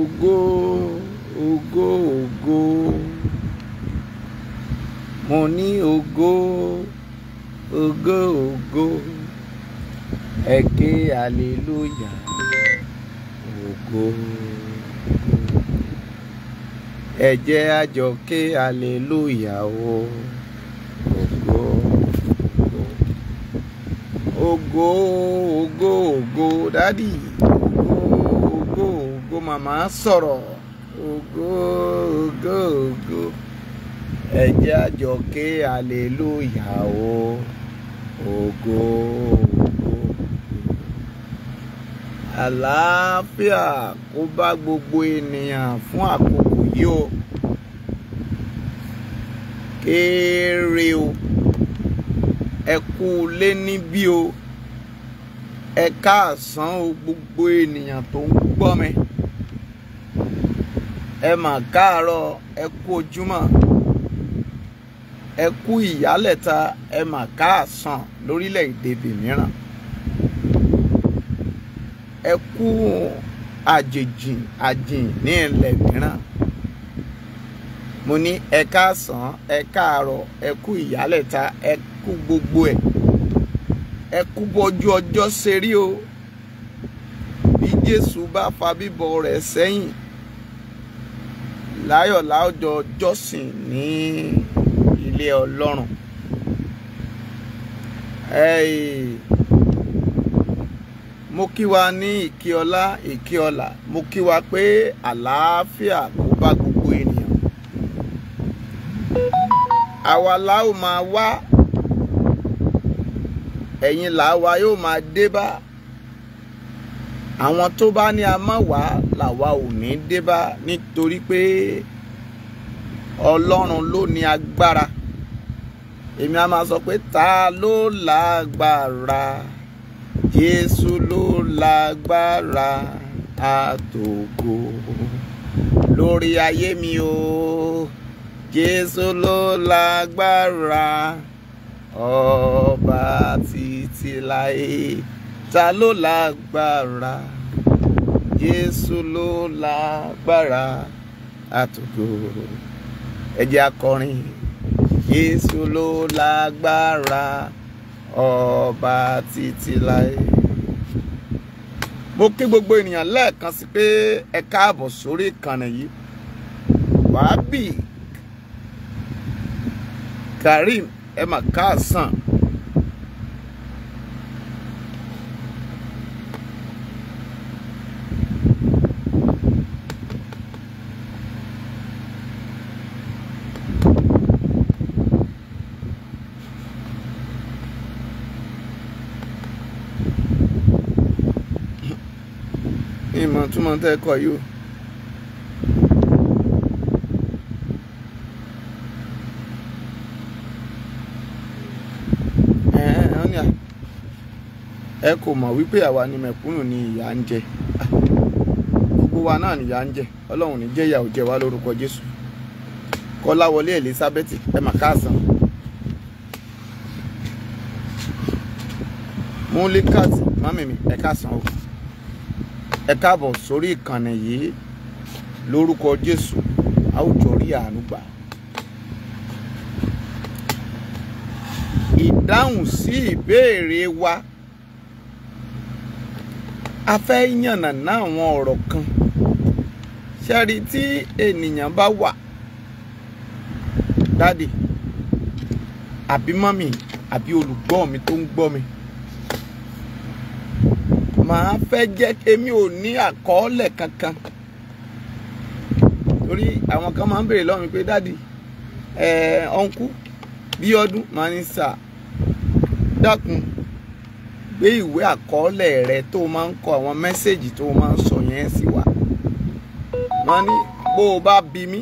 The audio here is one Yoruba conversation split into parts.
ògo ògo ògo mo ní ògo ògo ògo ẹ ké aleluya ògo ẹ jẹ́ a jọ ké aleluya o ògo ògo ògo ògo dádì ògo ògo màmá sọ̀rọ̀ ògo ògo ògo ẹ jẹ́ a jọ ké o ògo ògo àlàáfíà kó bá gbogbo ènìyàn fún àkókò yìí o kéré o ẹ kú lé níbí o ẹ káàsán o gbogbo ènìyàn tó ń gbọ́ mi. ẹ mà káàárọ̀ ẹ kú ojúmọ́ ẹ kú ìyálẹ̀ta ẹ mà káàsán lórílẹ̀‐èdè bìmíràn ẹ kú àjèjì àjìn mìíràn mo ní ẹ káàsán ẹ ẹ kú ìyálẹ̀ta ẹ gbogbo ẹ kú ọjọ́ o bí Jésù bá fa láyọ̀ láwùjọ jọ́sìn ní ilé ọlọ́run mo kí wa ní ìkí ọlá ìkí ọlà mo kí wa pé àlàáfíà kó bá gbogbo ènìyàn àwa la ó máa wá ẹ̀yin làwa yóò máa dé bá àwọn tó bá ní a má wá làwa ò ní dé bá nítorí pé ọlọ́run ló ní agbára èmi a máa sọ pé ta ló lágbára Jésù ló lágbára àtògo lórí ayé mi o Jésù ló lágbára ọba títí láé ta ló lágbára Jésù ló lágbára àtòkò ẹ jẹ́ a kọrin Jésù ló lágbára ọba títí láé mo kí gbogbo ènìyàn lẹ́ẹ̀kan sí pé ẹ káàbọ̀ sórí ìkànnì yìí wàábì Karim ẹ mà káàsán. mọ̀ túmọ̀ tẹ́ kọ yìí o. ẹ kò mọ̀ wípé àwa ni mẹ̀kúnnù ni ìyà ń jẹ gbogbo wa náà nìyà ń jẹ ọlọ́run ní jẹ́ ìyà ò jẹ wá lórúkọ jésù kọ́láwọlé elizabeth ẹ mà káàsán múlíkàtì mọ́mìmí ẹ káàsán o ẹ káàbọ̀ sórí ìkànnì yìí lórúkọ Jésù àwùjọ rí àánú gbà. ìdáhùn sí ìbéèrè wa a fẹ́ yànnàná àwọn ọ̀rọ̀ kan ṣẹ́rí tí ènìyàn bá wà dádì àbí mọ́mì àbí olùgbọ́ mi tó ń gbọ́ mi màá fẹ́ jẹ́ èmi ò ní àkọọ́lẹ̀ kankan torí àwọn kan máa ń béèrè lọ́wọ́ mi pé dáàdì ọ̀nkú bí ọdún máa ń sà dákun gbé ìwé àkọọ́lẹ̀ rẹ tó máa ń kọ àwọn mẹ́sẹ̀gì tó máa ń sọ yẹn sí wa wọ́n ní bó o bá bí mi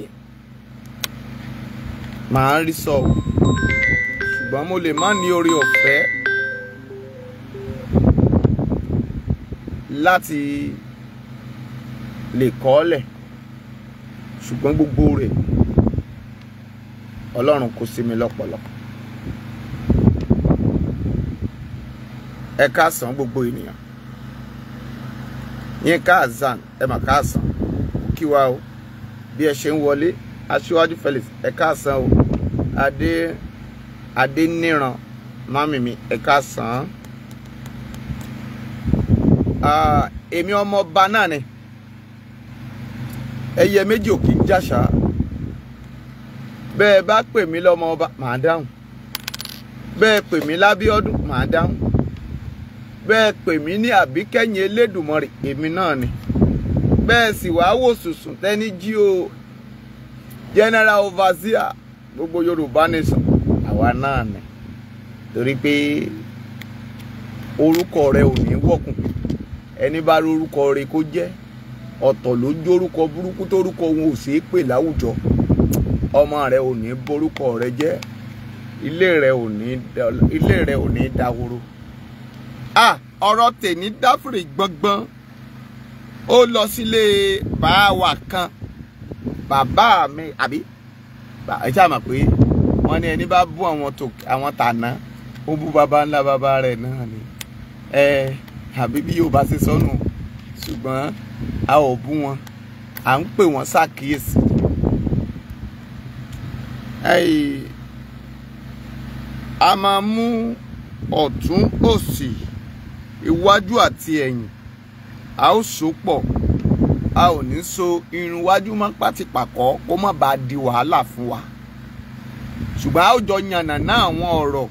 màá rí sọ ṣùgbọ́n mo lè má ní oore ọ̀fẹ́. láti lè kọ́ọ́lẹ̀ ṣùgbọ́n gbogbo rẹ̀ ọlọ́run kò sí mi lọ́pọ̀lọpọ̀ ẹ káàsán gbogbo ènìyàn yín káàzán ẹ mà káàsán kí wa o bí ẹ ṣe ń wọlé aṣíwájú Felix ẹ káàsán o adé adé níran mámì mi ẹ káàsán. Ah, èmi ọmọ ọba náà ni ẹyẹ méjì ò kì í jàṣà bẹ́ẹ̀ bá pè mí lọ́mọ ọba màá dáhùn bẹ́ẹ̀ pè mí lábíọ́dún màá dáhùn bẹ́ẹ̀ pè mí ní àbíkẹ́yìn elédùnmọ̀rì èmi náà ni bẹ́ẹ̀ sì wá wò sùsùn tẹ́ni jí o general overseer gbogbo yorùbá nation àwa náà ni torí pé orúkọ rẹ ò ní wọ̀kùn ẹni bá rorúkọ rẹ̀ kó jẹ́ ọ̀tọ̀ ló jórúkọ burúkú tórúkọ òun ò ṣeé pè láwùjọ ọmọ rẹ ò ní borúkọ rẹ jẹ́ ilé rẹ ò ní ilé rẹ ò ní dahoro a ọ̀rọ̀ tèmi dáfìrì gbọ̀ngbọ̀n ó lọ sílé bàá wa kan bàbá mi àbí ẹ ṣáà mọ̀ pé wọ́n ní ẹni bá bú àwọn tàná ó bú baba ńlá baba rẹ̀ náà ni ẹ. Eh, àbí bí Yorùbá ṣe sọnù ṣùgbọ́n a ò bú wọn à ń pè wọ́n ṣàkíyèsí. a máa mú ọ̀tún òsì iwájú àti ẹ̀yìn a ó so pọ̀ a ò ní so irun iwájú mọ́ pátìpàkọ́ kó má bàa di wàhálà fún wa ṣùgbọ́n a ó jọ yànnàná àwọn ọ̀rọ̀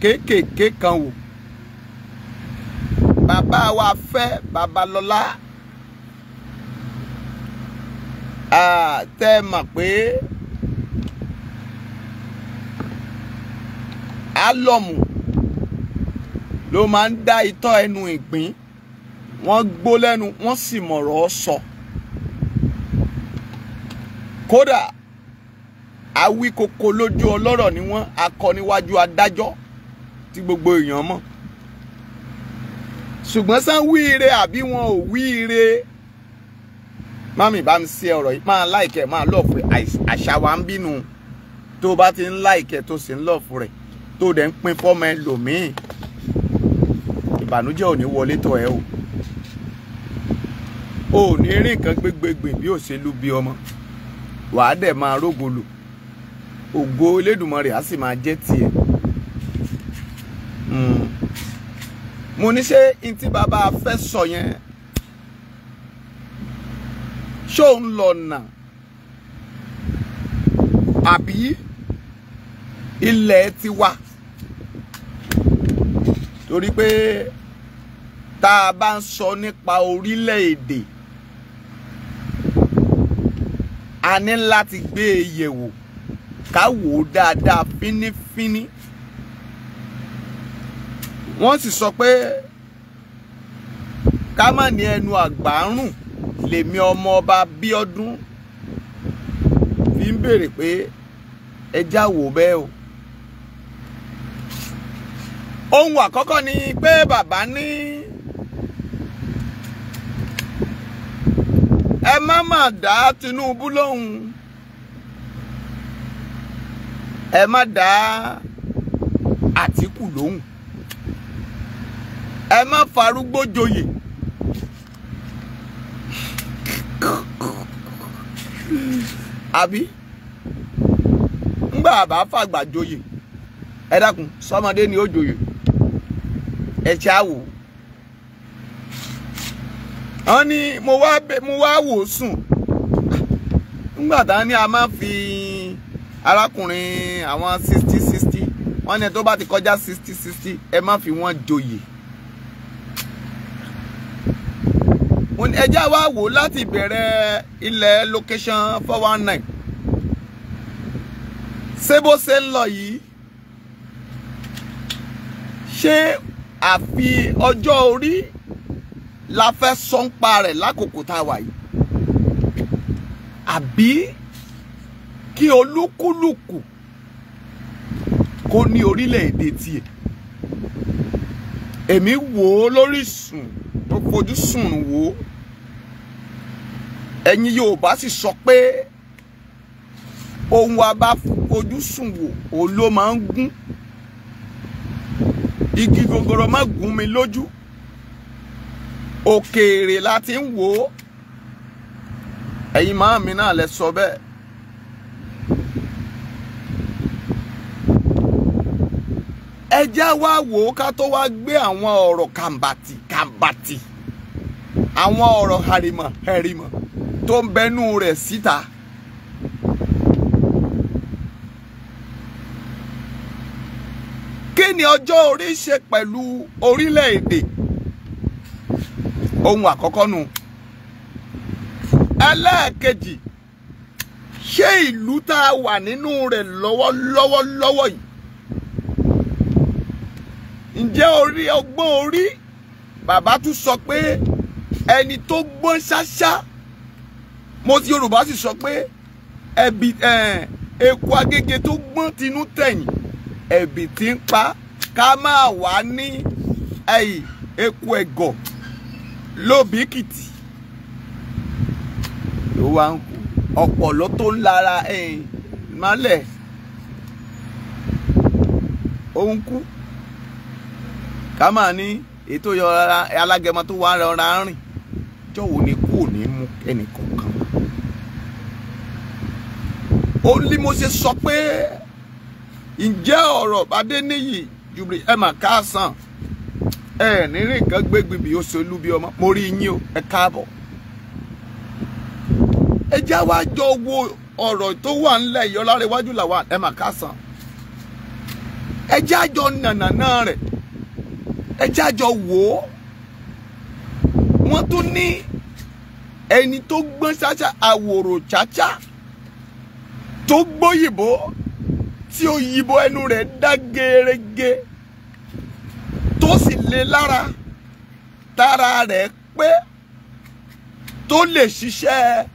kéékèèké kan wò bàbá wa fẹ́ babalọ́lá tẹ́ ẹ mọ̀ pé álọ̀mù ló máa ń dá itọ́ ẹnu ìgbín wọ́n gbó lẹ́nu wọ́n sì mọ̀rọ̀ sọ kódà awíkoko lójú ọlọ́rọ̀ ni wọ́n akọ níwájú adájọ́ tí gbogbo èèyàn mọ̀ ṣùgbọ́n sàn wí ire àbí wọn ò wí ire mami bá mi ṣe ọ̀rọ̀ yìí máa láìkẹ́ máa lọ́ọ̀fù àṣà wa ń bínú tó bá ti ń láìkẹ́ tó sì ń lọ́ọ̀fù rẹ̀ tó dẹ̀ ń pín fọ́mọ ẹlòmíì ìbànújẹ́ ò ní wọlé tọ̀ ẹ́ o ò ní rí nǹkan gbégbégbè bí òṣèlú bí ọmọ wàá dẹ̀ máa rógo lò ògo Elédùmarè á sì máa jẹ́ tiẹ̀. Hmm mo ní ṣé n tí bàbá fẹ́ sọ yẹn ṣó ń lọ nà àbí ilẹ̀ ti wà torí pé tá a bá ń sọ nípa orílẹ̀-èdè a ní láti gbé e yẹ̀wò ká wò ó dáadáa fínífíní wọ́n sì sọ pé ká má ní ẹnu àgbárùn lèmi ọmọ ọba Bíọ́dún fi ń béèrè pé ẹjá wò bẹ́ẹ̀ o. ohun àkọ́kọ́ ni pé bàbá ní ẹ má má dá Tinubu lóhùn ẹ má dá Àtíkù lóhùn ẹ má farúgbó joyè àbí ńgbà àbá fàgbà joyè ẹ dákun sọmọdé ni ó joyè ẹ ṣe àwò wọn ni mo wá mo wá wò sùn ńgbà tá ni a máa fi arákùnrin àwọn sixty sixty wọn ni tó bá ti kọjá sixty sixty ẹ má fi wọn joyè. mo ní ẹjẹ́ wa wò láti ìbẹ̀rẹ̀ ilẹ̀ location four one nine ṣé bó ṣe ń lọ yìí ṣé àfi ọjọ́ orí la fẹ́ sọ ń pa rẹ̀ lákòókò tá a wà yìí àbí kí olúkúlùkù kó ní orílẹ̀-èdè tiẹ̀ èmi wò ó lóríṣun tó fojú sùn wò ó. ẹ̀yin Yorùbá sì sọ pé ohun wa bá fojú sùn wò òun ló máa ń gún igi gogoro má gún mi lójú òkèèrè la ti ń wò ó ẹ̀yin máa mi náà lẹ sọ bẹ́ẹ̀. ẹ já wá wò ó ká tó wá gbé àwọn ọ̀rọ̀ kàǹbàtì kàǹbàtì àwọn ọ̀rọ̀ hàrìmọ̀ hàrìmọ̀. tó ń bẹnu rẹ̀ síta. kí ni ọjọ́ orí ṣe pẹ̀lú orílẹ̀-èdè ohun àkọ́kọ́ nu ẹlẹ́ẹ̀kejì ṣé ìlú tá a wà nínú rẹ̀ lọ́wọ́lọ́wọ́ lọ́wọ́ yìí ǹjẹ́ orí ọgbọ́n orí bàbá tún sọ pé ẹni tó gbọ́n ṣáṣá mo ti yorùbá sì sọ pé ẹbí eh, eku agége tó gbọ́n tinú tẹ̀yìn ẹ̀bì tí ń pa ká máa wà ní eku ẹ̀gọ̀ lóbìkìtì ló wá ń kú ọ̀pọ̀lọ́ tó ń lara eh, mọ́lẹ̀ ó ń kú ká máa ní ètò alágẹmọ tó wà ń rìn jọ̀wọ́ ni kú ní mú ẹnìkan. ó ní mo ṣe sọ pé ǹjẹ́ ọ̀rọ̀ Adéníyì Jubril ẹ mà káàsán ẹ nírìn nǹkan gbégbé bí òṣèlú bí ọmọ mo rí yín o ẹ káàbọ̀ ẹ já wá jọ wo ọ̀rọ̀ tó wà ńlẹ̀ yìí ọlárẹ̀wájú làwà ẹ mà káàsán ẹ já jọ nànàná rẹ̀ ẹ já jọ wò ó wọ́n tún ní ẹni tó gbọ́n ṣáṣá àwòrò ṣáṣá tó gbóyìnbó tí ó yìnbó ẹnu rẹ̀ dá gerege tó sì le lára tára rẹ̀ pé tó lè ṣiṣẹ́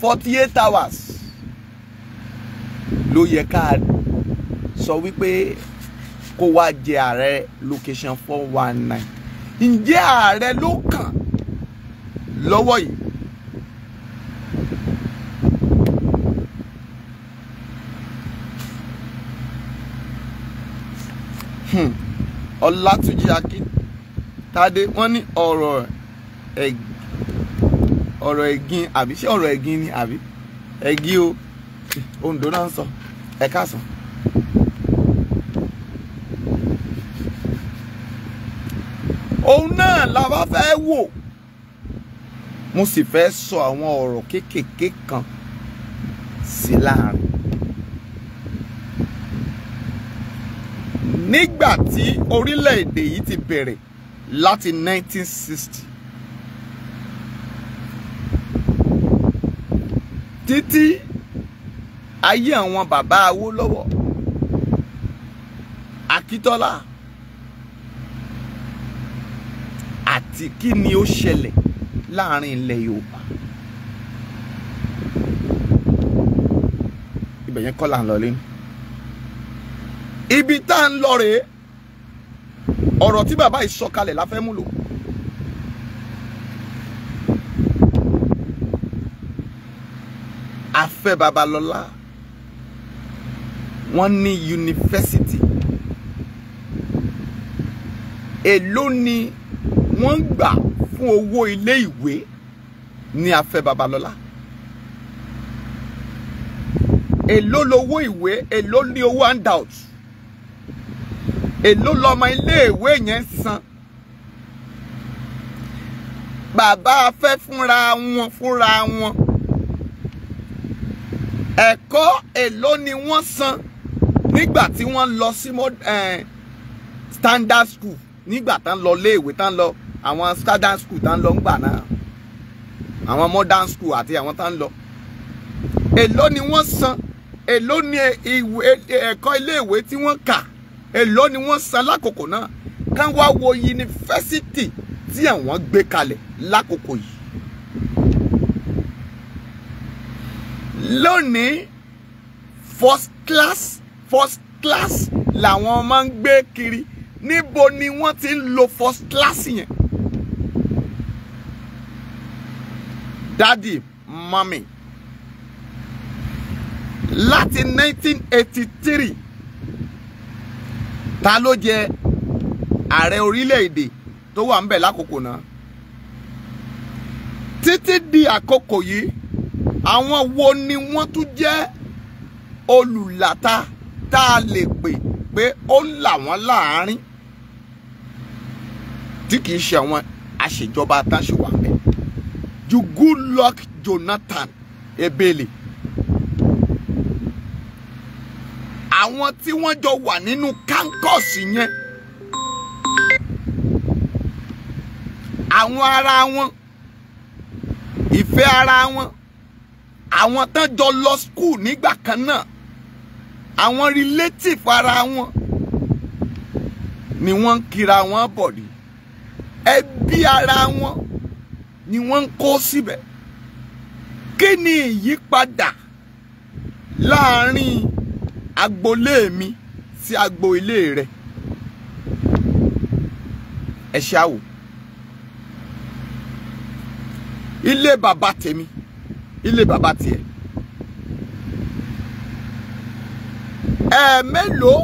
forty eight hours ló yẹ ká sọ wípé kó wá jẹ ààrẹ location four one nine ǹjẹ́ ààrẹ ló kàn lọ́wọ́ yìí Hmm. ọlátúnjì akíntadé wọ́n ní ọ̀rọ̀ ọ̀rọ̀ ẹ̀gìn àbí ṣé ọ̀rọ̀ ẹ̀gìn ni àbí ẹ̀gìn o Oǹdó náà ń sọ ẹ káàsán. òun náà la bá fẹ́ wò mo sì fẹ́ sọ àwọn ọ̀rọ̀ kéékèèké kan sí láàrin. nígbà tí orílẹ̀-èdè yìí ti bẹ̀rẹ̀ láti 1960 títí ayé àwọn bàbá Awólọ́wọ̀ Akíntọ́lá àti kí ni ó ṣẹlẹ̀ láàrin ilẹ̀ Yorùbá ibẹ̀ yẹn kọ́ là ń lọ lẹ́nu ibi tá à ń lọ rèé ọ̀rọ̀ tí bàbá yìí sọ̀kalẹ̀ la fẹ́ mú lò. Afẹ́ Babalọ́lá wọ́n ní yunifásitì èló ni wọ́n ń gbà fún owó ilé ìwé ní Afẹ́ Babalọ́lá èló lowó ìwé èló ní owó handout èló lọmọ iléèwé yẹn san bàbá afẹ́ fúnra wọn fúnra wọn ẹ̀kọ́ èló ni wọ́n san nígbà tí wọ́n lọ sí eh, standard school nígbà tán lọ léèwé tán lọ àwọn standard school tán lọ ńgbà náà àwọn modern school àti àwọn tán lọ èló ni wọ́n san èló ni e, ẹ̀kọ́ iléèwé tí wọ́n kà èló ni wọ́n san lákòókò náà kán wá wo yunifásitì tí àwọn gbé kalẹ̀ lákòókò yìí. lónìí first class first class làwọn máa ń gbé kiri níbo ni wọ́n ti ń lo first class yẹn. dádì mami láti 1983 ta ló jẹ ààrẹ orílẹ̀-èdè tó wà ńbẹ̀ lákòókò náà títí di àkókò yìí àwọn wo ni wọ́n tún jẹ́ olùlàta tá a lè pè pé ó ń là wọ́n láàárín tí kì í ṣe àwọn àṣejọba tá a ṣe wà ńbẹ̀ ju Goodluck Jonathan Ebele. àwọn tí wọ́n jọ wà nínú kánkọ́ọ̀sì yẹn àwọn ara wọn ìfẹ́ ara wọn àwọn tán jọ lọ skul nígbà kan náà àwọn relative ara wọn ni wọ́n ń kira wọn bọ̀dì ẹbí ara wọn ni wọ́n ń kó síbẹ̀ kí ni ìyípadà láàárín agboolé mi sí agbo ilé rẹ ẹ ṣáà wò ilé bàbá tèmi ilé bàbá tiẹ̀ ẹ̀ẹ̀mélòó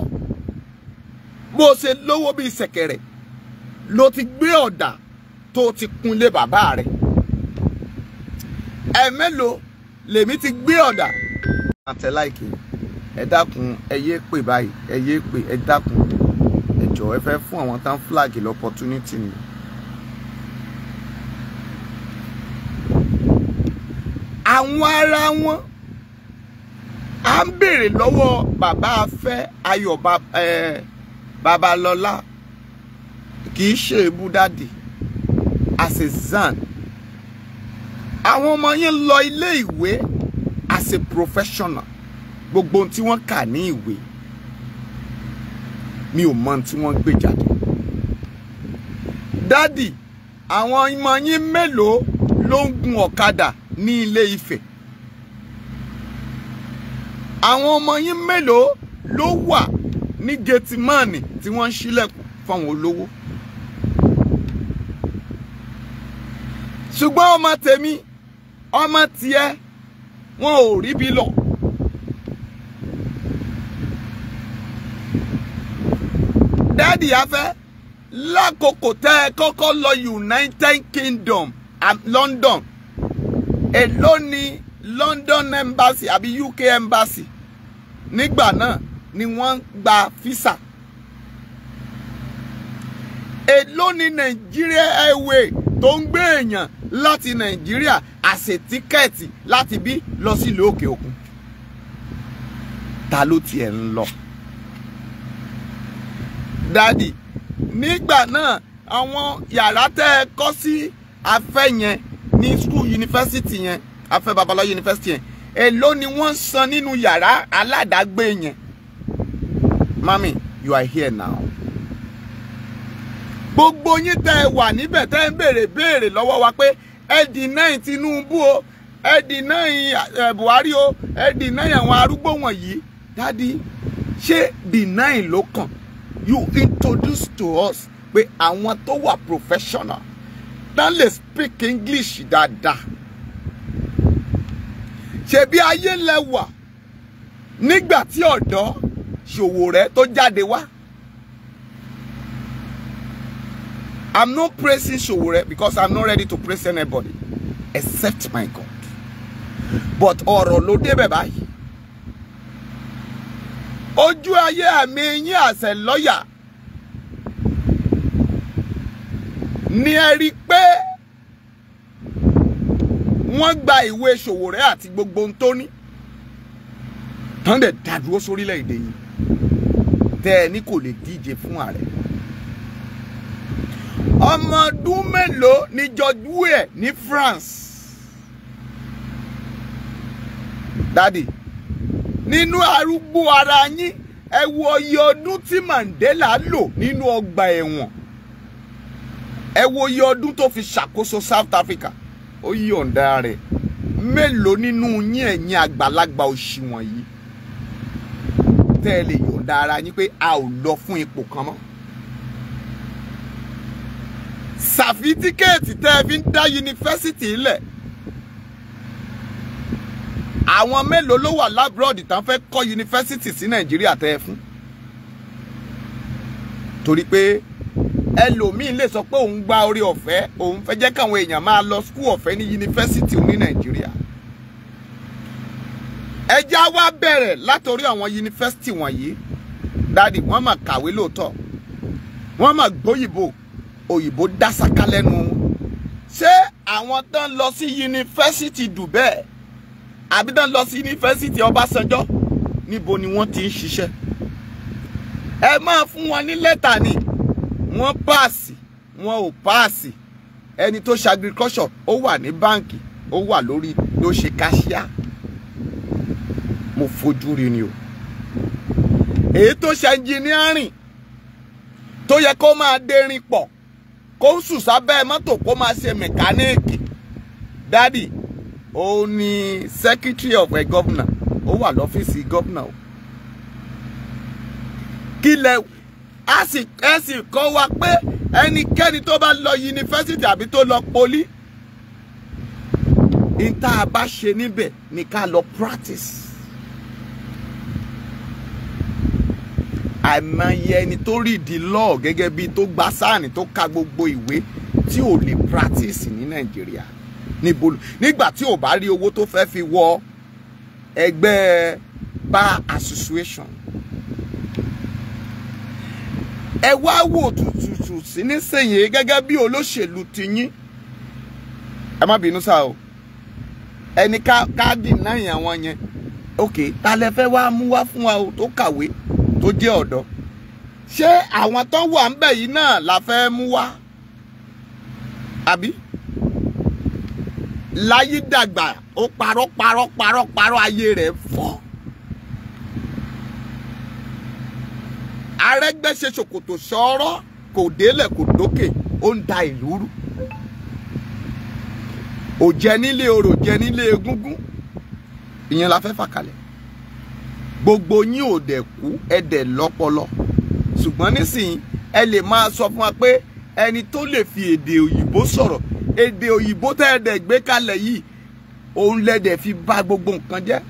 bó ṣe lówó bíi ṣẹ̀kẹ̀rẹ̀ ló ti gbé ọ̀dà tó ti kunlé bàbá rẹ̀ ẹ̀ẹ̀mélòó lèmi ti gbé ọ̀dà àtẹ̀láìkì. Like ẹ dákun ẹ yé pè báyìí ẹ yé pè ẹ dákun ẹ jọ̀ọ́ ẹ fẹ́ fún àwọn tán flag l'opportunity ni. àwọn ara wọn à ń béèrè lọ́wọ́ bàbá afẹ́ ayọ̀ babalọ́lá kì í ṣe ebú dáàdì a zan àwọn ọmọ yẹn lọ ilé ìwé as a professional gbogbo ohun tí wọ́n kà ní ìwé mi ò mọ ohun tí wọ́n gbé jáde. dádì àwọn ọmọ yín mélòó ló ń gun ọ̀kadà ní ilé Ifẹ̀ àwọn ọmọ yín mélòó ló wà ní gẹtìmọ́ọ̀nì tí wọ́n ń ṣílẹ̀kùn fáwọn olówó. ṣùgbọ́n ọmọ tèmi ọmọ tiẹ̀ wọn ò ríbi lọ. dáàdì afẹ́ lákòókò tẹ́ ẹ kọ́kọ́ lọ United Kingdom and um, London èló ni London embassy àbí UK embassy nígbà náà ni wọ́n gba fisa èló ni Nigeria airway tó ń gbé èèyàn láti Nàìjíríà àṣẹ tíkẹ́ẹ̀tì láti bí lọ sílùú òkè òkun ta ló tiẹ̀ ń lọ dáàdì nígbà náà àwọn yàrá tẹ́ ẹ kọ́ sí afẹ́ yẹn ní school yunifásitì yẹn afẹ́ babalọ́ yunifásitì yẹn èló ni wọ́n san nínú yàrá aládàágbé yẹn mami you are here now gbogbo yín tẹ́ ẹ wà níbẹ̀ tẹ́ ẹ ń béèrè béèrè lọ́wọ́ wa pé ẹ deny Tinubu o ẹ deny eh, Buhari o ẹ deny àwọn arúgbó wọ̀nyí dádì ṣé deny ló kàn you introduce to us pé àwọn tó wà professional tán lè speak english dáadáa ṣebí ayé lẹ́wà nígbà tí ọ̀dọ́ ṣòwò rẹ tó jáde wá i'm not praising ṣòwò because i'm not ready to praise anybody except my god but ọ̀rọ̀ ló débẹ̀ báyìí ojú ayé àmì yín àṣẹ lọ́yà ni ẹ rí i pé wọ́n gba ìwé Ṣòwòrẹ́ àti gbogbo ohun tó ní tán dẹ̀ dádúró sórílẹ̀-èdè yìí tẹ́ ẹ ní kò lè díje fún ààrẹ ọmọ ọdún mélòó ni George Weah ní France dádì nínú arúgbó ara yín ẹ wo iye ọdún tí Mandela lò nínú ọgbà ẹ̀wọ̀n ẹ wo iye ọdún tó fi ṣàkóso South Africa ó yí ọ̀ǹda rẹ̀ mélòó nínú yín ẹ̀yin àgbàlagbà òṣì wọ̀nyí tẹ́ ẹ lè yọ̀ǹda ara yín pé a ò lọ fún ipò kan mọ́ sàfitíkẹ́ẹ̀tì tẹ́ ẹ fi ń dá yunifásitì ilẹ̀ àwọn mélòó ló wà lábúròdì tán fẹ́ kọ́ yunifásitì sí nàìjíríà tẹ́ ẹ fún torí pé ẹlòmíín lè sọ pé òun gba orí ọ̀fẹ́ òun fẹ́ jẹ́ káwọn èèyàn máa lọ skul ọ̀fẹ́ ní yunifásitì ní nàìjíríà ẹjá wá bẹ̀rẹ̀ látòrí àwọn yunifásitì wọ̀nyí dádì wọ́n mà kàwé lóòótọ́ wọ́n mà gbóyìnbó òyìnbó dá sáká lẹ́nu ṣé àwọn tán lọ sí yunifásitì dùbẹ́ẹ̀ àbí tán lọ sí yunifásitì Ọbásanjọ́ níbo ni wọ́n ti ń ṣiṣẹ́ ẹ máa fún wọn ní lẹ́tà ni wọ́n páàsì wọn ò páàsì ẹni tó ṣe agriculture ó wà ní báǹkì ó wà lórí ló ṣe káṣíà mo fojú rí ni o èyí tó ṣe engineering tó yẹ kó máa dérin pọ̀ kó ń sùn sábẹ́ mọ́tò kó máa ṣe mẹkáníìkì dádì òun ni secretary of a governor ó wà lọ́fíìsì governor o kílẹ̀ a sì ẹ sì kọ́ wa pé ẹnikẹ́ni tó bá lọ yunifásitì àbí tó lọ poli n tá a bá ṣe níbẹ̀ ni ká lọ practice. àìmọye ẹni tó rí ìdí law gẹ́gẹ́ bíi tó gba sáànì tó ka gbogbo ìwé tí ò lè practice ní Nàìjíríà níbo nígbà tí ò bá rí owó tó fẹ́ fi wọ ẹgbẹ́ bar association ẹ wá wò tùtùtù sí nísìnyí gẹ́gẹ́ bí olóṣèlú ti yín ẹ má bínú sá o ẹni káàdì náà yàn wọn yẹn ok ta lẹ fẹ́ wá mú wá fún wa o tó kàwé tó jẹ́ ọ̀dọ́ ṣé àwọn tó wà ń bẹ̀ yìí náà la fẹ́ mú wá àbí láyé dàgbà ó parọ́ parọ́ parọ́ parọ́ ayé rẹ̀ fọ́. Arẹ́gbẹ́ ṣe ṣòkòtò sọ́ọ́rọ́ kò délẹ̀ kò dókè ó ń da ìlú rú. òjẹ nílé orò jẹ nílé egúngún ìyẹn la fẹ́ fà kalẹ̀ gbogbo yín ò dẹ̀ kú ẹ dẹ̀ lọ́pọlọ ṣùgbọ́n nísìnyí ẹ lè máa sọ fún wa pé ẹni tó lè fi èdè òyìnbó sọ̀rọ̀ èdè òyìnbó tẹ́ẹ̀dẹ̀ gbé kalẹ̀ yìí òun lẹ́dẹ̀ fi bà gbogbo nǹkan jẹ́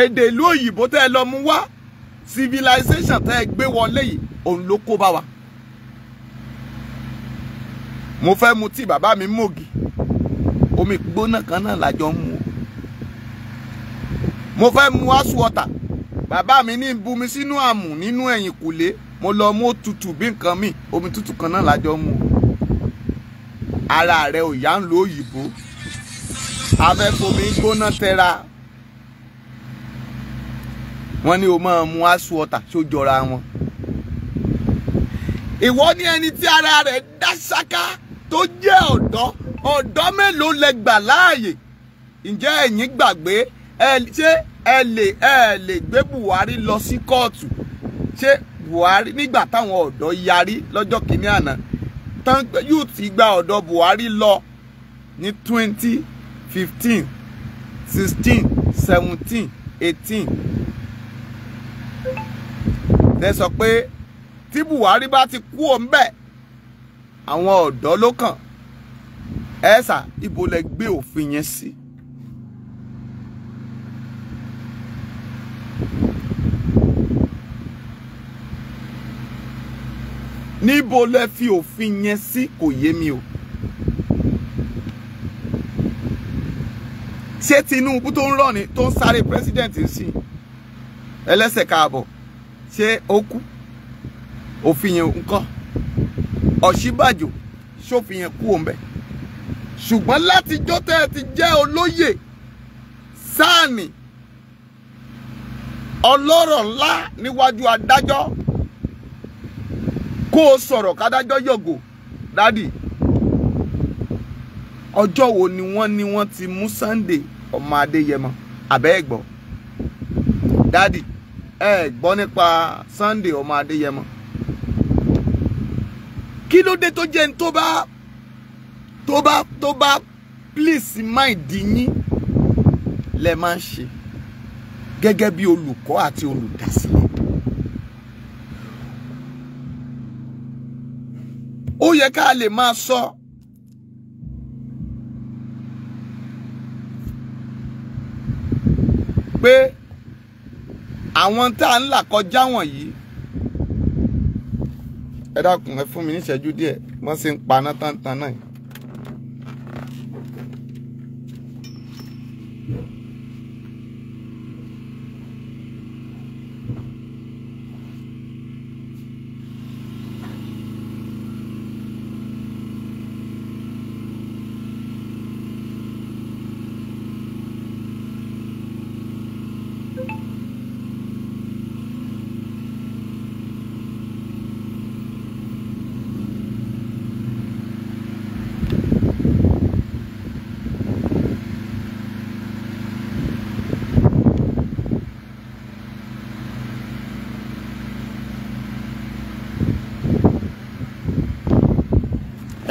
èdè ìlú òyìnbó tẹ́ẹ̀ lọ mú wá civilization tẹ́ẹ̀ gbé wọlé yìí òun ló kó bá wa mo fẹ́ mu tí bàbá mi mògì omi gbóná kan náà lájọ ń mu mo fẹ́ mu aṣọ ọ̀tà bàbá mi ní bumi sínú àmù nínú ẹ̀yìnkùlé mo lọ mú tutù bí nǹkan mi omi tutù kan náà lájọ mu ara rẹ ò yá ń lo òyìnbó afẹ́fomi gbóná tẹra wọ́n ní o máa mu aṣọ ọ̀tà tó jọra wọn ìwọ ni ẹni tí ara rẹ̀ dá ṣáká tó jẹ́ ọ̀dọ́ ọ̀dọ́ mélòó lẹ gbà láàyè ǹjẹ́ ẹ̀yin gbàgbé ẹ ṣé ẹ lè ẹ lè gbé Buhari lọ sí kóòtù ṣé Buhari nígbà táwọn ọ̀dọ́ yarí lọ́jọ́ kìíní àná tán youth gba ọ̀dọ̀ Buhari lọ ní twenty fifteen sixteen seventeen eighteen tẹ sọ pé tí Buhari bá ti kú òun bẹ́ẹ̀ àwọn ọ̀dọ́ ló kàn ẹ̀ sà ibo lẹ gbé òfin yẹn sí. Si níbo lẹ fi òfin yẹn sí kò yé mi o ṣé Tinubu tó ń rọ ni tó ń sáré president ń sìn ẹlẹ́sẹ̀ káàbọ̀ ṣé ó kú òfin yẹn ńkọ́ Ọ̀ṣínbàjò ṣòfin yẹn kú òun bẹ́ẹ̀ ṣùgbọ́n látijọ́ tẹ́ ẹ ti jẹ́ olóyè sáàni ọlọ́rọ̀ ńlá níwájú adájọ́ kó o sọ̀rọ̀ kádájọ́ yọ̀gò dádì ọjọ́ wo ni wọ́n ní wọ́n ti mú Sunday ọmọ Adéyẹmọ àbẹ́ ẹ̀gbọ́ dádì ẹ gbọ́ nípa Sunday ọmọ Adéyẹmọ kí ló dé tó jẹ́ ní tó bá tó bá tó bá please mind yín lẹ máa ń ṣe gẹ́gẹ́ bí olùkọ́ àti olùdásílẹ̀ ó yẹ ká lè máa sọ. pé àwọn tá à ń là kọjá wọ̀nyí ẹ dákun ẹ fún mi níṣẹ́jú díẹ̀ wọ́n sì ń paná tán tán náà.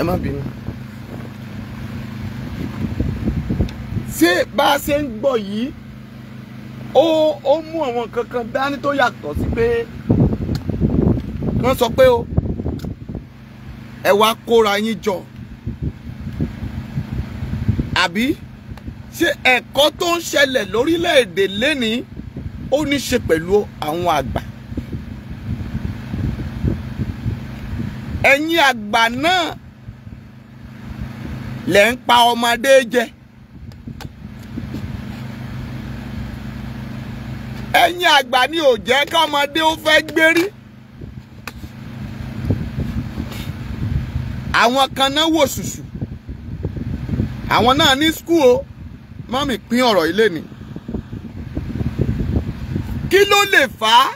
ẹ má bínú. ṣé bá a ṣe ń gbọ́ yìí ó ó mú àwọn kankan dání tó yàtọ̀ sí pé wọ́n sọ pé o ẹ wá kóra yín jọ àbí ṣé ẹ̀kọ́ tó ń ṣẹlẹ̀ lórílẹ̀‐èdè lénìí ó ní ṣe pẹ̀lú àwọn àgbà ẹ̀yin àgbà náà lẹ̀ ń pa ọmọdé jẹ. ẹ̀yin àgbà ni ò jẹ́ kọ́mọdé ó fẹ́ gbérí. àwọn kan náà wò ṣùṣù àwọn náà ní skul o mọ́mì pín ọ̀rọ̀ ilé ni. kí ló lè fà á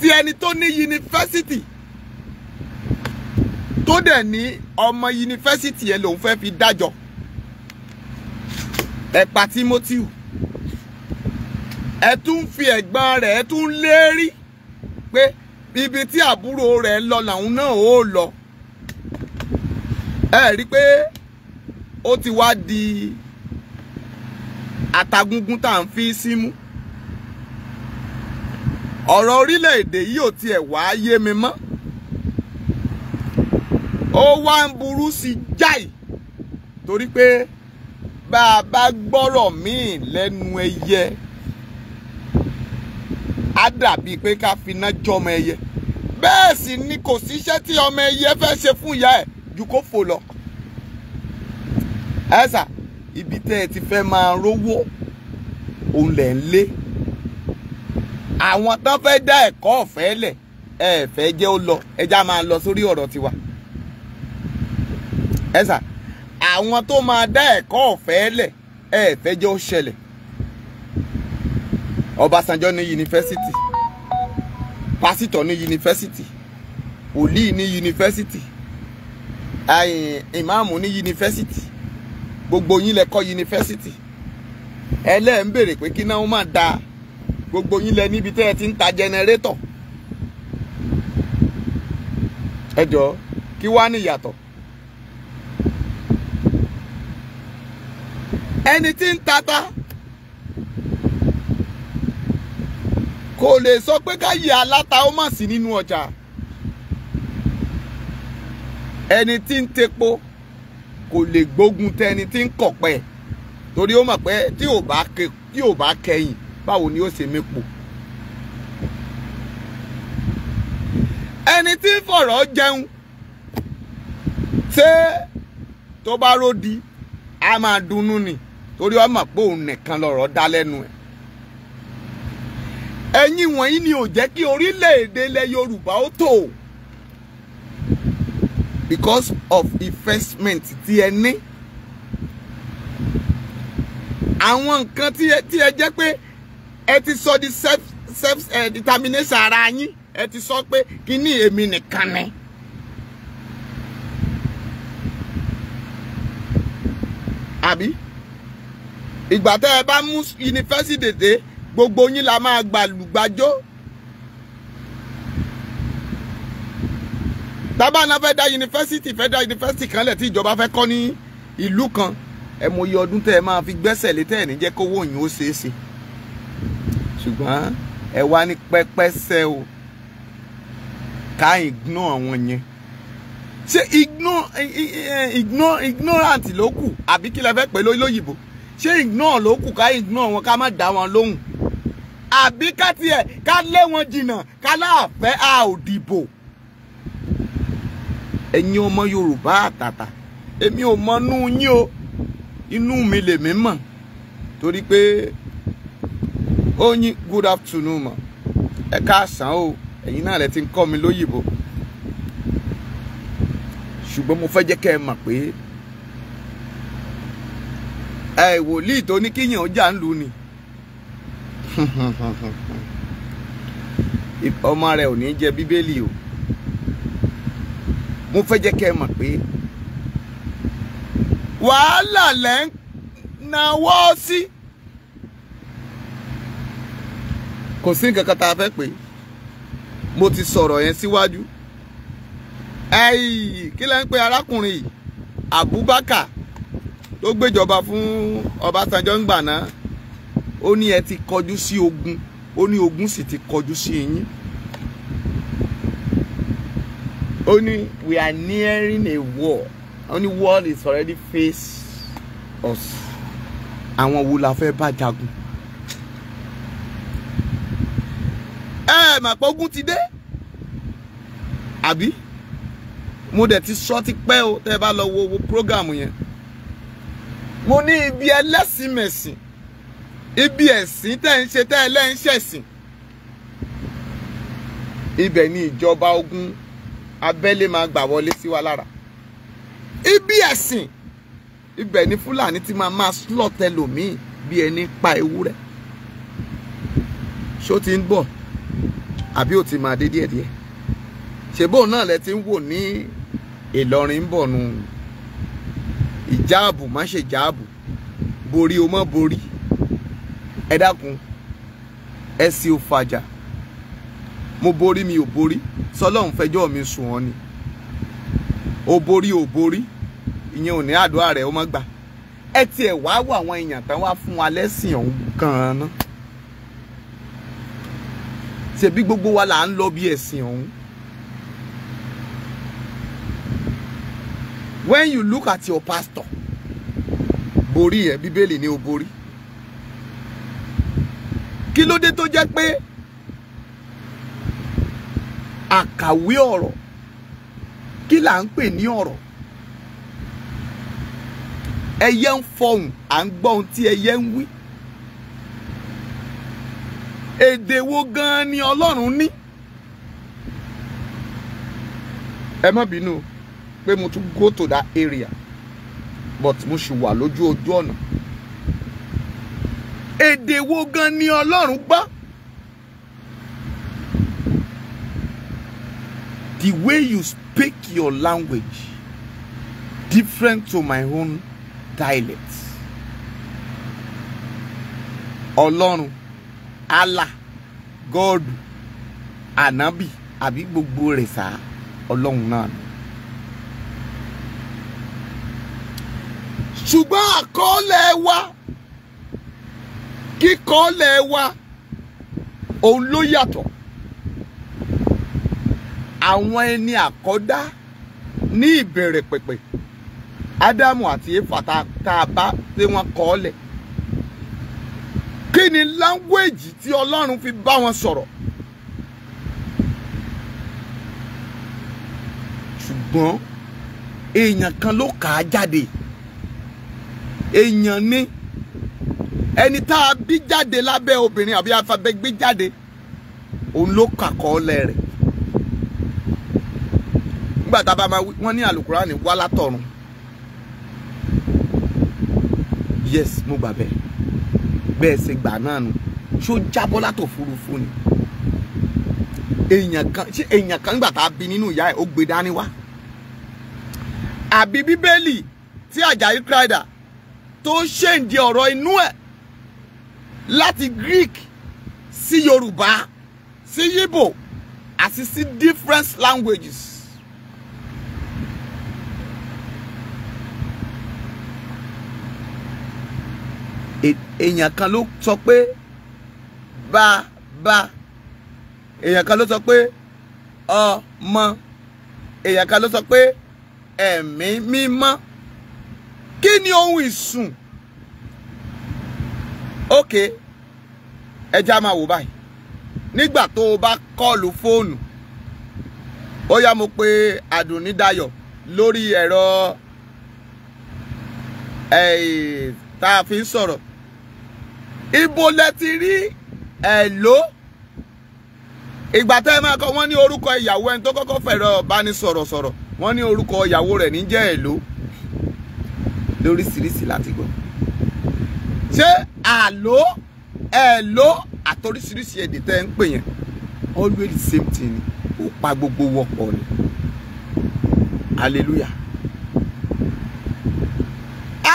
tí ẹni tó ní yunifásitì tó dẹ̀ ní ọmọ yunifásitì yẹn lòun fẹ́ fi dájọ́ ẹ pa Timothy ẹ tún fi ẹ̀gbọ́n rẹ̀ ẹ tún lérí pé ibi tí àbúrò rẹ̀ lọ làwọn náà ó lọ ẹ rí i pé ó ti wá di àtagúngún tá à ń fi símú ọ̀rọ̀ orílẹ̀-èdè yìí ò tiẹ̀ wá yé mi mọ́ ó wá ń burú sí jáì torí pé bá a bá gbọ́rọ̀ míì lẹ́nu ẹyẹ á dàbí pé ká finá jọmọ ẹyẹ bẹ́ẹ̀ sì ni kò síṣẹ́ tí ọmọ ẹyẹ fẹ́ ṣe fún ìyá ẹ̀ ju kó fò lọ. ẹ ibi tẹ́ ẹ ti fẹ́ máa rówó òun lẹ̀ ń lé àwọn tán fẹ́ dá ẹ̀kọ́ ọ̀fẹ́ lẹ̀ ẹ fẹ́ jẹ́ ó lọ ẹja máa lọ sórí ọ̀rọ̀ tiwa ẹ sà àwọn tó máa dá ẹ̀kọ́ ọ̀fẹ́ lẹ̀ ẹ fẹ́ jẹ́ ó ṣẹlẹ̀ Ọbásanjọ́ ní yunifásitì pásítọ̀ ní yunifásitì wòlíì ní yunifásitì ìmáàmù ní yunifásitì gbogbo yín lẹ yunifásitì ẹlẹ́ ń béèrè pé kí náà ó máa da gbogbo yín lẹ níbi tẹ́ ẹ ti ń ta jẹnẹrétọ̀ ẹ jọ kí wá ní ìyàtọ̀ Anything tata kò lè sọ pé káyé aláta ó mà sí nínú ọjà ẹni tí ń tepo kò lè gbógun tẹni tí ń kọ̀pẹ́ torí ó mọ̀ pé tí ò bá kẹyìn báwo ni ó ṣe mépo. ẹni tí ń fọ̀rọ̀ jẹun ṣé tó bá ròdi a máa dunnú ni torí ọmọ pé òun nìkan lọ̀rọ̀ dá lẹ́nu ẹ̀ ẹ̀yin wọ̀nyí ni ò jẹ́ kí orílẹ̀-èdè Yorùbá ó tò because of investment tí ẹ ní àwọn nǹkan tí ẹ jẹ́ pé ẹ ti sọ di self self eh, determination ara yín ẹ ti sọ pé kíní èmi nìkan ni. àbí ìgbà tẹ́ ẹ bá mú yunifásitì dé gbogbo yín la máa gbàlùgbàjò tábà náà fẹ́ dá yunifásitì fẹ́ dá yunifásitì kan lẹ̀ tí ìjọba fẹ́ kọ́ ní ìlú kan ẹ mọ iye ọdún tẹ́ ẹ máa fi gbẹ́sẹ̀ lé tẹ́ ẹ ní jẹ́ kówó yín ó ṣeé ṣe ṣùgbọ́n ẹ wá ní pẹ́pẹ́sẹ́ o ká ignore àwọn yẹn ṣé ignore ignorant ló kù àbí kí lẹ fẹ́ pè lóyìnbó ṣé ignore ló kù ká ignore wọn ká má dá wọn lóhùn àbí ká tiẹ̀ ká lé wọn jìnnà ká láàfẹ́ a ò dìbò ẹ̀yin ọmọ Yorùbá àtàtà èmi ò mọnú yín o inú mi lèmi mọ̀ torí pé ó yín good afternoon mọ̀ ẹ káàsán o ẹ̀yin náà lẹ ti ń kọ́ mi lóyìnbó ṣùgbọ́n mo fẹ́ jẹ́ kẹ́ ẹ mọ̀ pé ẹ wòlíì tó ní kíyàn ọjà ń lù ni ọmọ rẹ ò ní jẹ bíbélì o mo fẹ́ jẹ́ kẹ́ ẹ mọ̀ pé wàhálà lẹ́ ń nawọ́ sí kò sí nǹkan kan tá a fẹ́ pé mo ti sọ̀rọ̀ yẹn síwájú ẹ̀yìn kí lẹ́ ń pe arákùnrin yìí Abubakar tó gbéjọba fún Ọbásanjọ́ ń gbà náà ó ní ẹ ti kọjú sí ogun ó ní ogun sì ti kọjú sí yín ó ní we are nearing a war Only war is already face us àwọn wo la fẹ́ bá jagun ẹ ẹ mà pé ogun ti dé àbí mo dẹ̀ ti sọ ti pẹ́ o tẹ́ ẹ bá lọ wo wo program yẹn mo ní ibi ẹlẹ́sìnmẹ̀sìn ibi ẹ̀sìn tẹ́ ń ṣe tẹ́ ẹ lẹ́ ń ṣẹ̀sìn ibẹ̀ ni ìjọba ogun abẹ́lé máa gbà wọlé sí wa lára ibi ẹ̀sìn ibẹ̀ ni fúlàní ti máa máa slot ẹlòmíì bí ẹni pa ewúrẹ́ ṣó ti ń bọ̀ àbí ó ti máa dé díẹ̀díẹ̀ ṣèbóun náà lẹ ti ń wò ní Ìlọrin ń bọ̀ nù ìjáàbù má ṣe jáàbù borí o mọ́ borí ẹ dákun ẹ sì ò fàjà mo borí mi ò borí sọlọ́run fẹjọ́ mi sùn wọ́n ni o borí o borí ìyẹn ò ní àdúrà rẹ̀ ó má gbà ẹ tiẹ̀ wá wọ àwọn èèyàn tán wá fún wa lẹ́sìn ọ̀hún gan-an ṣebí gbogbo wa là ń lọ bí ẹ̀sìn ọ̀hún when you look at your pastor borí yẹn bíbélì ni ó borí kí ló dé tó jẹ́ pé àkàwé ọ̀rọ̀ kí là ń pè ní ọ̀rọ̀ ẹyẹ ń fọhùn à ń gbọ́ tí ẹyẹ ń wí èdè wo gan-an ni Ọlọ́run ní ẹ má bínú o pé mo tún go to that area but mo ṣì wà lójú ojú ọ̀nà èdè wo gan ni ọlọ́run gbọ́ the way you speak your language different to my own dialect ọlọ́run Allah God anabi àbí gbogbo rẹ̀ sá ọlọ́run náà ṣùgbọ́n àkọọ́lẹ̀ wa kíkọọ́lẹ̀ wa òun ló yàtọ̀ àwọn ẹni àkọ́dá ní ìbẹ̀rẹ̀ pẹ̀pẹ̀ ádámù àti éfà tá a bá tí wọ́n kọọ́lẹ̀ kí ni láńgwéèjì tí ọlọ́run fi bá wọn sọ̀rọ̀ ṣùgbọ́n èèyàn kan ló kà á jáde èèyàn ni ẹni tá a bí jáde lábẹ́ obìnrin àbí afabẹ́ gbé jáde òun ló kàkọ́ọ́lẹ̀ rẹ̀ nígbà tá a bá máa wí wọ́n ní àlùkùránì wá látọ̀run yes mo gbà bẹ́ẹ̀ bẹ́ẹ̀ ṣe gbà náà nu ṣó jábọ́ látòfurufú ni èèyàn kan ṣé èèyàn kan nígbà tá a bí nínú ìyá ẹ̀ ó gbé dání wá àbí bíbélì tí Àjàyí Craider tó ṣèǹdì ọ̀rọ̀ inú ẹ̀ láti Greek sí Yorùbá sí Yíbò àti sí different languages. èèyàn kan ló sọ pé bá bá èèyàn kan ló sọ pé ọmọ èèyàn kan ló sọ pé ẹ̀mí mímọ́ kí ni ohun ìsùn ok ẹja máa wò báyìí nígbà tó o bá kọ́ọ̀lù fóònù ó yá mo pè Àdùnní Dayọ̀ lórí ẹ̀rọ tá a fi ń sọ̀rọ̀ ibo lẹ ti rí ẹ̀ ló ìgbà tẹ́ ẹ máa kọ́ wọ́n ní orúkọ ìyàwó ẹni tó kọ́kọ́ fẹ̀rọ bá ní sọ̀rọ̀ sọ̀rọ̀ ní orúkọ ìyàwó rẹ̀ ní jẹ́ èlò lóríṣiríṣi láti gbọ́ ṣé àlò ẹ̀lò àtoríṣiríṣi èdè tẹ́ ń pè yẹn always the same thing ni ó pa gbogbo wọ́pọ̀ ni hallelujah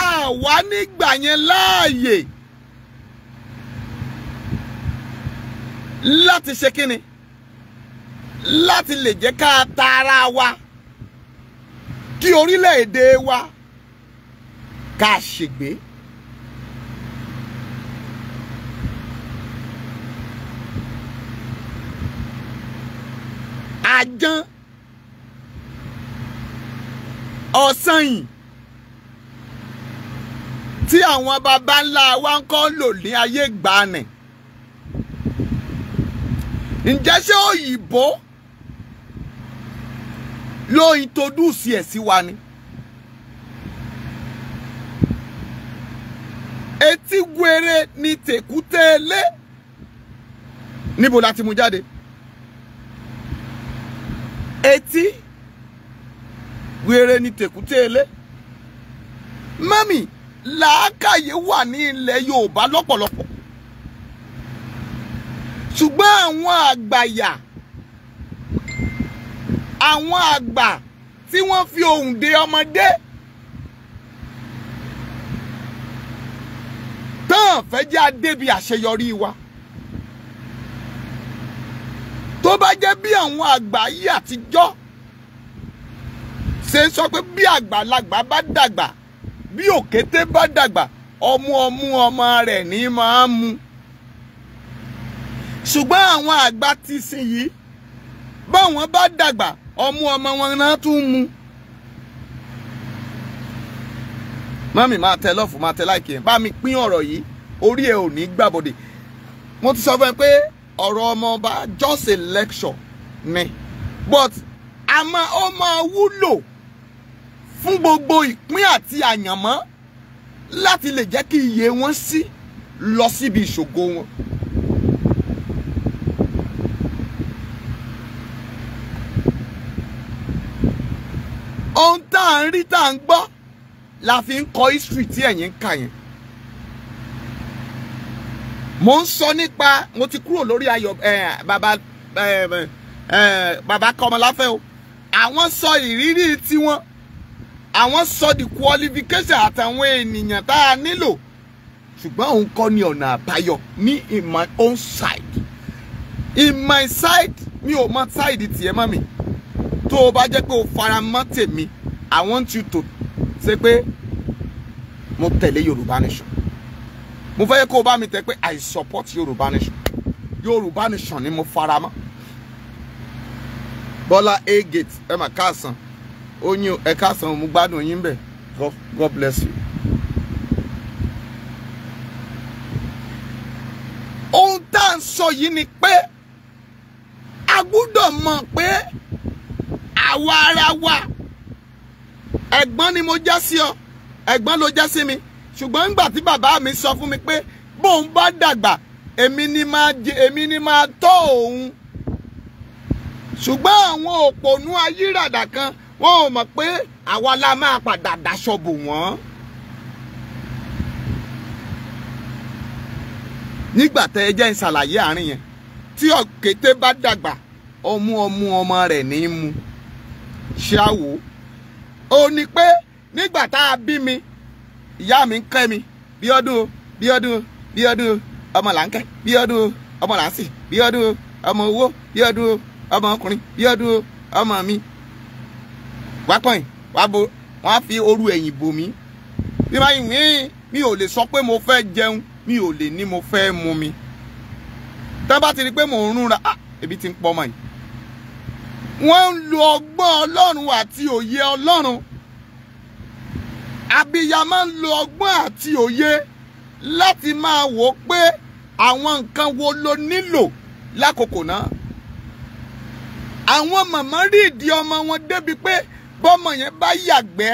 a wá nígbà yẹn láàyè láti ṣe kíni láti lè jẹ́ ká tara wa kí orílẹ̀-èdè wa ká ṣègbè. aján ọ̀sanyìn tí àwọn baba ńlá wa ń kọ́ lò ní ayé ìgbàanì ǹjẹ́ ṣé òyìnbó ló introduce ẹ̀ sí wa ni. etí wéré ni tèkúté lé níbo la ti mú jáde etí wéré ni tèkúté lé mami làákàyè wà ní ilẹ̀ Yorùbá lọ́pọ̀lọpọ̀ ṣùgbọ́n àwọn àgbàyà àwọn àgbà tí wọ́n fi ohùn de ọmọdé. náà fẹ́ jẹ́ adébi àṣeyọrí wa tó bá jẹ́ bí àwọn àgbà ayé àtijọ́ ṣe ń sọ pé bí àgbàlagbà bá dàgbà bí òkété bá dàgbà ọmú ọmú ọmọ rẹ̀ ní máa mu ṣùgbọ́n àwọn àgbà ti sìn yìí báwọn bá dàgbà ọmú ọmọ wọn náà tún mu. mọ́mì máa tẹ lọ́ọ̀fù máa tẹ láìkì bá mi pín ọ̀rọ̀ yìí orí ẹ ò ní gbàbọdè mo ti sọ fún ẹ pé ọ̀rọ̀ ọmọọba just a lecture ni but àmọ́ ó máa wúlò fún gbogbo ìpín àti àyànmọ́ láti lè jẹ́ kí iye wọn sí lọ síbi ìṣògo wọn. ohun tá à ń rí tá à ń gbọ́ la fi ń kọ history tí ẹ̀yin ń kà yẹn mo ń sọ nípa mo ti kúrò lórí ayọ̀ bàbá bàbá kọmọláfẹ́ o àwọn sọ ìrírí tiwọn àwọn sọ the qualification àtàwọn ènìyàn tá a nílò ṣùgbọ́n òun kọ́ ni ọ̀nà àbáyọ ní in my own side in my side mi ò mọ side tiẹ̀ mọ́ mi tó o bá jẹ́ pé o fara mọ́ tèmi I want you to ṣe pé mo tẹ̀lé Yorùbá nation mo fẹ́ kó o bá mi tẹ pé i support yorùbá nation yorùbá nation ni mo fara mọ́ bọ́lá agate ẹ mà káàsán oyin ẹ káàsán mo gbádùn yín bẹ̀ god bless you. ohun tá à ń sọ yìí ni pé a gbúdọ̀ mọ̀ pé àwa ara wa ẹ̀gbọ́n ni mo já sí ọ ẹ̀gbọ́n ló já sí mi ṣùgbọ́n nígbà tí bàbá mi sọ fún mi pé bóun bá dàgbà èmi ni máa jẹ èmi ni máa tọ́ òun ṣùgbọ́n àwọn òpònú ayírádà kan wọn ò mọ̀ pé àwa la máa padà daṣọ bò wọ́n. nígbà tẹ ẹ jẹ́ ń ṣàlàyé àárín yẹn tí òkété bá dàgbà ọmú ọmú ọmọ rẹ̀ ní í mu ṣáwó ó ní pé nígbà tá a bí mi ìyá mi ń kẹ́ mi bí ọdún bí ọdún bí ọdún ọmọ là ń kẹ́ bí ọdún ọmọ là ń sì bí ọdún ọmọ owó bí ọdún ọmọ ọkùnrin bí ọdún ọmọ mi wá pọ̀yìn wá bo wọ́n á fi oru ẹ̀yìn bò mí bí wọ́n á yìn wíìn mi ò lè sọ pé mo fẹ́ jẹun mi ò lè ní mo fẹ́ mu mi tẹ́ bá ti rí pé mò ń rúnra ebi ti ń pọ̀ mọ́ yìí wọ́n ń lo ọgbọ́n ọlọ́run àti òye ọlọ́run abiyamọ ń lo ọgbọ́n àti òye láti máa wò ó pé àwọn nǹkan wo lo nílò lákòókò náà àwọn màmá rí ìdí ọmọ wọn débi pé bọ́mọ yẹn bá yàgbẹ́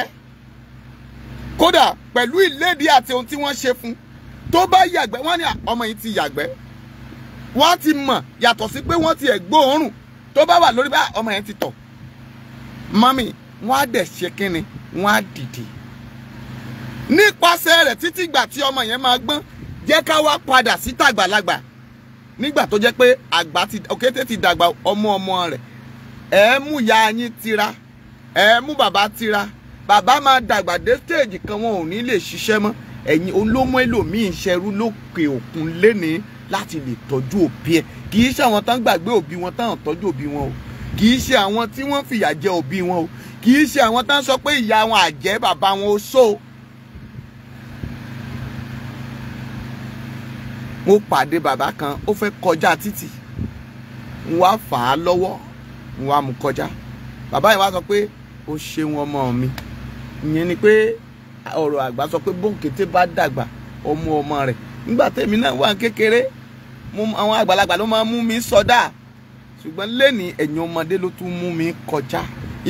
kódà pẹ̀lú ìlédìí àti ohun tí wọ́n ṣe fún tó bá yàgbẹ́ wọ́n ní ọmọ yìí ti yàgbẹ́ wọ́n á ti mọ̀ yàtọ̀ sí pé wọ́n ti ẹ̀ gbóòórùn tó bá wà lórí bá ọmọ yẹn ti tọ̀ mọ́mì wọ́n á dẹ̀ ṣe kínni wọ́n á dìde nípasẹ̀ rẹ̀ títí ìgbà tí ọmọ yẹn máa gbọ́n jẹ́ ká wá padà sí tàgbàlagbà nígbà tó jẹ́ pé àgbà ti òkété ti dàgbà ọmọ ọmọ rẹ̀ ẹ mú ìyá yín tira ẹ mú bàbá tira bàbá máa dàgbà dé stéèjì kan wọn ò ní lè ṣiṣẹ́ mọ́ ẹ̀yin olómọ ẹlòmíín ṣẹrú lókè òkun lénìí láti lè tọ́jú òbí ẹ̀ kì í ṣe àwọn tán gbàgbé òbí wọn táwọn tọ́jú òbí wọn o kì í ṣe àwọn tí wọ́n fìyà jẹ òbí wọn o kì í ṣe àwọn tán sọ pé ìyá wọn àjẹ́ bàbá wọn ó sóo mo pàdé bàbá kan ó fẹ́ kọjá títì n wá fà á lọ́wọ́ n wá mú kọjá bàbá yìí wá sọ pé ó ṣeun ọmọ mi ìyẹn ni pé ọ̀rọ̀ àgbà sọ pé bóńkété bá dàgbà ọmọ ọmọ rẹ̀ nígbà tèmi náà wà kékeré àwọn àgbàlagbà ló máa ń mú mi sọdá ṣùgbọ́n lẹ́ni ẹ̀yìn ọmọdé ló tún mú mi kọjá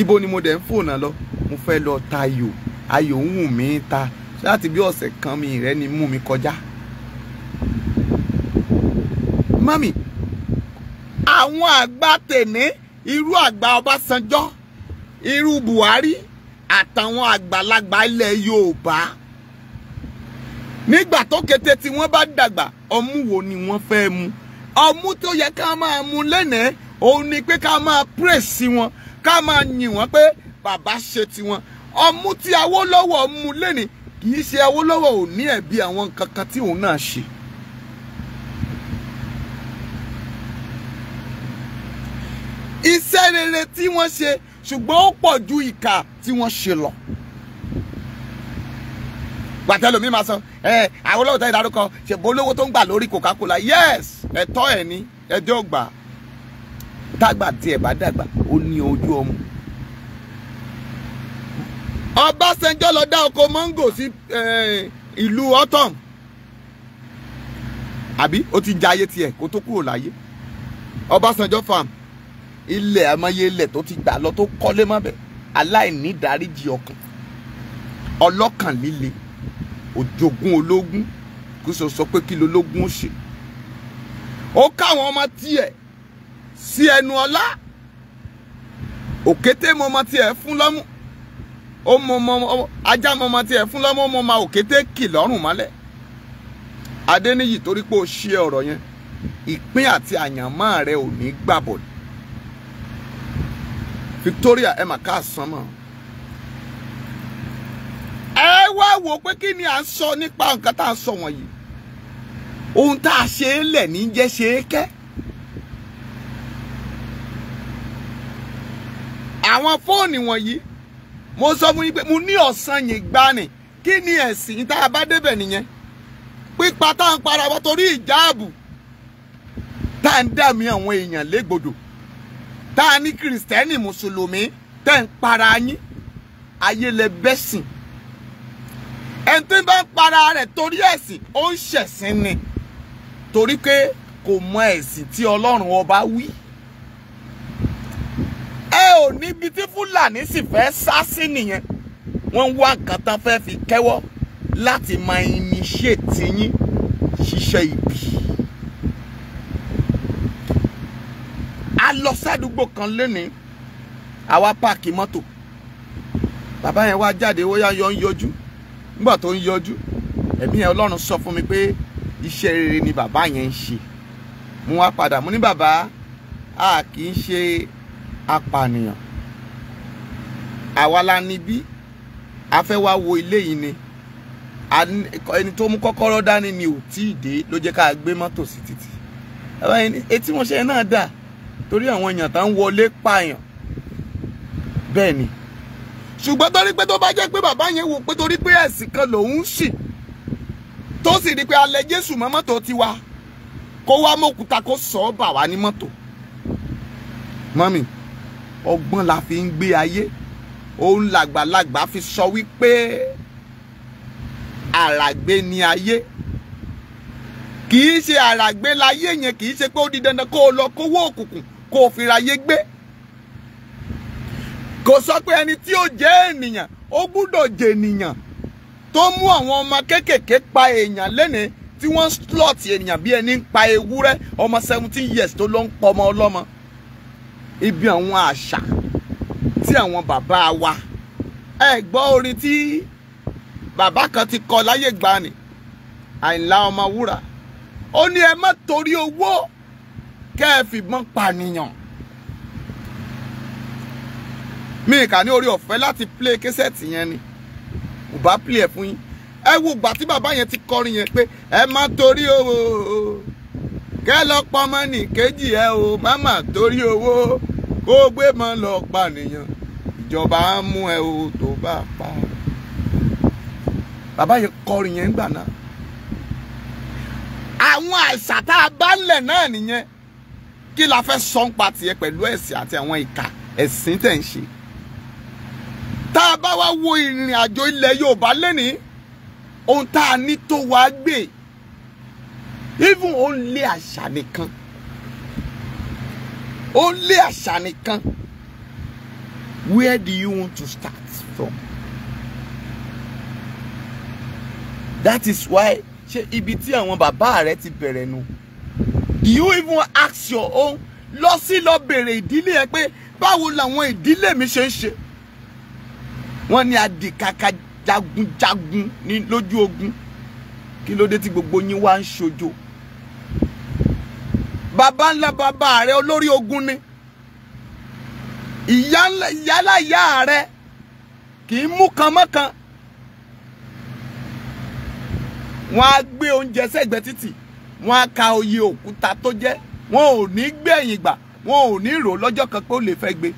ibo ni mo dẹ̀ ń fònà lọ mo fẹ́ lọ ta ayò ayò ń wù mí ta láti bí ọ̀sẹ̀ kan mi rẹ́ ni mú mi kọjá Mami, àwọn àgbà tèmi irú àgbà Ọbásanjọ́ irú Buhari àtàwọn àgbàlagbà ilẹ̀ Yorùbá nígbà tó kété tí wọ́n bá dàgbà ọmú wo ni wọ́n fẹ́ mu ọmú tó yẹ ká máa mu lẹ́nẹ̀ẹ́ òun ni pé ká máa praise sí wọn ká máa yìn wọ́n pé bàbá ṣe tiwọn ọmú tí Awólọ́wọ̀ mu lẹ́nìí kì í ṣe Awólọ́wọ̀ ò ní ẹ̀bi àwọn nǹkan tí òun náà ṣe. iṣẹ́ rere tí wọ́n ṣe ṣùgbọ́n ó pọ̀ ju ìkà tí wọ́n ṣe lọ. gbàtẹ́lómi máa sọ ẹ àwọn olówó tẹ́lẹ̀ dárúkọ ṣèbó olówó tó ń gbà lórí Coca-Cola yes ẹ̀tọ́ ẹ̀ ní ẹjọ́ ògbà tágbà tí ẹ̀ bá dàgbà ó ní ojú ọmú. Ọbásanjọ́ lọ dá oko mango sí ìlú autumn àbí ó ti jayé tiẹ̀ kó tó kúrò láyé Ọbásanjọ́ farm ilẹ̀ amáyé ilẹ̀ tó ti gbà lọ tó kọ́lé mọ́bẹ̀ aláìní ìdáríjì ọkàn ọlọ́kàn líle òjògùn ológun kò sọ sọ pé kí lológun ó ṣe ó káwọn ọmọ tiẹ̀ sí ẹnu ọlá òkété mọ ọmọ tiẹ̀ fún lọ́mú ó mọ ọmọ ajá mọ ọmọ tiẹ̀ fún lọ́mú ó mọ ọmọ òkété kì lọ́rùn mọ́lẹ̀ adéníyì torí pé o ṣe ọ̀rọ̀ yẹn ìpín àti àyànmọ́ rẹ ò ní gbàbọ̀dé Victoria ẹ mà káàsán mọ̀ ẹ wá wò pé kí ni à ń sọ nípa nǹkan tá à ń sọ wọ̀nyí ohun tá a ṣe é lẹ̀ ní jẹ́ ṣe é kẹ́ àwọn fóònù wọ̀nyí mo sọ fún yín pé mo ní ọ̀sán yìí gbani kí ni ẹ̀sìn tá a bá débẹ̀ nìyẹn pípa tá à ń para wa torí ìjáàbù tá à ń dàmí àwọn èèyàn légbodò tá a ní kìrìsìtẹ́nì mùsùlùmí tẹ́ ń para yín ayé lẹ bẹ́sìn ẹni tí bá ń para rẹ̀ torí ẹ̀sìn ó ń ṣẹ̀sìn ni torí pé kò mọ ẹ̀sìn tí ọlọ́run ọba wí ẹ ò níbi tí fúlàní sì fẹ́ sá sí nìyẹn wọ́n ń wá nǹkan tán fẹ́ fi kẹ́wọ́ láti máa initiate yín ṣiṣẹ́ ibi. a lọ sádùúgbò kan lénìí àwa páàkì mọ́tò bàbá yẹn wá jáde ó yá yọ ń yọjú nígbà tó ń yọjú ẹ̀mí yẹn ọlọ́run sọ fún mi pé iṣẹ́ rere ni bàbá yẹn ń ṣe mo wá padà mo ní bàbá a kì í ṣe apànìyàn àwa la níbí a fẹ́ wá wo ilé yìí ni ẹni tó mú kọ́kọ́rọ́ dání ni ò tí ì dé ló jẹ́ ká gbé mọ́tò sí títì etí mo ṣe náà dáa torí àwọn èèyàn tá ń wọlé pààyàn bẹ́ẹ̀ ni ṣùgbọ́n torí pé tó bá jẹ́ pé bàbá yẹn wò pé torí pé ẹ̀sìn kan lòun ṣì tó sì rí i pé alẹ́ Jésù mọ́ mọ́tò tiwa kó wá mọ́kúta kó sọ ọ́ bà wá ní mọ́tò mọ́mì ọgbọ́n la fi ń gbé ayé òun làgbàlagbà fi sọ wípé àràgbé ni ayé kì í ṣe àràgbé láyé yẹn kì í ṣe pé ó di dandan kó o lọ kówó òkùnkùn kó o fira yé gbé kò sọ pé ẹni tí ó jẹ́ ènìyàn ó gbúdọ̀ jènìyàn tó mú àwọn ọmọ kéékèèké pa èèyàn lénìí tí wọ́n slot ènìyàn bí ẹni ń pa ewúrẹ́ ọmọ seventeen years tó ló ń pọmọ ọlọ́mọ ibi àwọn àṣà tí àwọn bàbá wa ẹ gbọ́ orin tí bàbá kan ti kọ láyé gbani Àyìnlá Ọmọwúrà ó ní ẹ má torí owó kẹ́ ẹ fìbọn pànìyàn mi kà ní orí ọ̀fẹ́ láti play késẹ́ẹ̀tì yẹn ni kò bá play ẹ̀ fún yín ẹ wo ìgbà tí bàbá yẹn ti kọrin yẹn pé ẹ má torí owó kẹ́ lọ pọmọ nì kejì ẹ o má má torí owó kó o gbé mọ́ lọ pànìyàn ìjọba á mú ẹ o tó bá pa bàbá yẹn kọrin yẹn gbà náà àwọn àṣà tá a bá ń lẹ̀ náà nìyẹn kí la fẹ́ sọ ń pa tiẹ̀ pẹ̀lú ẹ̀sìn àti àwọn ìka ẹ̀sìn tẹ̀ ń ṣe tá a bá wá wo ìrìn àjò ilẹ̀ Yorùbá lẹ́nìí ohun tá a ní tó wá gbé even ó lé àṣà nìkan ó lé àṣà nìkan where do you want to start from that is why ṣé ibi tí àwọn bàbá rẹ ti bẹ̀rẹ̀ nu. No? you even ask your own lọ sí lọ bèrè ìdílé ẹ pé báwo làwọn ìdílé mi ṣe ń ṣe wọ́n ní adìkàkà jagunjagun ní lójú ogun kí ló dé tí gbogbo yín wá ń ṣojo bàbá ńlá bàbá rẹ olórí ogun ni ìyálà ìyá rẹ kì í mú kan mọ́kan wọ́n á gbé oúnjẹ sẹ́gbẹ̀ẹ́ títì wọ́n á ka oyè òkúta tó jẹ́ wọn ò ní gbẹ̀yìn gbà wọn ò ní rò lọ́jọ́ kan pé ó lè fẹ́ gbé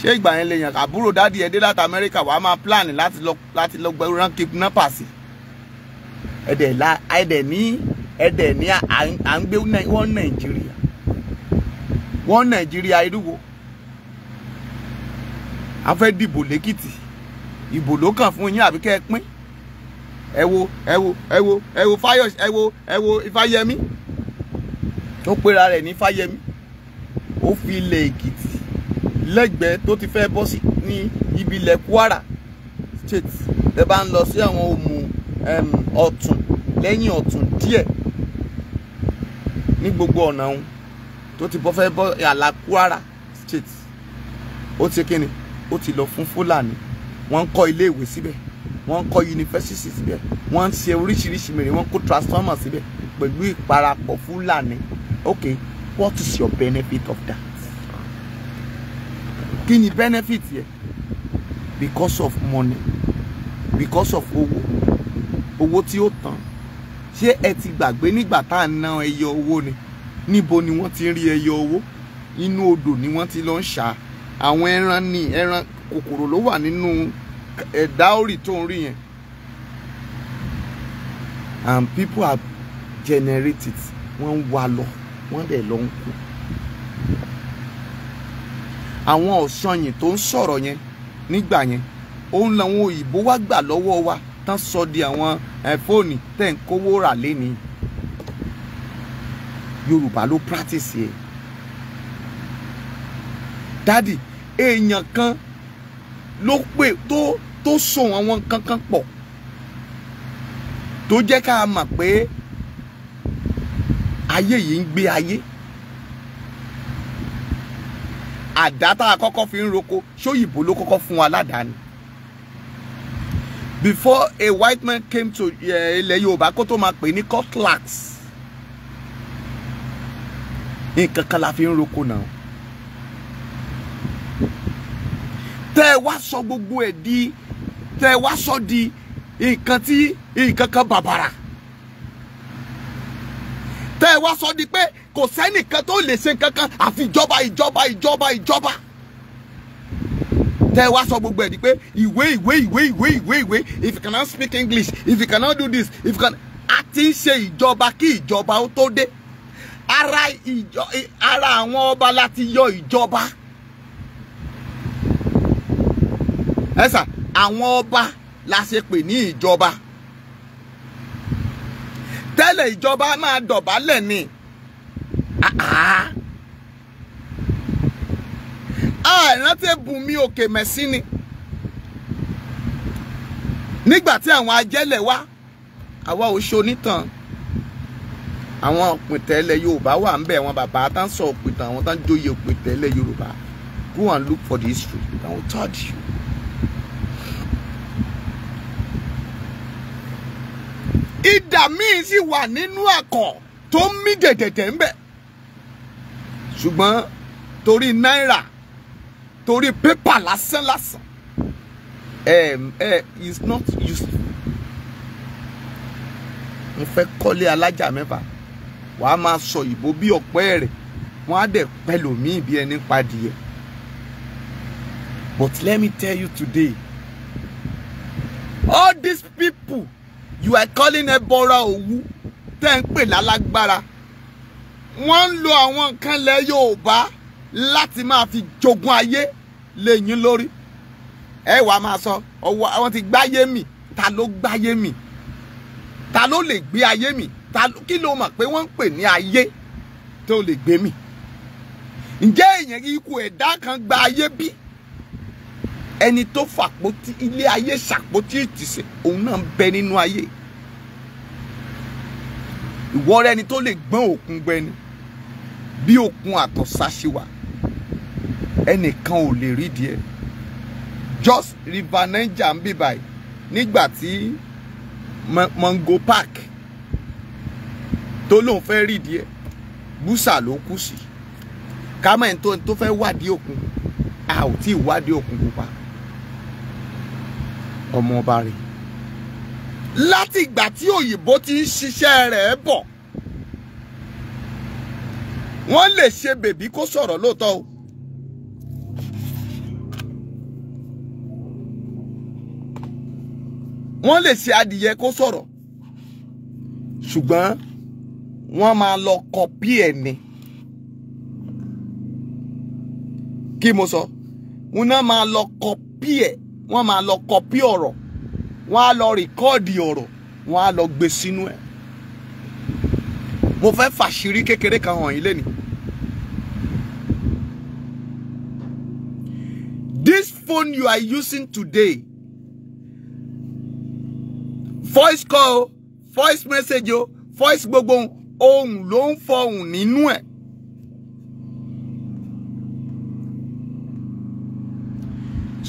ṣé ìgbà yẹn lè yàn àbúrò dáàdi ẹ̀ dé láti Amẹ́ríkà wàá máa plan láti lọ láti lọ gbẹ ran kidnappers ẹ̀dẹ̀ la ẹ̀dẹ̀ ní ẹ̀dẹ̀ ní à ń gbé wọ́n Nàìjíríà wọ́n Nàìjíríà irúwo a fẹ́ dìbò lẹ́kìtì ìbò ló kàn fún yín àbí kẹ́ pín ẹ wo ẹ wo ẹ wo ẹ wo Fáyọ̀sé ẹ wo ẹ wo Ifáyẹmí ó pera rẹ̀ ní Fáyẹmí ó fi ilẹ̀ Èkìtì lẹ́gbẹ̀ẹ́ tó ti fẹ́ bọ́ sí ní ibi ilẹ̀ Kwara state tẹ́ bá ń lọ sí àwọn òmù ọ̀tún lẹ́yìn ọ̀tún díẹ̀ ní gbogbo ọ̀nà òun tó ti bọ́ fẹ́ bọ́ àlà Kwara state ó ti kíni ó ti lọ fún Fúlàní wọ́n ń kọ́ iléèwé síbẹ̀. Si wọ́n ń kọ́ yunifásitì síbẹ̀ wọ́n ń ṣe oríṣiríṣi mèrè wọ́n kó transformer síbẹ̀ pẹ̀lú ìparapọ̀ fúlàní okay what is your benefit of that kí ni benefit yẹ because of money because of owó owó tí ó tán ṣé ẹ ti gbàgbé nígbà tá à ń ná ẹyọ owó ni níbo ni wọ́n ti ń rí ẹyọ owó inú odò ni wọ́n ti lọ ń ṣá àwọn ẹran ni ẹran kòkòrò ló wà nínú ẹ̀dá òrì tó ń rí yẹn and people have generated wọ́n ń wa lọ wọ́n dẹ̀ lọ ń kú àwọn ọ̀sanyìn tó ń sọ̀rọ̀ yẹn nígbà yẹn òun làwọn òyìnbó wá gbà lọ́wọ́ wa tán sọ di àwọn fóònù tẹ̀ ń kówó rà lénìí yorùbá ló practice ẹ̀ dádì èèyàn kan ló pè tó tó sòun àwọn nǹkan pọ̀ tó jẹ́ ká mọ̀ pé ayé yìí ń gbé ayé àdá tá a kọ́kọ́ fi ń roko ṣóyìnbó ló kọ́kọ́ fún wa ládàáni before a white man came to eh, ilẹ̀ Yorùbá kó tó máa pè ní cutlass nǹkan kan la fi ń roko náà. tẹ́ ẹ wá sọ gbogbo ẹ̀ di tẹ́ ẹ wá sọ di nǹkan tí nǹkan kan bàbàrà tẹ́ ẹ wá sọ di pé kò sẹ́nìkan tó lè ṣe nǹkan kan àfi ìjọba ìjọba ìjọba ìjọba tẹ́ ẹ wá sọ gbogbo ẹ̀ di pé ìwé ìwé ìwé ìwé ìwé ìwé if you cannot speak English if you cannot do this if you can a ti ń ṣe ìjọba kí ìjọba ó tó dé ara ìjọ ara àwọn ọba láti yọ ìjọba. ẹ sà àwọn ọba la ṣe pè ní ìjọba tẹ́lẹ̀ ìjọba máa dọ̀bálẹ̀ ni àìrántí Bùnmi Òkè Mẹ́sìn ni nígbà tí àwọn ajẹ́lẹ̀ wá àwa ò ṣe onítàn àwọn òpìtẹ́lẹ̀ Yorùbá wà ń bẹ̀ wọn bàbá tá ń sọ òpìtàn àwọn tá ń jóye òpìtẹ́lẹ̀ Yorùbá go and look for the history and we will tell you. ìdà míì sì wà nínú àkàn tó ń mí jẹ̀jẹ̀jẹ̀ ń bẹ̀ ṣùgbọ́n torí náírà torí pépà lásán lásán um, uh, is not useful. mo fẹ́ kọ́lé alájà mẹ́fà wàá máa sọ ìbò bí ọ̀pẹ́ rẹ̀ wọ́n á dẹ̀ pẹ̀lú mi bí ẹni padìyẹ. But let me tell you today all these people you are calling ẹbọra òwú tẹ́ ń pè lálágbára wọ́n ń lo àwọn nǹkan ilẹ̀ Yorùbá láti máa fi jogún ayé lẹ́yìn lórí ẹ wàá máa sọ ọwọ́ àwọn ti gbáyé mì ta ló gbáyé mì ta ló lè gbé ayé mì ta kí ló mọ̀ pé wọ́n ń pè ní ayé tó lè gbé mì ǹjẹ́ èèyàn ikú ẹ̀dá kan gba ayé bíi ẹni tó fàpótí ilé ayé ṣàpótí ìtìsẹ̀ òun náà ń bẹ nínú ayé ìwọ rẹ ni tó lè gbọ́n òkun gbẹni bí òkun àtọ̀sá ṣe wà ẹnìkan ò lè rí díẹ̀ Jos River Niger ń bì báyìí nígbà tí Mango Park tó lóun fẹ́ rí díẹ̀ búsà ló kù sí kámẹ́ńtò tó fẹ́ wádìí òkun a ò tí ì wádìí òkun pupa ọmọ ọba rẹ̀ láti ìgbà tí òyìnbó ti ń ṣiṣẹ́ rẹ̀ bọ̀ wọ́n lè ṣe bèbí kó sọ̀rọ̀ lóòótọ́ o. wọ́n lè ṣe adìyẹ kó sọ̀rọ̀ ṣùgbọ́n wọ́n máa lọ kọ̀pí ẹ̀ ni kí mo sọ wọ́n náà máa lọ kọ̀pí ẹ̀ wọ́n máa lọ kọpí ọ̀rọ̀ wọ́n á lọ rìkọ́ọ̀dì ọ̀rọ̀ wọ́n á lọ gbé sínú ẹ̀ mo fẹ́ fàṣírí kékeré kan hàn yín lẹ́nu. This phone you are using today voice call voice message o voice gbogbo ohun ló ń fọhùn nínú ẹ̀.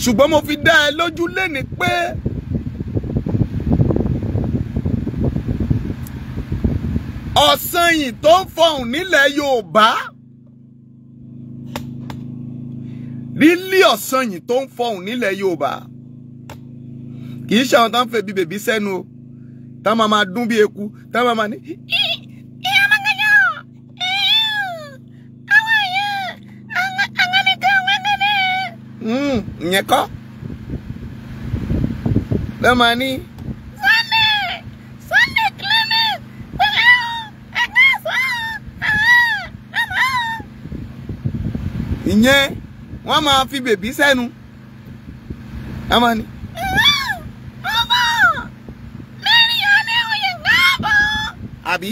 ṣùgbọ́n mo fi dá ẹ lójú lénìí pé ọ̀sán yìí tó ń fọhùn nílẹ̀ Yorùbá lílí ọ̀sán yìí tó ń fọhùn nílẹ̀ Yorùbá kì í ṣe àwọn tó ń fẹ́ bí bèbí sẹ́nu o táwọn máa dún bí eku táwọn máa ní. ìyẹn kọ́ ló máa ní. Sunday Sunday Clement pẹ̀lẹ́ o ẹgbẹ́ sọ ìyẹn wọ́n máa fi bèbí sẹ́nu ẹ máa ní. àbí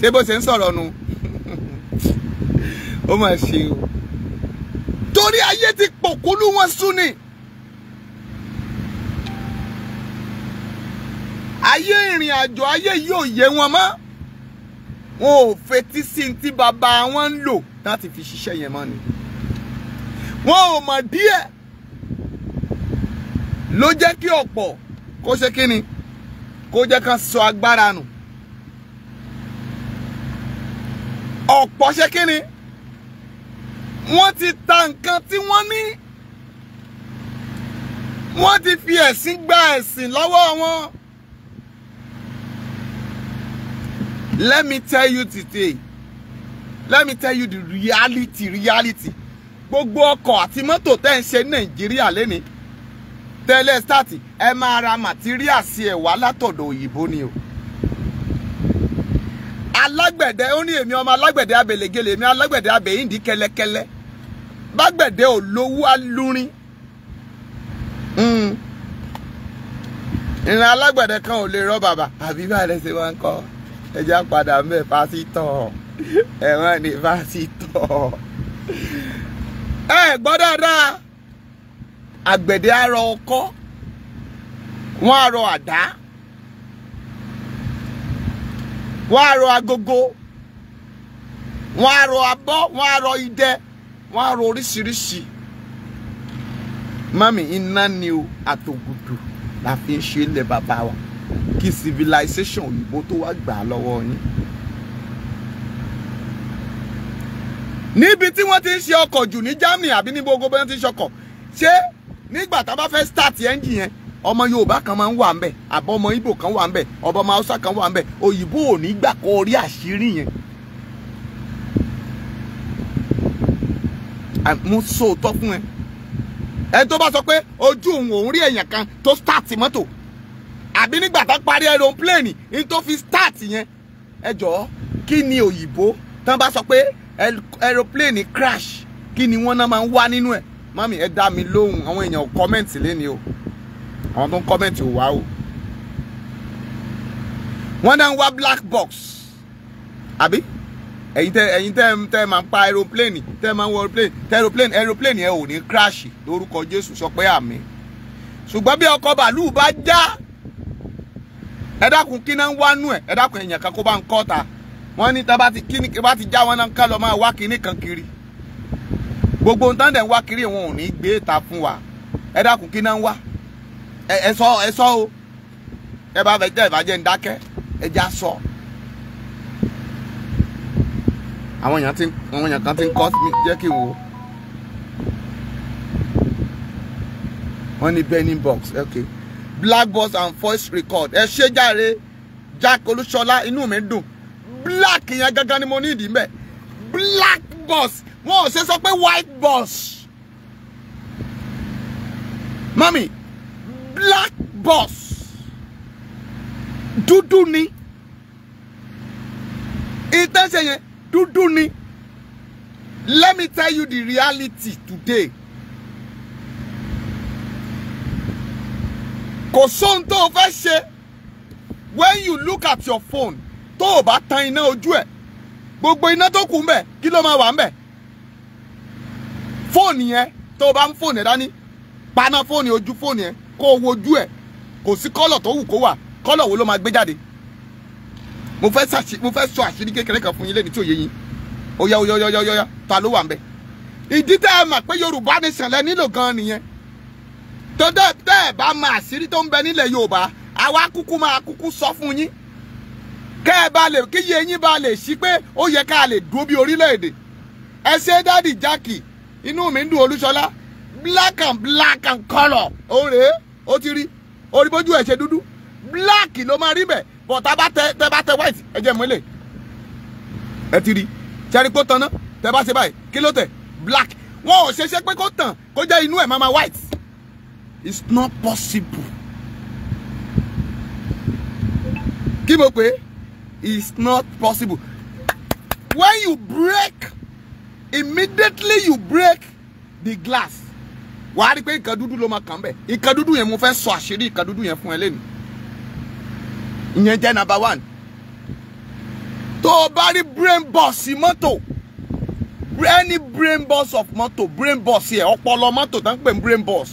ṣé bó ṣe ń sọ̀rọ̀ nu ó mà ṣe o pòkúlù wọn sún ni. ayé ìrìn àjò ayé yìí ò yé wọn mọ́ wọn ò fetí sí ti bàbá wọn ń lò láti fi ṣiṣẹ́ yẹn mọ́ ni wọn ò mọ̀ díẹ̀ ló jẹ́ kí ọ̀pọ̀ kó ṣe kí kó jẹ́ ká sọ agbára nù ọ̀pọ̀ ṣe kí wọ́n ti ta nǹkan tí wọ́n ní wọ́n ti fi ẹ̀sìn gba ẹ̀sìn lọ́wọ́ wọn. Let me tell you today let me tell you the reality reality gbogbo ọkọ̀ àti mọ́tò tẹ́ ń ṣe ní Nàìjíríà lẹ́ni tẹ́lẹ̀ stáàtì ẹ máa ra màtíríà sí ẹ̀ wá látọ̀dọ̀ òyìnbó ni o. alágbẹ̀dẹ ó ní èmi ọmọ alágbẹ̀dẹ abẹ̀lẹ̀gẹ̀lẹ̀ èmi alágbẹ̀dẹ abẹ̀yìndì kẹlẹ́kẹlẹ́ bágbẹ̀dẹ ò lówó alúrin hmm. ìran alágbẹ̀dẹ kan ò lè rọ bàbá àbí báyìí ṣe máa ń kọ́ ẹja padà ń bẹ̀ pásítọ̀ ẹ̀wọ̀n ni pásítọ̀ ẹ gbọ́ dáadáa àgbẹ̀dẹ arọ ọkọ́ wọ́n arọ àdá wọ́n arọ agogo wọ́n arọ abọ́ wọ́n arọ idẹ wọ́n á oríṣiríṣi mami iná ni o àtògùdù la fi ń ṣe ilẹ̀ bàbá wa kí civilization òyìnbó tó wá gbà á lọ́wọ́ yín. níbi tí wọ́n ti ń ṣe ọkọ̀ jù ní Germany àbí ní gbogbo bí wọ́n ti ń ṣe ọkọ̀ ṣé nígbà tá a bá fẹ́ start engine yẹn ọmọ Yorùbá kan máa ń wà ń bẹ̀ àbọ̀ ọmọ Ìgbò kan wà ń bẹ̀ ọmọ Hausa kan wà ń bẹ̀ òyìnbó ò ní gbà kó rí àṣírí yẹn mo sóòótọ́ fún ẹ ẹni tó bá sọ pé ojú òun òun rí èèyàn kan tó start mọ́tò àbí nígbà tó parí aeroplane ní tó fi start yẹn ẹ jọ̀ọ́ kí ni òyìnbó tán bá sọ pé aeroplane crash kí ni wọ́n náà máa ń wá nínú ẹ̀ mami ẹ dá mi lóhùn àwọn èèyàn ò kọ́mẹ̀ntì lẹ́ni o àwọn tó ń kọ́mẹ̀ntì ò wá o wọ́n náà ń wá black box àbí ẹ̀yin tẹ m tẹ ma máa pa aeroplane tẹ máa ń wọ aeroplane tẹ́ aeroplane aeroplane yẹn ò ní crash lórúkọ Jésù sọ pé àmín ṣùgbọ́n bí ọkọ̀ bàálù bá já ẹ dákun kí náà ń wá nú ẹ ẹ dákun èèyàn kan kó bá ń kọ́ ta wọ́n ní tá bá ti kí bá ti já wọn náà ká lọ máa wá kíní kan kiri gbogbo ohun táwọn dẹ̀ ń wá kiri wọn ò ní gbé ta fún wa ẹ dákun kí ń wá ẹ sọ sọ o bá fẹ́ jẹ́ ìbàjẹ́ ń dákẹ́ já sọ. So. àwọn èèyàn ti àwọn èèyàn kan ti ń kọ́ jẹ́ kí n wò wọ́n ní burning box okay black box and voice record ẹ ṣé jàre Jack Olúṣọlá inú mi dùn black yẹn gangan ni mo ní ìdí mbẹ black box wọn ò ṣe sọ pé white box mami black box dúdú ni ìtẹ́sẹ̀ yẹn dúdú ni let me tell you the reality today kò sóhun tó o fẹ́ ṣe when you look at your phone tó o bá tan iná ojú ẹ̀ gbogbo iná tó kù ń bẹ̀ kí ló máa wà ń bẹ̀ fóònù yẹn tó o bá ń fóònù ẹ̀ dání paná fóònù ojú fóònù yẹn kó o wojú ẹ̀ kò sí kọ́lọ̀ tó wù kó wà kọ́lọ̀ wo ló máa gbé jáde mo fẹ́ sàṣì mo fẹ́ sọ àṣírí kékeré kan fún yín lẹ́ni tí ò yé yín ó yá ó yá ta ló wà ń bẹ. ìdí tẹ́ ẹ mà pé yorùbá ni sànlẹ̀ nílò gan-an nìyẹn tọ́jọ́ tẹ́ ẹ bá mọ àṣírí tó ń bẹ nílẹ̀ yorùbá àwa kúkú máa kúkú sọ fún yín kẹ́ ẹ bá lè kí yé yín bá lè sí pé ó yẹ ká lè dúró bí orílẹ̀-èdè ẹ ṣe dáàdì jákì inú mi ń dùn olúṣọlá black and black and colour ó rèé ó ti rí orí bójú ẹ̀ ṣe dúdú black ló máa rí bẹ́ẹ̀ bọ̀ tá bá tẹ tẹ bá tẹ white ẹ jẹ́ mọ́lẹ̀ ẹ ti rí sẹ́ni pé ó tan náà tẹ bá ṣe báyìí kí ló tẹ black wọn ò ṣeéṣe pé kó tàn kó jẹ́ inú ẹ̀ máa white it's not possible kí mo pé it's not possible when you break immediately you break the glass wàá rí i pé nǹkan dúdú ló máa kàn bẹ́ẹ̀ nǹkan dúdú yẹn mo fẹ́ sọ àṣírí nǹkan dúdú yẹn fún ẹ lẹ́nu ìyẹn jẹ́ number one tó o bá rí brain boss mọ́tò any brain boss of mọ́tò brain boss yẹ ọpọlọ mọ́tò tó ń pè brain boss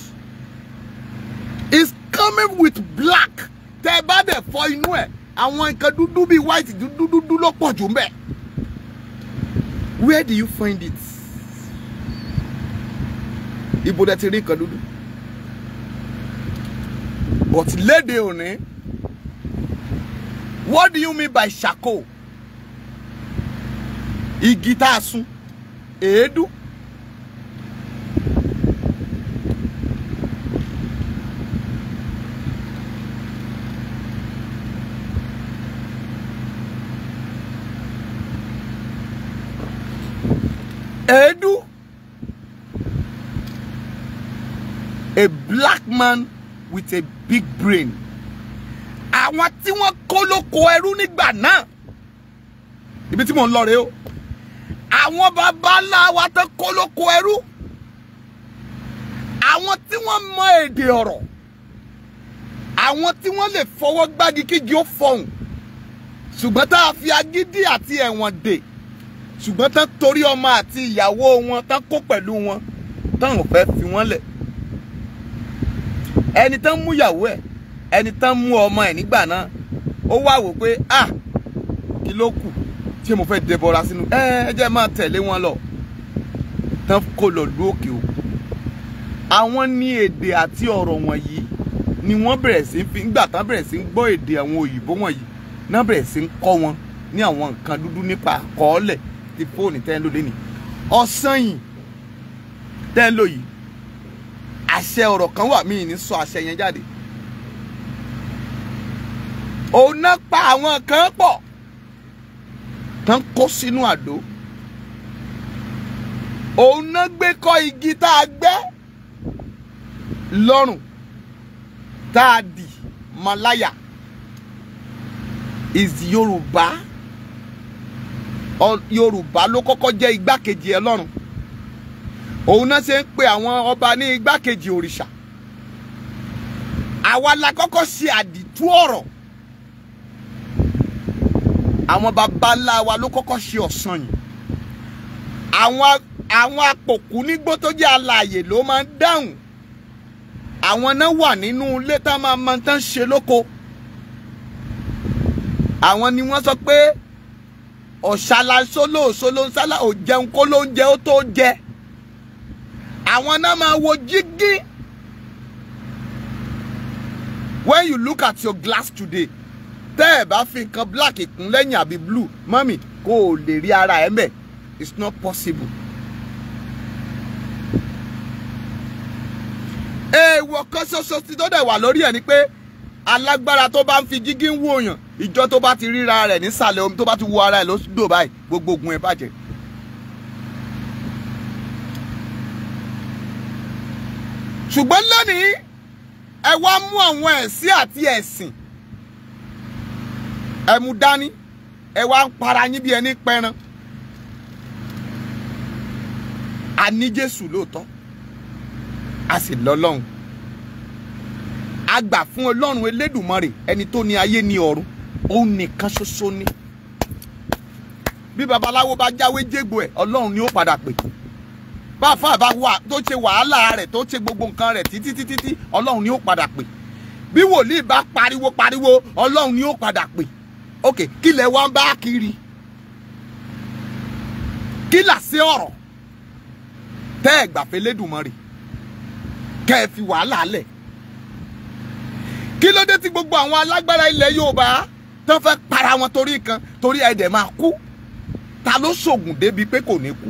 is coming with black tẹ́ ẹ bá dẹ̀ fọ inú ẹ̀ àwọn nǹkan dúdú bíi white dúdú dúdú ló pọ̀ jù ń bẹ̀ where do you find it ibo dẹ ti rí nǹkan dúdú but léde òní what do you mean by ṣàkó igi tá a sun èédú. Edu, a black man with a big brain àwọn tí wọ́n kó lóko ẹrú nígbà náà ibi tí mò ń lọ rèé o àwọn baba ńlá wa tán kó lóko ẹrú àwọn tí wọ́n mọ èdè ọ̀rọ̀ àwọn tí wọ́n lè fọwọ́ gbági kígi ó fọhùn ṣùgbọ́n tá a fi agídí àti ẹ̀wọ̀n dè ṣùgbọ́n tán torí ọmọ àti ìyàwó wọn tán kó pẹ̀lú wọn tán ò fẹ́ fi wọ́n lẹ̀ ẹni tán mú ìyàwó ẹ̀ ẹni tán mú ọmọ ẹ̀ nígbà náà ó wá wò pé ah kí ló kù tí mo fẹ́ dẹbọra sínú ẹ ẹ jẹ́ máa tẹ̀lé wọn lọ tán kó lọ lu òkè òkun àwọn ní èdè àti ọ̀rọ̀ wọ̀nyí ni wọ́n bẹ̀rẹ̀ sí fi nígbà tán bẹ̀rẹ̀ sí gbọ́ èdè àwọn òyìnbó wọ̀nyí náà bẹ̀rẹ̀ sí kọ́ wọn ní àwọn nǹkan dúdú nípa àkọọ́lẹ̀ ti fóònù tẹ́ ń lò lẹ́nìí ọ̀sán yìí tẹ́ ń lò yìí àṣẹ ọ̀rọ̀ kan wà míì ní sọ àṣẹ yẹn jáde òun náà pa àwọn kan pọ̀ tán kó sínú àdó òun náà gbé kọ́ igi tá a gbẹ́ lọ́rùn tá a dì malaya is yorùbá yorùbá ló kọ́kọ́ jẹ́ igbákejì ọlọ́run òun náà ṣe ń pe àwọn ọba ní igbákejì òrìṣà àwa la kọ́kọ́ ṣe àdìtú ọ̀rọ̀ àwọn baba wa ló kọ́kọ́ ṣe ọ̀sán yìí àwọn àwọn apòkú nígbó tó jẹ́ alààyè ló máa ń dáhùn àwọn náà wà nínú ilé tá máa mọ tán ṣe lóko àwọn ni wọ́n sọ pé ọ̀ṣàlà sólóòsó ò jẹun kó ló ń jẹ ó tó jẹ àwọn náà máa wo jígí when you look at your glass today tẹ́ ẹ̀ bá fi nǹkan black kún lẹ́yìn àbí blue mọ́mì kó o lè rí ara ẹ̀ mẹ́ it's not possible. èèwọ̀ kan ṣoṣo tí tó dẹ̀ wà lórí ẹ̀ ni pé alágbára tó bá ń fi jígí ń wò yàn ìjọ tó bá ti ríra rẹ̀ nísàlẹ̀ omi tó bá ti wo ara ẹ̀ ló dò báyìí gbogbo ogun ẹ̀ bàjẹ́. ṣùgbọ́n lónìí ẹ wá mú àwọn ẹ̀sìn àti ẹ̀sìn ẹ mú dání ẹ wá ń para yín bí ẹni pẹran a ní Jésù lóòótọ́ a sì lọ́lọ́run a gbà fún Ọlọ́run Elédùmarè ẹni tó ní ayé ní ọ̀run òun nìkan ṣoṣo ni bí babaláwo bá jáwé jégbò ẹ̀ Ọlọ́run ni ó padà pè báfa bá wà tó ṣe wàhálà rẹ̀ tó ṣe gbogbo nǹkan rẹ̀ títí títí Ọlọ́run ni ó padà pè bí wòlíì bá pariwo pariwo Ọlọ́run ni ó padà pè ok kí lẹ wá ń bá kiri kí làṣẹ ọ̀rọ̀ tẹ́ ẹ gbà pé lẹ́dùnmọ́rì kẹ́ ẹ fi wàhálà lẹ̀ kí ló dé tí gbogbo àwọn alágbára ilẹ̀ Yorùbá tán fẹ́ para wọn torí kan torí ẹ̀dẹ̀ máa kú ta ló ṣògùn débi pé kò ní kú.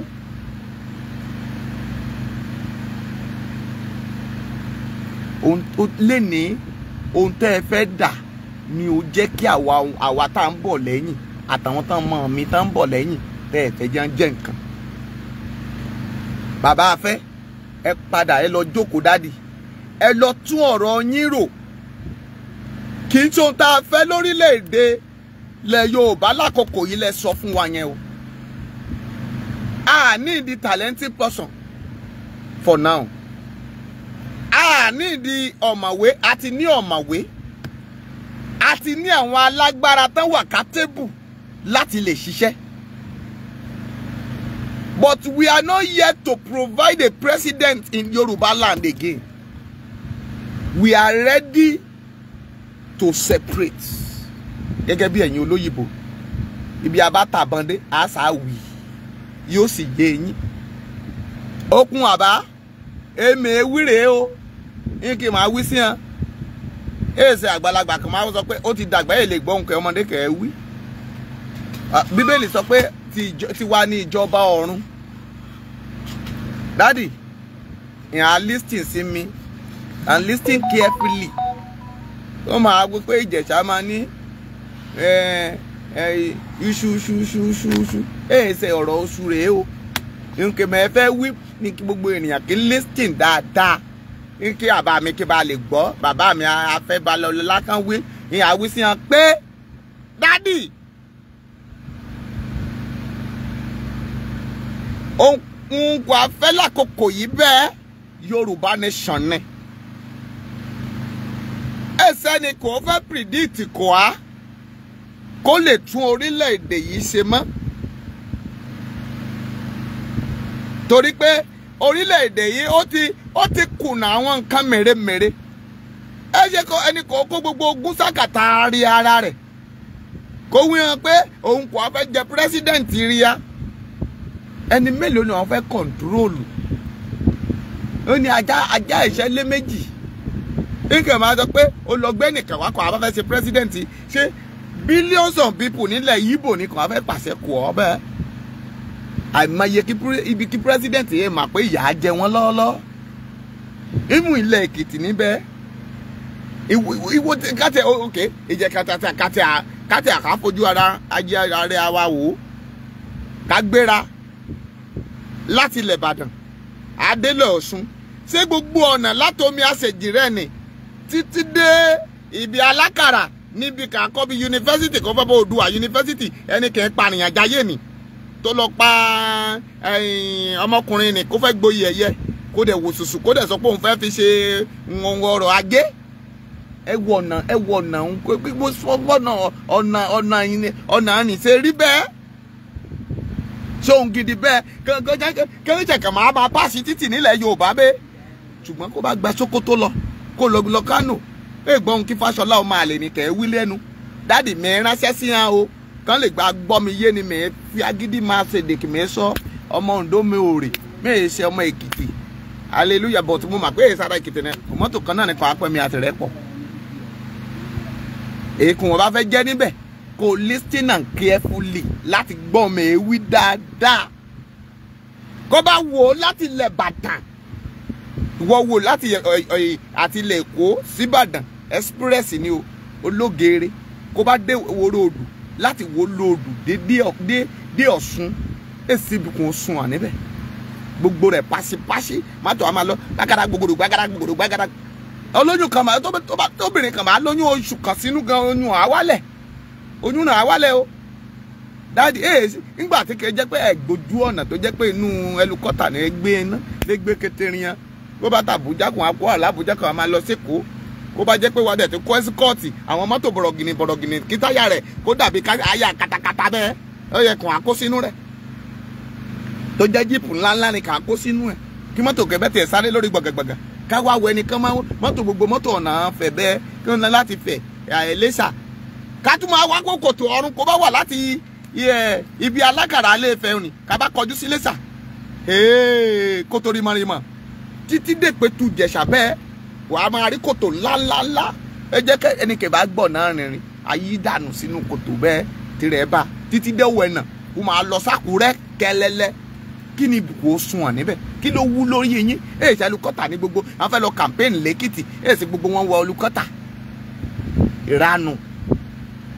lẹ́ni ohun tẹ́ ẹ fẹ́ dà ni ó jẹ́ kí àwa àwa tá à ń bọ̀ lẹ́yìn àtàwọn tán mọ̀ mi tán ń bọ̀ lẹ́yìn tẹ́ ẹ̀ fẹ́ jẹ́ ń jẹ́ nǹkan. bàbá afẹ́ ẹ padà ẹ lọ jókòó dádì ẹ lọ tún ọ̀rọ̀ yín rò kì í tún tá a fẹ́ lórílẹ̀‐èdè Yorùbá lákòókò yìí lẹ sọ fún wa yẹn o a need the talented person for now a need the ọ̀mọ̀wé àti ní ọ̀mọ̀wé a ní àwọn alágbára tán wà capable láti lè ṣiṣẹ́ but we are not yet to provide a president in Yoruba land again we are ready to separate gẹ́gẹ́ bí ẹ̀yin olóyìnbó ibi abátàbọ̀ndé àṣà wì yóò sì yé eyín okun àbá èmi ewúrẹ́ o ní kí máa wí sí hàn. eese agbalagba kan máa ń sọ pé ó ti dàgbà èlè gbọ́ ọmọdé kẹ̀ ẹ́ wí bíbélì sọ pé ti wá ní ìjọba ọ̀run dádì ìhàn á listing sí mi and listing carefully ó máa gbé pé ìjẹ̀ṣà máa ní iṣu iṣu iṣu iṣu iṣu èsè ọ̀rọ̀ oṣù rèé o nkèmẹ́ efe wí ní gbogbo ènìyàn kí listing dáadáa. ń kí bàbá mi kí ba lè gbọ́ bàbá mi afẹ́ balọ̀lọ́lá kan wí ìyá wí sí hàn pé dádì nǹkan afẹ́ lákòókò yìí bẹ́ẹ̀ Yorùbá nation ni ẹsẹ̀ ni kò fẹ́ predict kò á kó lè tún orílẹ̀-èdè yìí ṣe mọ́ torí pé orílẹ̀-èdè yìí ó ti ó ti kùnà àwọn nǹkan mèremère ẹ ṣe kó ẹni kò kó gbogbo ogún sàkàtà rí ara rẹ̀ kó wí hàn pé òun kò fẹ́ jẹ pírẹ́sídẹ̀ǹtì rí ya ẹni mélòó ni wọ́n fẹ́ kọ̀ǹtúróòlù ó ní ajá ajá ìṣẹ́ lé méjì nǹkan máa sọ pé olọgbẹ́ nìkan wá kọ́ abáfẹ́ ṣe pírẹ́sídẹ̀ǹtì ṣé billions of people nílẹ̀ Ìgbò nìkan afẹ́ pàṣẹ kù ọ́ bẹ́ẹ̀. àìmọye ibi kí pírẹsidẹ́ǹtì yẹn mà pé ìyà á jẹ wọ́n lọ́ọ́lọ́ ìmú ilẹ̀ èkìtì níbẹ̀ ìwọ kátẹ òkè ìjẹ kátẹ kátẹ àkáfojú ara ajé ara wa wò ó ká gbéra láti ilẹ̀ ìbàdàn adélẹ̀ ọ̀ṣun ṣé gbogbo ọ̀nà látomi àṣejìrẹ́ ni títí dé ibi alákàrà níbi kàkọ́ bí yunifásitì kọ́fẹ́ bó Oòduà yunifásitì ẹni kẹ́ ń pànìyàn jáyé ni tó lọ pa ọmọkùnrin ni kó fẹ́ gboyè ẹ̀yẹ kó dẹ̀ wò sùsù kó dẹ̀ sọ pé òun fẹ́ fi ṣe ọrọ̀ ajé ẹ wọ ọ̀nà ẹ wọ ọ̀nà òun pé gbogbo sọ́gbọ́nà ọ̀nà ọ̀nà yìí ọ̀nà àní ṣe rí bẹ́ẹ̀ ṣóhun gidi bẹ́ẹ̀ kẹ́kẹ́ kẹ́kẹ́ máa bá páàsì títì nílẹ̀ Yorùbá bẹ́ẹ̀ ṣùgbọ́n kó bá gba Sókótó lọ kó lọ Kánò ẹ gbọ́n kí Fáṣọlá ọmọ àlè nìkẹ́ wí lẹ́nu dáàdì mi ránṣẹ́ sí hàn o kán lè gba gbọ́ mi yé ni mèé fi agídí máa ṣe èdè kìmẹ́ sọ ọmọ Oǹdó mi ò rè mèé ṣe ọmọ Èkìtì hallelujah but mo mà pé èyí sára Èkìtì náà mọ́tò kan náà nípa apẹ́mi àtẹ̀rẹ́ pọ̀ èkùn wọn bá fẹ́ jẹ́ níbẹ̀ kò listen and carefully láti gbọ́ mèé wí dáadáa kó bá wò ó láti ilẹ̀ Ìbàdàn ìwọ wò láti àti ilẹ̀ Èkó sí express ni o ológeere kó bá dé wòrò odò láti wo lóòdù dé ọ̀sùn èsì ibùkún sùn wà níbẹ̀ gbogbo rẹ̀ pàṣípàṣí má tó a máa lọ gbàgàdà gbogbo gbàgàdà gbogbo gbàgàdà olóyún kan máa tóbìnrin kan máa lóyún oṣù kan sínú gan oyún àwálẹ̀ oyún náà àwálẹ̀ o dáàdi ee eh, ńgbà tí kìí jẹ́ pé ẹ̀gbójú ọ̀nà tó jẹ́ pé inú ẹlukọ́tà ní gbé iná lé gbé keterin yẹn bó bá tàbújá kan á kó àlàbújá kan á máa lọ sí Èkó kó bá jẹ́ pé wàá dẹ̀ tó kó ẹ́síkọ́ọ̀tì àwọn mọ́tò bọ̀rọ̀gìnì bọ̀rọ̀gìnì kí táyà rẹ̀ kó dàbí àyà katakata bẹ́ẹ̀ ó yẹ kàn á kó sínú rẹ̀ tó jẹ́ jíìpù ńláńlá ni kàn á kó sínú ẹ̀ kí mọ́tò kẹ̀kẹ́ tiẹ̀ sáré lórí gbọ̀gàgbọ̀gà káwá wọ ẹnìkan máa mọ́tò gbogbo mọ́tò ọ̀nà fẹ̀ bẹ́ẹ̀ kí wọ́n láti fẹ̀ ẹ̀lẹ́sà ká tún máa wá kó kòtò ọ̀run kó bá wà láti ibi alákàrà alẹ́ ìfẹ́ òní ká bá kọjú sí lẹ́sà kótó rí mọ́rin mọ́ títí dèpẹ́ tu jẹ̀sà wàá máa rí kòtò ńláńláńlá ẹ jẹ́ kẹ́ ẹni kẹ̀ bá gbọ̀ náà rìnrìn ayé dànù sínú kòtò bẹ́ẹ̀ tirẹ̀ bá títí dẹ́wọ̀ ẹ̀nà kó máa lọ sákúrẹ́ kẹlẹ́lẹ́ kí ni kò sùn hàn níbẹ̀ kí ló wú lórí yín èyí ṣe alukọ́ta ní gbogbo àwọn fẹ́ lọ campaign lẹ́kìtì èyí ṣe gbogbo wọn wọ olùkọ́ta ìranu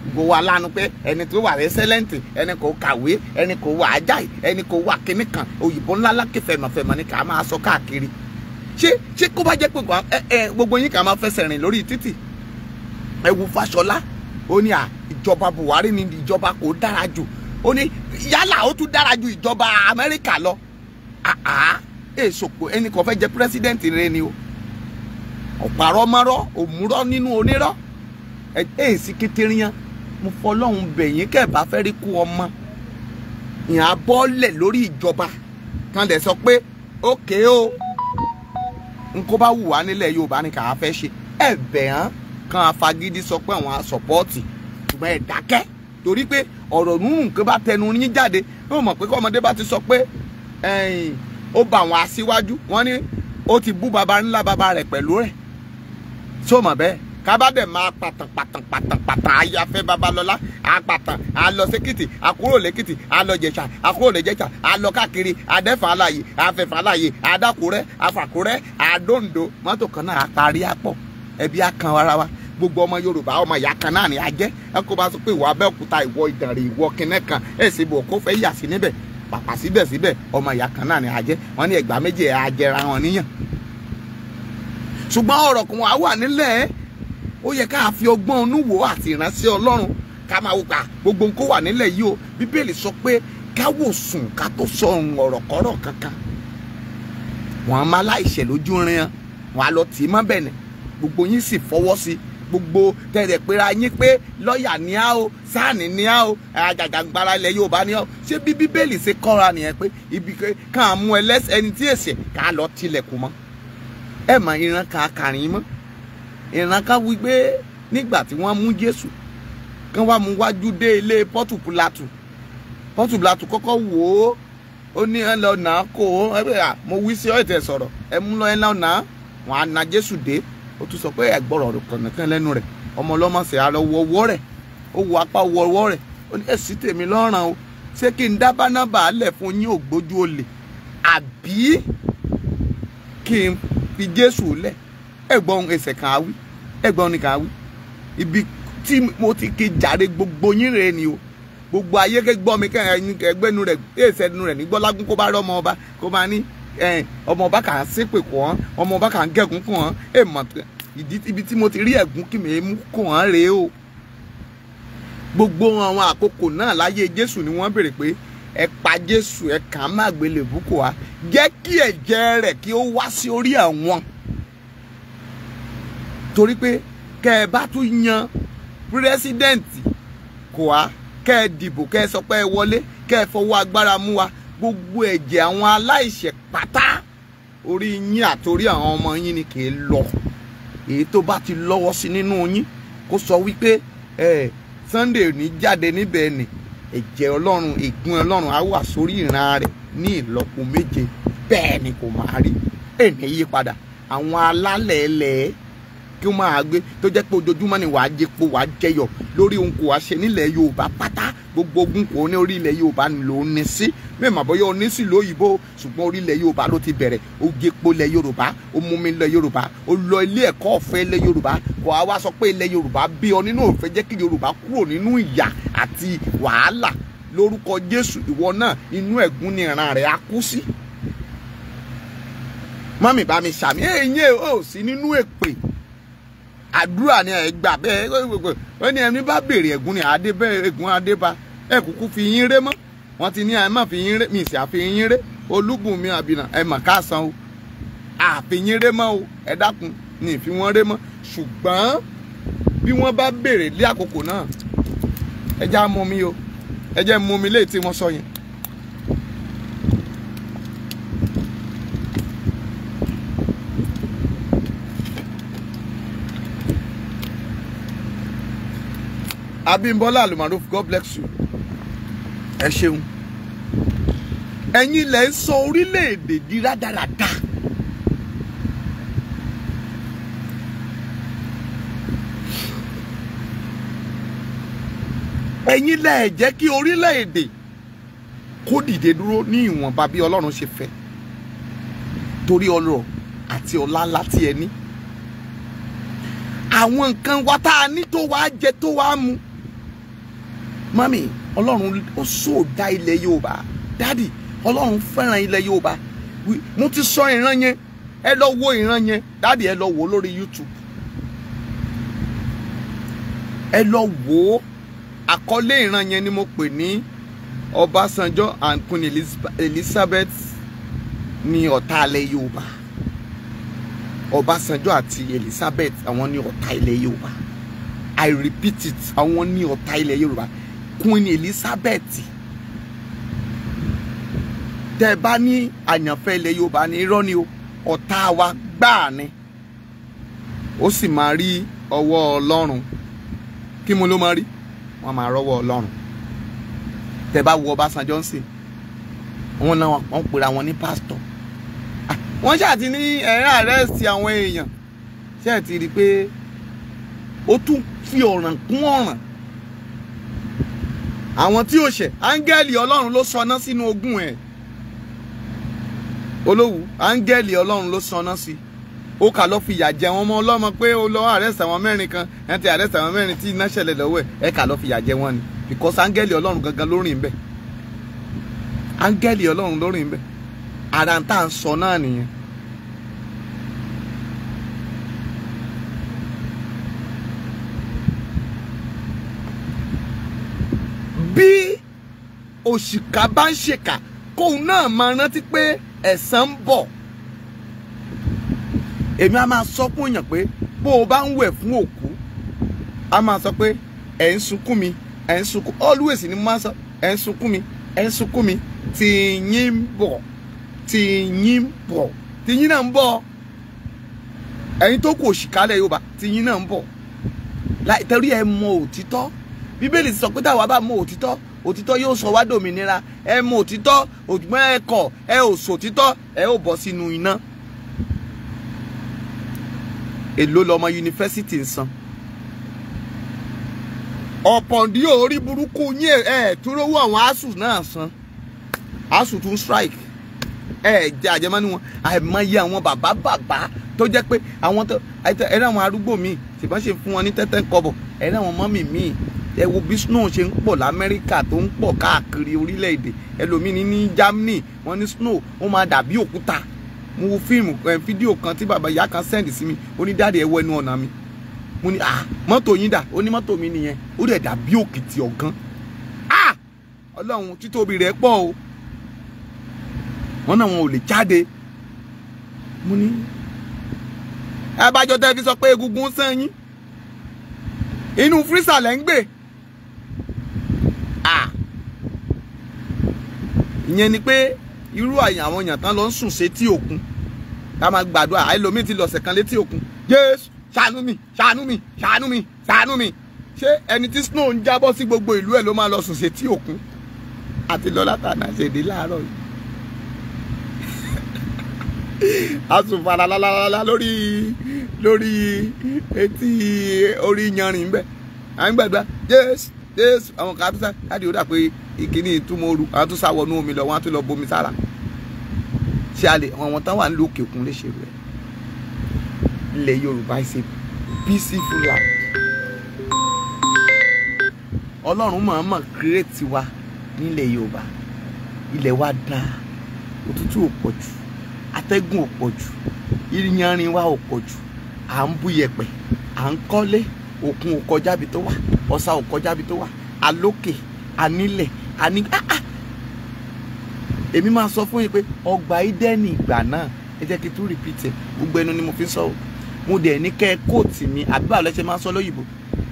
gbogbo wa lánàá pé ẹni tó wà rẹsẹ́lẹ́ǹtì ẹni kò kàwé ẹni kò wà ajáì ẹni kò wà kíníkan òyìnbó ńlá lákè fẹ̀mọ̀fẹ̀mọ̀ ni kà á máa sọ káàkiri ṣé ṣé kó bá jẹ́ pé gbogbo yín kà máa fẹsẹ̀ rìn lórí títì ẹ wo Fáṣọlá ó ní à ìjọba Buhari ni ìjọba kò dára jù ó ní yálà ó tún dára ju ìjọba Amẹ́ríkà lọ àá èsòpò ẹnì kan fẹ́ jẹ́ pírẹ́sídẹ́ǹtì rẹ ni o ọ̀pàrọ̀ mọ́rọ́ òmùrọ́ nínú onírọ́ èsì kékeré yẹn mo fọlọ́hún bẹ̀yìn kẹ́ẹ̀bá fẹ́ rí kú ọmọ ìyàn abọ́lẹ̀ lórí ìjọba kan lè sọ pé ókè o. Okay, oh nkó bá wù wá nílẹ̀ Yorùbá ni kàá fẹ́ ṣe ẹ̀bẹ̀ hàn kan afagídí sọ pé àwọn asọ̀pọ́ọ̀tì ṣùgbọ́n ẹ̀ dákẹ́ torí pé ọ̀rọ̀ nínú nǹkan bá tẹnu yín jáde yóò mọ̀ pé kọ́mọdé bá ti sọ pé ó bá àwọn aṣíwájú wọ́n ní ó ti bú baba ńlá baba rẹ̀ pẹ̀lú rẹ̀ sóòmọ̀ bẹ́ẹ̀ kábàdẹ̀ máa pàtàn pàtàn pàtàn pàtàn ayáfẹ́ babalọ́lá àpàtàn àlọ sẹ́kìtì àkúrò lẹ́kìtì àlọ jẹ̀ṣà àkúrò lẹ́jẹ̀ṣà àlọ káàkiri àdẹ́fà aláyè àfẹ̀fà aláyè àdàkúrẹ́ àfàkúrẹ́ àdóńdó mọ́tò kan náà àparí àpọ̀ ẹbí àkan ara wa gbogbo ọmọ yorùbá ọmọ ìyá kan náà ni a jẹ́ ẹ kó bá sọ pé ìwọ abẹ́òkúta ìwọ ìdànrè ìwọ kinní kan ẹ̀ sì bò kó fẹ́ yà sí níbẹ̀ pàpà síbẹ̀síbẹ̀ ọmọ ìyá kan náà ni a jẹ́ wọ́n ní ẹgbàá méjì ẹ̀ ajẹra wọn níyàn ṣùgbọ́n ọ̀rọ̀ kan wà nílẹ̀ ẹ́ ó yẹ ká fi ọgbọ́n inú wò àti ìránṣẹ́ ọlọ́run ká máa wò pa gbogbo nǹkó wà nílẹ̀ yìí o bíbélì sọ pé ká wò sùn ká tó sọ ohun ọ̀rọ̀ kọ́rọ̀ kankan wọn a máa láìṣẹ̀ lójú rin wọn a lọ tì í mọ́ bẹ̀ ni gbogbo yín sì fọwọ́ sí gbogbo tẹ̀rẹ̀ pera yín pé lọ́ọ̀yà ni á o sáàni ni á o àjàjàgbara ilẹ̀ Yorùbá ni á o ṣé bí bíbélì ṣe kọ́ra nìyẹn pé ibi kan mú ẹlẹ́sẹ̀ ẹni tí èsì ká lọ tilẹ̀kùn mọ́ ẹ̀ mọ̀ ìran kàkàrin mọ́ ìrànká wípé nígbà tí wọ́n mú Jésù kán wá mú wájú dé ilé kọ́kọ́ wò ó ní ẹ lọ o mo wí sí ọ̀tẹ̀ sọ̀rọ̀ ẹ mú lọ ẹ lọ wọn á na Jésù dé ó tún sọ pé ẹgbọ́rọ̀ kànkan lẹ́nu rẹ̀ ọmọ ọlọ́mọ sì o ṣé kí n fún yín ògbójú olè àbí kí n fi Jésù lẹ̀ ẹ̀gbọ́n ẹ̀gbọ́n ni kàá wí ibi tí mo ti kí jàre gbogbo yín rèé ni o gbogbo ayé ké gbọ́ mi kẹgbẹ́nu rẹ̀ èsẹ̀nu rẹ̀ nígbọ́ lágún kó bá rí ọmọ ọba kó máa ní ọmọ ọba kà á ṣépè kọ́ ọ́n ọmọ ọba kà á gẹ̀gún kọ́ ọ́n èèmọ̀ ìdí ibi tí mo ti rí ẹ̀gún kí mi mú kọ́ ọ́n rèé o gbogbo àwọn àkókò náà láyé jésù ni wọ́n béèrè pé ẹ pa jésù ẹ kàn má gbélébùkù wa jẹ́ kí ẹ̀jẹ̀ rẹ̀ kí ó wá sí orí àwọn torí pé kẹ́ ẹ bá tún yan pírẹ́sídẹ̀ǹtì kò á kẹ́ ẹ dìbò kẹ́ ẹ sọ pé ẹ wọlé kẹ́ ẹ fọwọ́ agbára mú wa gbogbo ẹ̀jẹ̀ àwọn aláìṣẹ̀ pátá orí yín àtòrí àwọn ọmọ yín ni kì í lọ èyí tó bá ti lọ́wọ́ sí nínú yín kó sọ wípé Sunday ní jáde níbẹ̀ ni ẹ̀jẹ̀ Ọlọ́run ègún Ọlọ́run á wà sórí ìran rẹ̀ ní ìlọ́po méje bẹ́ẹ̀ ni kò máa rí èmi yí padà àwọn alálẹ̀ ẹlẹ́ẹ̀ kí ó máa gbé tó jẹ́ pé ojoojúmọ́ ni wàá jẹpo wàá jẹyọ̀ lórí ohun kò wá ṣe nílẹ̀ Yorùbá pátá gbogbo ogun kò ní orí ilẹ̀ Yorùbá ló ní sí mẹ́mà bọ́yá oní sí lóyìnbó ṣùgbọ́n orí ilẹ̀ Yorùbá ló ti bẹ̀rẹ̀ ó jẹpo ilẹ̀ Yorùbá ó mumi ilẹ̀ Yorùbá ó lọ ilé ẹ̀kọ́ ọ̀fẹ́ ilẹ̀ Yorùbá kò á wá sọ pé ilẹ̀ Yorùbá bí ọ nínú òfẹ́ jẹ́ kí Yorùbá kúrò nínú ìyà àti wàhálà lórúkọ Jésù ìwọ náà inú ẹ̀gún ni ìran rẹ̀ á kú sí mọ́mì bá mi ṣàmì ẹ̀yìn ẹ̀ ò sí nínú èpè àdúrà ni ẹ gbà bẹ́ẹ̀ ó ní ẹni bá béèrè ẹ̀gún ni adé bẹ́ẹ̀ ẹ̀gún adé bá ẹ kúkú fi yín ré mọ́ wọ́n ti ní ẹ má fi yín ré mi sì àfi yín ré olúgbùn mi àbínà ẹ mà ká san o àfi yín ré mọ́ o ẹ dákun ni ìfi wọ́n ré mọ́ ṣùgbọ́n bí wọ́n bá béèrè lé àkókò náà ẹ já mú mi o ẹ jẹ́ mú mi léè tí wọ́n sọ yẹn Abímbọ́lá Almaroof God bless you ẹ ṣeun ẹ̀yin lẹ ń sọ orílẹ̀-èdè di rádaràda ẹ̀yin lẹ jẹ́ kí orílẹ̀-èdè kó dìde dúró ní ìwọ̀nba bí Ọlọ́run ṣe fẹ́ torí ọlọ́rọ̀ àti ọlá ńlá tí ẹ ní àwọn nǹkan wa tá a ní tó wàá jẹ tó wàá mu mami ọlọ́run ó so dá ilẹ̀ yorùbá dádì ọlọ́run fẹ́ràn ilẹ̀ yorùbá mo ti sọ ìran yẹn ẹ lọ wo ìran yẹn dádì ẹ lọ wo lórí youtube ẹ lọ wo àkọlé ìran yẹn ni mo pè ní ọbásanjọ́ and queen elizabeth ní ọ̀tá ilẹ̀ yorùbá ọbásanjọ́ àti elizabeth àwọn ní ọ̀tá ilẹ̀ yorùbá i repeat it àwọn ní ọ̀tá ilẹ̀ yorùbá Queen Elizabeth tẹ́ ẹ bá ní àyànfẹ́ ilẹ̀ Yorùbá ní irọ́ ni o ọ̀tá wa gbáà ni ó sì máa rí ọwọ́ Ọlọ́run kí mo ló máa rí wọ́n máa rọ́wọ́ Ọlọ́run tẹ́ ẹ bá wo Ọbásanjọ́ ń sìn wọ́n náà wọ́n pera wọn ní pásítọ̀ ah, wọ́n ṣáà ní ẹ̀rẹ́ àrẹ́sì àwọn èèyàn ṣáà ti rí i pé ó tún fi ọ̀ràn kún ọ̀ràn àwọn tí ó ṣẹ̀ áńgẹ́lì ọlọ́run ló sọná sínú ogún ẹ̀ olówù áńgẹ́lì ọlọ́run ló sọná sí ó kà ló fìyà jẹ wọn mọ ọlọ́mọ pé ó lọ àrẹ́sì àwọn mẹ́rin kan ẹ̀ ti àrẹ́sì àwọn mẹ́rin tí iná ṣẹlẹ̀ lọ́wọ́ ẹ̀ ẹ̀ kà ló fìyà jẹ wọn ni because áńgẹ́lì ọlọ́run gangan ló rìn bẹ́ẹ̀ áńgẹ́lì ọlọ́run ló rìn bẹ́ẹ̀ ara ń sọ náà nìyẹn bí òṣìkà bá ń ṣèkà kóun náà máa rántí pé ẹ̀san ń bọ̀ èmi a máa sọ fún èèyàn pé bó o bá ń wẹ̀ fún òkú a máa sọ pé ẹ̀ ń sunkún mi ẹ̀ ń sunkún always ni mo máa ń sọ ẹ̀ ń sunkún mi ẹ̀ ń sunkún mi tí yín ń bọ̀ tí yín ń bọ̀ tí yín náà ń bọ̀ ẹ̀yin tó kù òṣìkà lẹ̀ Yorùbá tí yín náà ń bọ̀ láì tẹ́rí ẹ mọ òtítọ́ bíbélì sọ pé táwa bá mú òtítọ́ òtítọ́ yóò sọ wá dòmìnira ẹ mú òtítọ́ ògbọ́n ẹ kọ̀ ẹ ò sòtítọ́ ẹ ò bọ́ sínú iná. èló lọmọ yunifásitì ń san ọ̀pọ̀ndí orí burúkú yín ẹ̀ túrówó àwọn asuu náà san asuu tún strike ẹ̀ jẹ́ àjẹmọ́ni wọn àìmọye àwọn bàbá bàbá tó jẹ́ pé àwọn tó ẹ̀rọ àwọn arúgbó míì ṣùgbọ́n ṣe fún wọn ní tẹ́tẹ́ kọ́bọ̀ ẹ̀rọ àwọn mọ́mì míì ẹ wo bí snow ṣe ń pọ̀ lamẹ́ríkà tó ń pọ̀ káàkiri orílẹ̀-èdè ẹlòmíín ní Germany wọ́n ní snow ó máa dàbí òkúta mo wo fíìmù eh, fídíò kan tí bàbá ìyá kan sẹ́ndì sí mi ó ní dáàdì ẹ wọ ẹnu ọ̀nà mi mo ní ah mọ́tò yín dà ó ní mọ́tò mi nìyẹn ó dẹ̀ dàbí òkìtì ọ̀gán ah ọlọ́run títóbi rẹ̀ pọ̀ o wọ́n náà wọn ò lè jáde mo ní abájọ tẹ́ fi sọ pé egungun sẹ́yìn inú fírísà lẹ́ ń gbé ìyẹn ni pé irú àyàn àwọn èèyàn tán lọ ń sùn sétí òkun tá a máa gbàdúrà àìlómìn ti lọ̀sẹ̀ kan létí òkun jésù ṣàánú mi ṣàánú mi ṣàánú mi ṣàánú mi ṣé ẹni tí snow ń jábọ́ sí gbogbo ìlú ẹ̀ ló máa lọ sùn sétí òkun àti lọ́lá tàná ṣèdí láàárọ̀ yìí asùnfàlà lálálálá lórí lórí etí orí yanrìn bẹ́ẹ̀ à ń gbàgbà jésù dé àwọn kan àtúnṣe láti yóò dà pé ìkíní ìtumọ̀ọ́rù àwọn tó sá wọnú omi lọ wọn á tún lọ bomi sára ṣé a lè àwọn tán wà nílùú òkè òkun lè ṣe rẹ̀ ilẹ̀ Yorùbá ṣe peaceful land Ọlọ́run mọ̀ọ́mọ̀ kírètì wa nílẹ̀ Yorùbá ilẹ̀ wa dáa òtútù ò pọ̀ jù atẹ́gùn ò pọ̀ jù iyanrìn wa ò pọ̀ jù à ń bú yẹ̀pẹ̀ à ń kọ́lé òkun ò kọjá bi tó wà ọ̀sà ò kọjá bi tó wà alókè anílẹ̀ aní ah, ah. èmi máa sọ fún yín pé ọgbà ídẹ́ẹ̀nì ìgbà náà ẹ jẹ́ kí tún rìpítì gbogbo ẹnu ni mo fi sọ o mo dẹ̀ ní kẹ́ ẹ kóòtù mi àbí báwo lẹ ṣe máa ń sọ lóyìnbó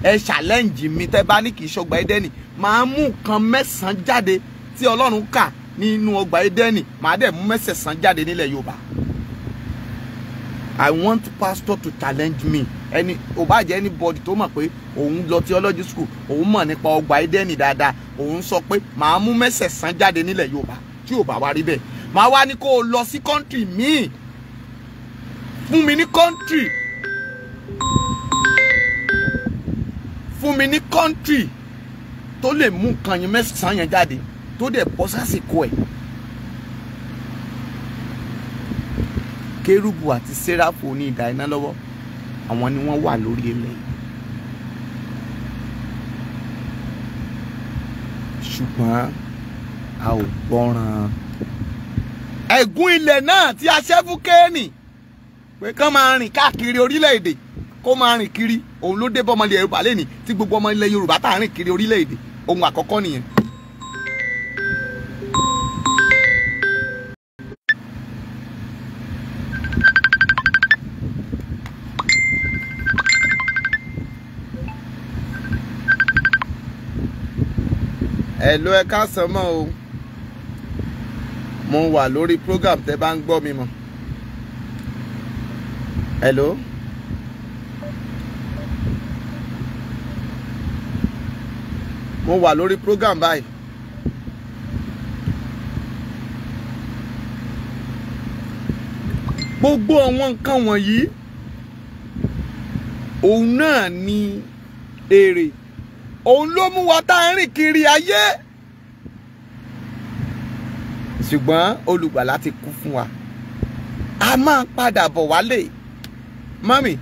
ẹ ṣàlẹ́ǹjì mi tẹ́ bá ní kì í ṣọgbà ídẹ́ẹ̀nì máa mú nǹkan mẹ́sàn-án jáde tí ọlọ́run kà nínú ọgbà ídẹ́ẹ̀nì máa dẹ̀ mú mẹ́sẹ̀sán jáde nílẹ̀ yorùbá I want pastor to challenge me ẹni ò bá jẹ́ anybody tó mọ̀ pé òun lọ theology school òun mọ̀ nípa ọgbà Édẹ́nì dáadáa òun sọ pé màá mú mẹ́sẹ̀sán jáde nílẹ̀ Yorùbá tí ò bá wá rí bẹ́ẹ̀ màá wá ní kó o lọ sí country míì fún mi ní country fún mi ní country tó lè mú nǹkan yẹn mẹ́sẹ̀sán yẹn jáde tó dẹ̀ bọ́ sásìkò ẹ̀. kérúbù àti séráfù ní idà iná lọ́wọ́ àwọn ni wọ́n wà lórí ilẹ̀ ṣùgbọ́n a ò gbọ́ràn ẹ̀gún ilẹ̀ náà tí a ṣẹ́ fún kéènì pé kán máa rìn káàkiri orílẹ̀-èdè kó máa rìn kiri òun ló dé bọ́mọlẹ̀ yorùbá lẹ́nìí tí gbogbo ọmọ ilẹ̀ yorùbá tá à ń rìn kiri orílẹ̀-èdè ohun àkọ́kọ́ nìyẹn hello ẹ káàsán mọ́ o mo wà lórí program tẹ́ bá ń gbọ́ mi mọ́ hello. mo wà lórí program báyìí. gbogbo àwọn nǹkan wọ̀nyí òun náà ni èrè òun ló mú wa tá a rìn kiri ayé ṣùgbọ́n olùgbàlà ti kú fún wa a máa padà bọ̀ wálé mọ́mì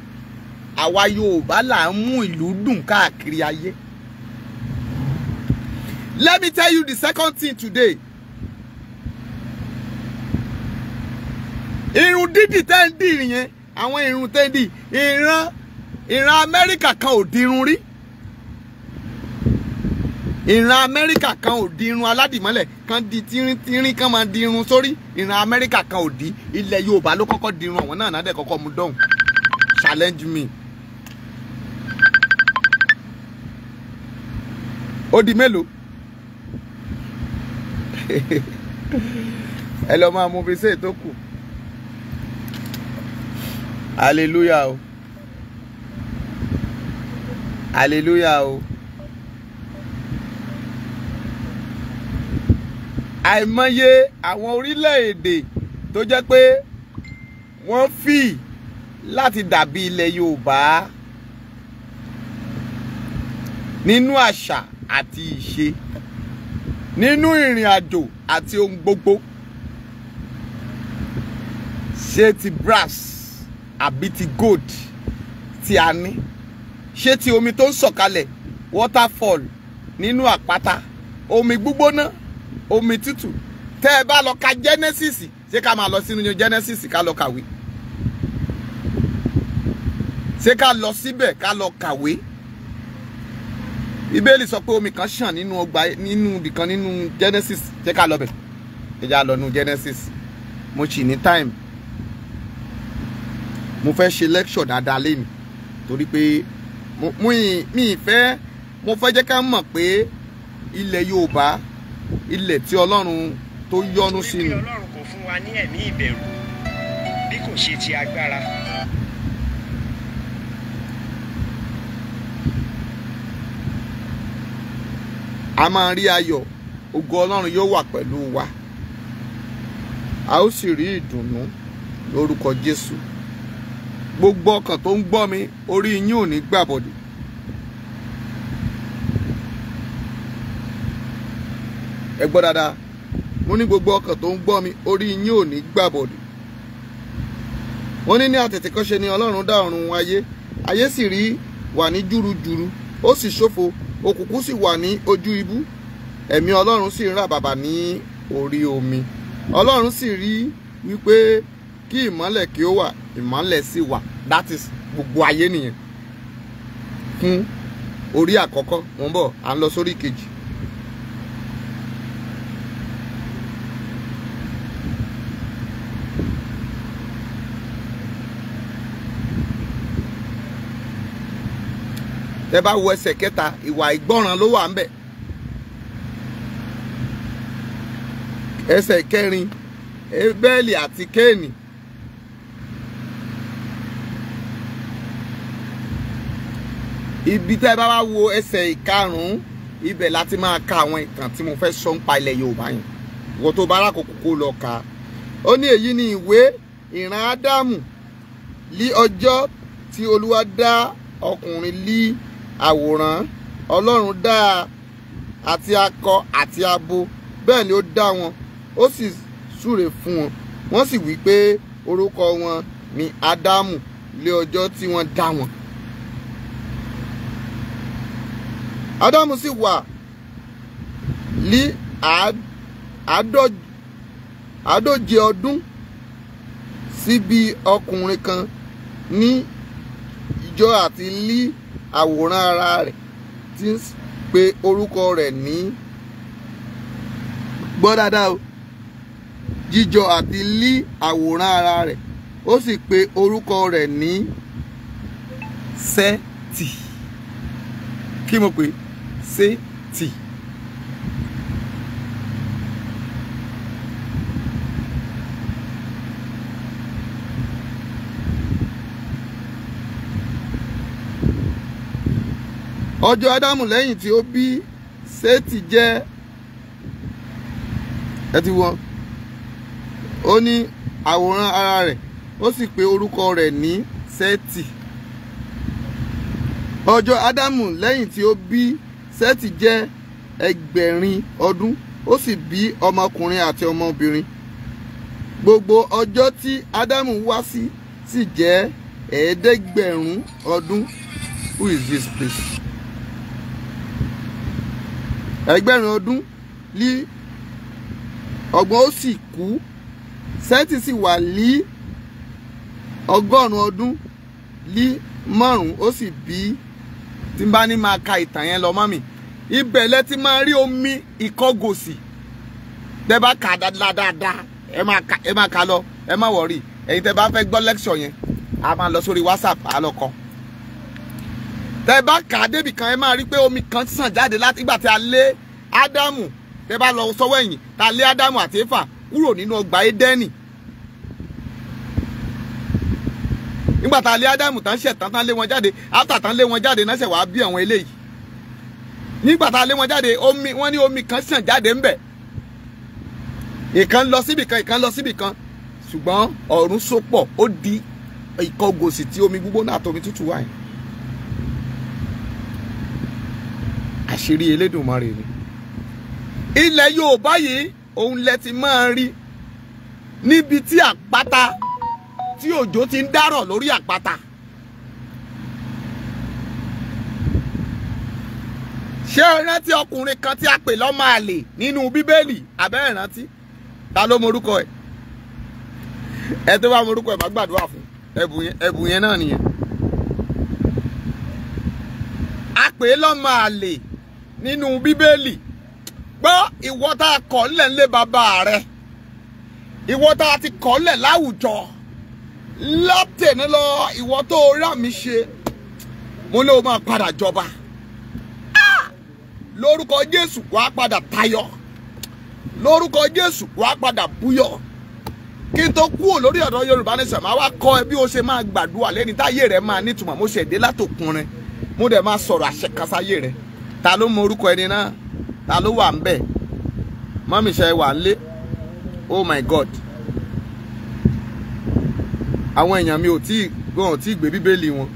àwa Yorùbá là ń mú ìlú dùn káàkiri ayé let me tell you the second thing today irun dídì tẹ́ ń dì yẹn àwọn irun tẹ́ ń dì ìran ìran Amẹ́ríkà kan ò dirun rí ìran amẹ́ríkà kan ò di irun aládìmọ́lẹ̀ kan di tínríntírín kan máa di irun sórí ìran amẹ́ríkà kan ò di ilẹ̀ yorùbá ló kọ́kọ́ di irun àwọn náà nádẹ́ kọ́kọ́ mú dọ́hùn challenge me. ó di mélòó ẹ lọ máa mú fèsì tó kù hallelujah o hallelujah o. àìmọye àwọn orílẹ̀-èdè tó jẹ́ pé wọ́n fì láti dàbí ilẹ̀ Yorùbá nínú àṣà àti ìṣe nínú ìrìn àjò àti ohun gbogbo ṣé ti brass àbí ti gold tí a ní ṣé ti omi tó ń sọ̀kalẹ̀ waterfall nínú àpáta omi gbígbóná omi tútù tẹ́ ẹ bá lọ ka Genesis ṣé ká máa lọ sínú Genesis ká lọ kàwé ṣé ká lọ síbẹ̀ ká lọ kàwé Bíbélì sọ pé omi kan ṣàn nínú ọgbà nínú ibìkan nínú Genesis ṣé ká lọ bẹ̀ ẹ já lọ nu Genesis mo ṣì ní time mo fẹ́ ṣe lecture dáadáa lẹ́nu torí pé mo mi ìfẹ́ mo fẹ́ jẹ́ ká mọ̀ pé ilẹ̀ Yorùbá ilẹ̀ tí ọlọ́run tó yọ́nú sí ni. ọlọ́run kò fún wa ní ẹ̀mí ìbẹ̀rù bí kò ṣe ti agbára. a máa rí ayọ̀ ògo ọlọ́run yóò wà pẹ̀lú wa a ó sì rí ìdùnnú lórúkọ jésù gbogbo ọkàn tó ń gbọ́ mi orí yín ò ní gbàbọ̀dì ẹ gbọ́ dáadáa mo ní gbogbo ọkàn tó ń gbọ́ mi orí yín ò ní gbàbọ̀dì wọ́n ní ní àtètèkọ́ṣe ni ọlọ́run dá ọ̀run ayé ayé sì rí wà ní júrujùru ó sì ṣófo òkùnkùn sì wà ní ojú ibú ẹ̀mí ọlọ́run sì ń rà bàbà ní orí omi ọlọ́run sì rí wípé kí ìmọ́lẹ̀ kí ó wà ìmọ́lẹ̀ sì wà that is gbogbo ayé nìyẹn fún orí àkọ́kọ́ mo ń bọ̀ à ń lọ sórí kejì tẹ́ bá wo ẹsẹ̀ kẹta ìwà ìgbọràn ló wà ń bẹ ẹsẹ̀ kẹrin Abẹ́lì àti Kéènì ibi tẹ́ bá wá wo ẹsẹ̀ ìkarùn-ún ibẹ̀ láti máa ka àwọn ìtàn tí mo fẹ́ sọ ń pa ilẹ̀ Yorùbá yẹn ìwọ tó bá rákòókò lọ kà ó ní èyí ni ìwé ìran Ádámù lí ọjọ́ tí Olúwa dá ọkùnrin lí. Li àwòrán ọlọ́run dá àti akọ àti abo bẹ́ẹ̀ ni ó dá wọn ó sì súre fún wọn wọ́n sì wí pé orúkọ wọn ni ádámù lé ọjọ́ tí wọ́n dá wọn. ádámù sì wà lí àádóje ọdún síbi ọkùnrin kan ní ìjọ àti lí àwòrán ara rẹ̀ tí ń pe orúkọ rẹ̀ ní gbọ́ dáadáa o jíjọ àti lí àwòrán ara rẹ̀ ó sì pe orúkọ rẹ̀ ní sẹ́tì kí mo pè sẹ́tì. ọjọ́ ádámù lẹ́yìn tí ó bí sétì jẹ́ ẹ ti wọ́n ó ní àwòrán ara rẹ̀ ó sì pe orúkọ rẹ̀ ní sétì ọjọ́ ádámù lẹ́yìn tí ó bí sétì jẹ́ ẹgbẹ̀rin ọdún ó sì bí ọmọkùnrin àti ọmọbìnrin gbogbo ọjọ́ tí ádámù wá sí sì jẹ́ ẹ̀ẹ́dẹ́gbẹ̀rún ọdún who is this place ẹgbẹ̀rin ọdún lí ọgbọ̀n ó sì kú sẹ́ẹ̀tì sì wà lí ọgọ́rùn-ún ọdún lí márùn-ún ó sì bí tí n bá ní máa ka ìtàn yẹn lọ mọ́mì ibẹ̀ lẹ ti máa rí omi ìkọ́gòsì tẹ́ bá kà dáadáa ẹ máa kà ẹ máa kà lọ ẹ má wọ̀rí ẹ̀yin tẹ́ bá fẹ́ gbọ́ lẹ́kṣọ̀ yẹn a máa lọ sórí WhatsApp àlọ́kọ̀ọ́ tẹ bá kà á débì kan ẹ máa rí pé omi kan sàn jáde láti ìgbà tí a lé ádámù tẹ bá lọ sọ́wọ́ ẹ̀yìn tá a lé ádámù àti éfà kúrò nínú ọgbà édẹ́nì nígbà tá a lé ádámù tán ṣẹ̀ tán tán lé wọn jáde áfà tán lé wọn jáde náà ṣẹ̀ wá bí àwọn eléyìí nígbà tá a lé wọn jáde omi wọn ní omi kan sàn jáde ńbẹ̀ ìkan lọ síbì kan ìkan lọ síbì kan ṣùgbọ́n ọ̀run so ó di ìkọgòsì tí omi gbígbóná àtomi tútù wáyé. àṣírí Elédùmarè ni ilẹ̀ Yorùbá yìí òun lẹ ti máa rí níbi tí àpáta tí òjò ti ń dárọ̀ lórí àpáta. ṣé ẹ rántí ọkùnrin kan tí a pè lọ́mọ àlè nínú bíbélì abẹ́ ẹ̀ rántí ta ló morúkọ ẹ̀ ẹ tó bá morúkọ ẹ̀ má gbàdúrà fún ẹ̀bùn yẹn náà nìyẹn a pè lọ́mọ àlè nínú bíbélì gbọ́ ìwọ tá a kọ̀ ńlẹ̀ ńlẹ̀ bàbá rẹ ìwọ tá a ti kọ̀ ńlẹ̀ láwùjọ látẹ̀ní lọ ìwọ tó rà mí ṣe mo lé o máa padà jọba lórúkọ Jésù wàá padà tayọ lórúkọ Jésù wàá padà búyọ kí n tó kúrò lórí ọ̀dọ́ Yorùbá Nation máa wá kọ́ ẹ bí o ṣe máa gbàdúrà lẹ́ni táyé rẹ máa nítumọ̀ mo ṣẹ̀dé látòkùnrin mo dẹ̀ máa sọ̀rọ̀ àṣẹkásáyé rẹ ta ló mọ orúkọ ẹni náà ta ló wà ń bẹ̀ wà ń oh my god àwọn èèyàn mi ò tí wọn ò tí gbé bíbélì wọn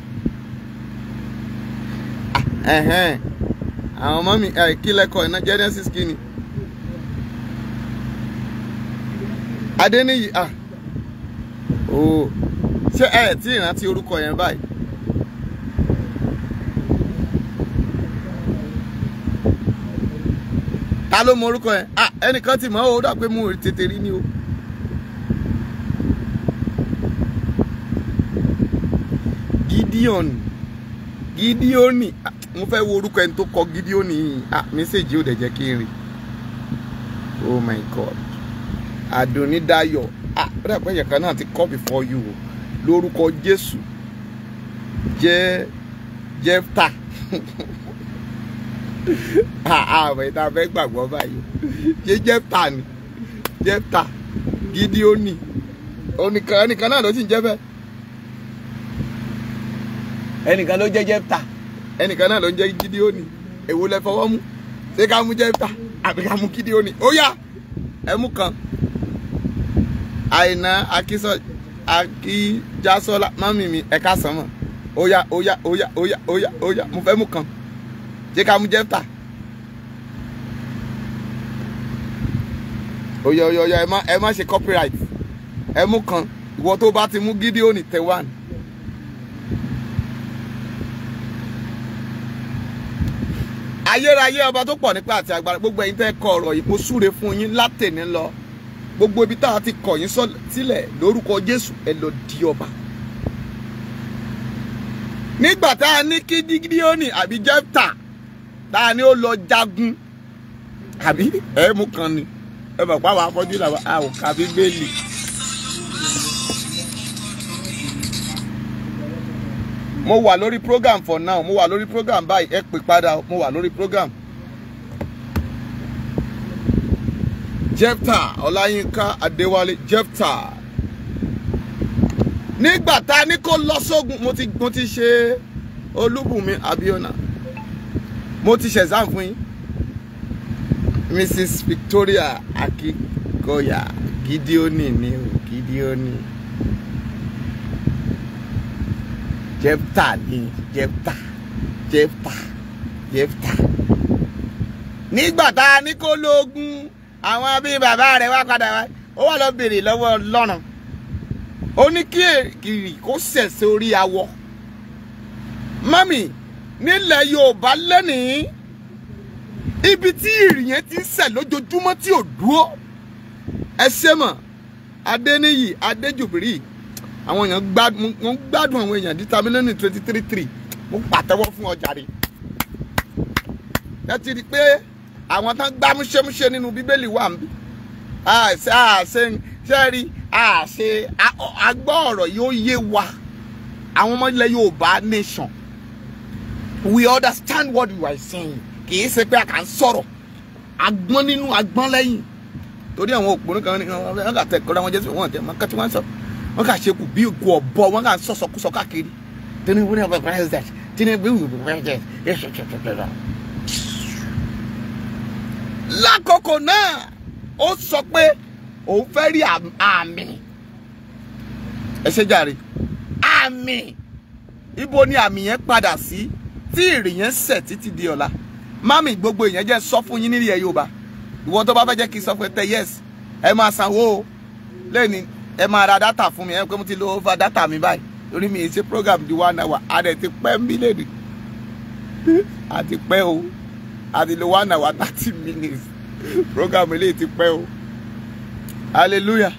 àwọn ọmọ mi kí lẹ́kọ̀ọ́ iná Genesis kí ni Adéníyì ah oh ṣé ẹ tí ìrántí orúkọ yẹn báyìí. ta ló mọ orúkọ ẹ ah ẹnìkan ti mọ ó dà pé mo tètè rí ni o. Gideon Gideoni ah, mo fẹ́ wo orúkọ ẹni tó kọ Gideoni ah mẹ́sẹ̀gì ò dẹ̀ jẹ́ kí n rí oh my god Adonidayo ah ó dà pé ẹ̀yẹ̀ kan náà ti kọ́ before you o lórúkọ Jésù jẹ́ jẹ́fta. àwọn ìta fẹ́ gbàgbọ́ báyìí ṣé jẹ́pta ni jẹ́pta Gídíónì ẹnìkan náà ló sì ń jẹ́ bẹ́ẹ̀. ẹnìkan ló jẹ́ jẹ́pta. ẹnìkan náà ló ń jẹ́ Gídíónì èwo lẹ fọwọ́ mú ṣé ká mú jẹ́pta àbí ká mú Gídíónì ó yá ẹ mú kan àìná akíjásọ́lá mọ́mì mi ẹ̀ka sánmọ̀ ó yá ó yá ó yá ó yá ó yá mo fẹ́ mú kan jẹ́ ká mú jẹ́fta oyè oyè oyè ẹ má ẹ ṣe copyright ẹ mú kan ìwọ tó bá ti mú Gideon Tewan. ayérayé ọba tó pọ̀ nípa àti agbára gbogbo ẹ̀yin tẹ́ kọ ọ̀rọ̀ yìí mo súre fún yín látẹ̀ní lọ gbogbo ibi tá a ti kọ̀ yín sílẹ̀ lórúkọ Jésù ẹ lọ di ọba nígbà tá a ní kí Gídíónì àbí Jẹ́fítà ta ni ó lọ jagun àbí ẹ mú kan ni ẹ mọ̀ pé àwọn afọ́jú làwọn a ò ka bíbélì. mo wa lori program for now mo wa lori program báyìí ẹ pè padà mo wa lori program. Jephtha Ọláyínká Adéwálé Jephtha nígbà tá a ní kó lọ sógun mo ti ṣe Olúbùnmi Abíọ́nà mo ti ṣẹ̀sán fún yín Mrs Victoria Akikoya Gideoni ni o Gideoni Jepta ni Jepta Jepta Jepta nígbà tá a ní kó lóògùn àwọn bíi bàbá rẹ̀ wá padà wá ó wà lọ béèrè lọ́wọ́ lọ́nà ó ní kí èrìkì kó sẹ̀ sórí awọ mọ́mì nílẹ̀ Yorùbá lẹ́nìí ibi tí ìrìyẹn ti ń sẹ̀ lójoojúmọ́ tí ò dúró ẹ ṣe mọ̀ Adéníyì Adéjùbírì àwọn èèyàn gbádùn àwọn èèyàn díta mílíọ̀nù twenty three three mo pàtẹ́wọ́ fún ọ jàre ẹ ti rí i pé àwọn tán gbá múṣẹ́múṣẹ́ nínú bíbélì wà ń bí àṣẹ àṣẹ sẹ́rí àṣẹ agbọ́ ọ̀rọ̀ yóò yé wa àwọn ọmọ ilẹ̀ Yorùbá nation we understand what you are saying kì í ṣe pé a kà ń sọ̀rọ̀ agbọ́n nínú agbọ́n lẹ́yìn torí àwọn òpònú kan ní wọn kà tẹ kọ́ra wọn jésù wọn tẹ wọn kà tí wọn sọ wọn kà ṣekú bí ikú ọ̀bọ wọn kà ń sọ̀sọ̀kúsọ káàkiri Tinubu ní ọ̀bẹ president Tinubu ní ọ̀bẹ president yẹsẹ tẹtẹtẹtẹ. lákòókò náà ó sọ pé òun fẹ́ rí àmì ẹ ṣe jàre àmì ibo ni àmì yẹn padà sí. Si? tí ìrì yẹn sẹ̀ títí di ọ̀la mami gbogbo ìyẹn jẹ́ sọ fún yín nílẹ̀ Yorùbá ìwọ tó bá fẹ́ jẹ́ kí n sọ fún ẹ tẹ yes ẹ máa sanwó o lẹ́ni ẹ máa ra dátà fún mi ẹ pé mo ti lo over dátà mi báyìí lórí mi ṣe program di one hour adẹ ti pẹ́ mí lẹ́nu àti pẹ́ o àti lo one hour thirty minutes program eléyìí ti pẹ́ o hallelujah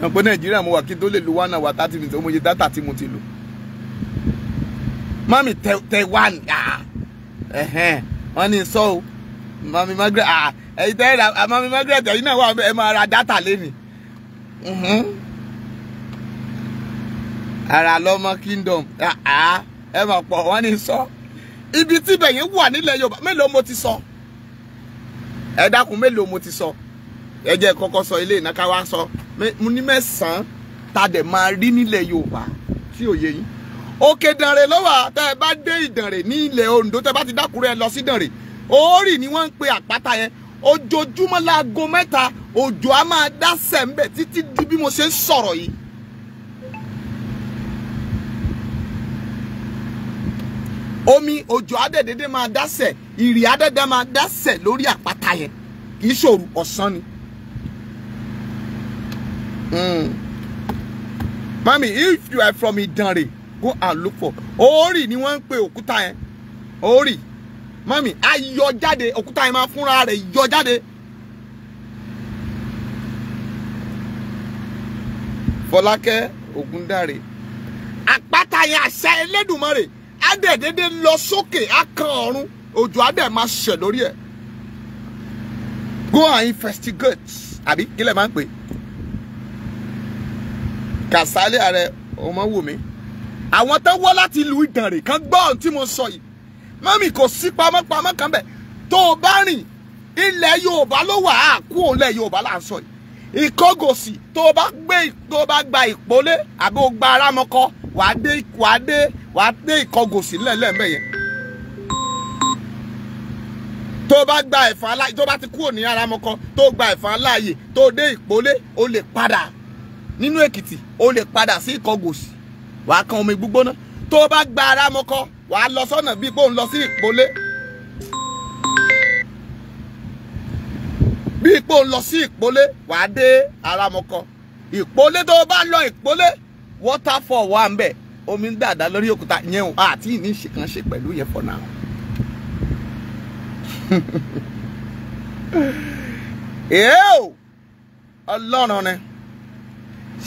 ọ̀pọ̀ Nàìjíríà mo wà kí n tó lè lo one hour thirty minutes ó mo dátà tí mo ti lò mami tẹ wá ní wọ́n ní sọ o mami Margaret ah. ẹ̀yin tẹ́ ra ah, mami Margaret ẹ̀yin náà wà ẹ máa ra dátà lẹ́nu mm-hmm. ara lọ́mọ kingdom ah, ẹ mọ̀ pọ̀ wọ́n ní sọ ibi tí bẹ̀yìn wà nílẹ̀ Yorùbá mélòó mo ti sọ ẹ dákun mélòó mo ti sọ ẹ jẹ́ kọ́kọ́ sọ ilé ìnáka wa sọ mo ní mẹ́sàn-án ta dẹ̀ máa rí nílẹ̀ Yorùbá tí ò yé yín òkè dànrè lọ́wọ́ tẹ́ ẹ bá dé ìdànrè ní ilẹ̀ Ondo tẹ́ ẹ bá ti dákúrẹ́ ẹ lọ sí dànrè oórì ni wọ́n ń pe àpáta yẹn ojoojúmọ́ láago mẹ́ta òjò á máa dá sẹ̀ńbẹ̀ títí di bí mo ṣe ń sọ̀rọ̀ yìí. omi òjò adẹ́dẹ́dẹ́ máa dásẹ̀ ìrì adẹ́dẹ́ máa dásẹ̀ lórí àpáta yẹn kì í ṣòru ọ̀sán ni. Mm. Mami, if you are from Idanre go and look for orí ni wọ́n ń pe òkúta yẹn orí mami a yọ jáde òkúta yẹn máa fúnra rẹ̀ yọ jáde. Fọlákẹ́ Ògúndáre àpáta yẹn àṣẹ Elédùmarè á dẹ̀ dédé lọ sókè á ọ̀run òjò á máa ṣẹ̀ lórí ẹ̀ go and investigate àbí kílẹ̀ máa ń pè kàsálẹ̀ ààrẹ ọmọ wù mí àwọn tán wọ́ láti ìlú Ìdànrè kan gbọ́ ohun tí mo sọ yìí mọ́mì kò sí pamọ́pamọ́ kan bẹ̀ tó o bá rìn ilẹ̀ Yorùbá ló wà á kú òun lẹ̀ Yorùbá là ń sọ yìí Ìkọgòsì tó o bá gbé tó o bá gba Ìpólé àbí o gba Arámọkọ wàá dé wàá dé wàá dé Ìkọgòsì lẹ́lẹ́mẹ̀ yẹn tó bá gba ẹ̀fọn aláyè tó bá ti kúrò ní Aramọkọ tó gba ẹ̀fọn aláyè tó dé Ìpólé o lè padà nínú Èkìtì o lè padà sí Ìkọgòsì wàá kan omi gbígbóná tó o bá gba ara mọ kọ wàá lọ sọ́nà bíi pé òun lọ sí ìpolé bíi pé òun lọ sí ìpolé wàá dé ara mọ kọ ìpolé tó bá lọ ìpolé waterfall wà ń bẹ̀ omi ń dàda lórí òkúta yẹn o àti ìní ìṣèkan ṣe pẹ̀lú yẹn for now èèw ọlọ́run ni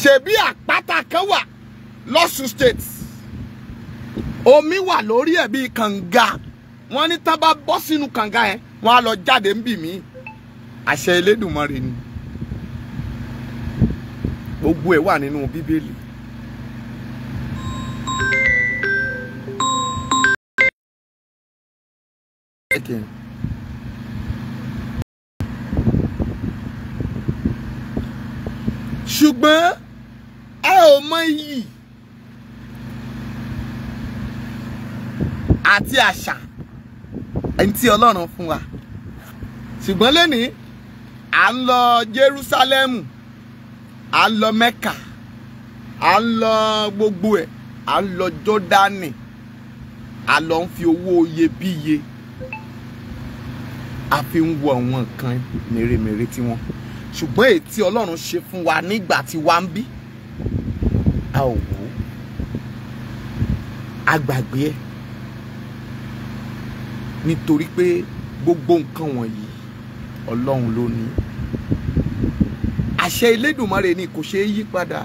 ṣebí àpáta kan wà lọ́sùn state omi wà lórí ẹ̀ bíi kànga wọ́n ní tán bá bọ́ sínú kànga yẹn wọ́n á lọ jáde ń bì mí àṣẹ Elédùmarè ni gbogbo ẹ̀ wà nínú bíbélì. again. ṣùgbọ́n ẹ ò mọ iyì àti àṣà tí Ọlọ́run fún wa ṣùgbọ́n lónìí à ń lọ Jerúsálẹ́mù à ń lọ Mẹ́kà à ń lọ gbogbo ẹ̀ à ń lọ Jọ́dánì à lọ ń fi owó iyebíye a fi ń wo àwọn nǹkan mèremère tiwọn ṣùgbọ́n èyí Ọlọ́run ṣe fún wa nígbà tí wá ń bí a ò wò ó a gbàgbé ẹ̀ nítorí pé gbogbo nǹkan wọ̀nyí ọlọ́run ló ní àṣẹ Elédùmarè ni kò ṣeé yí padà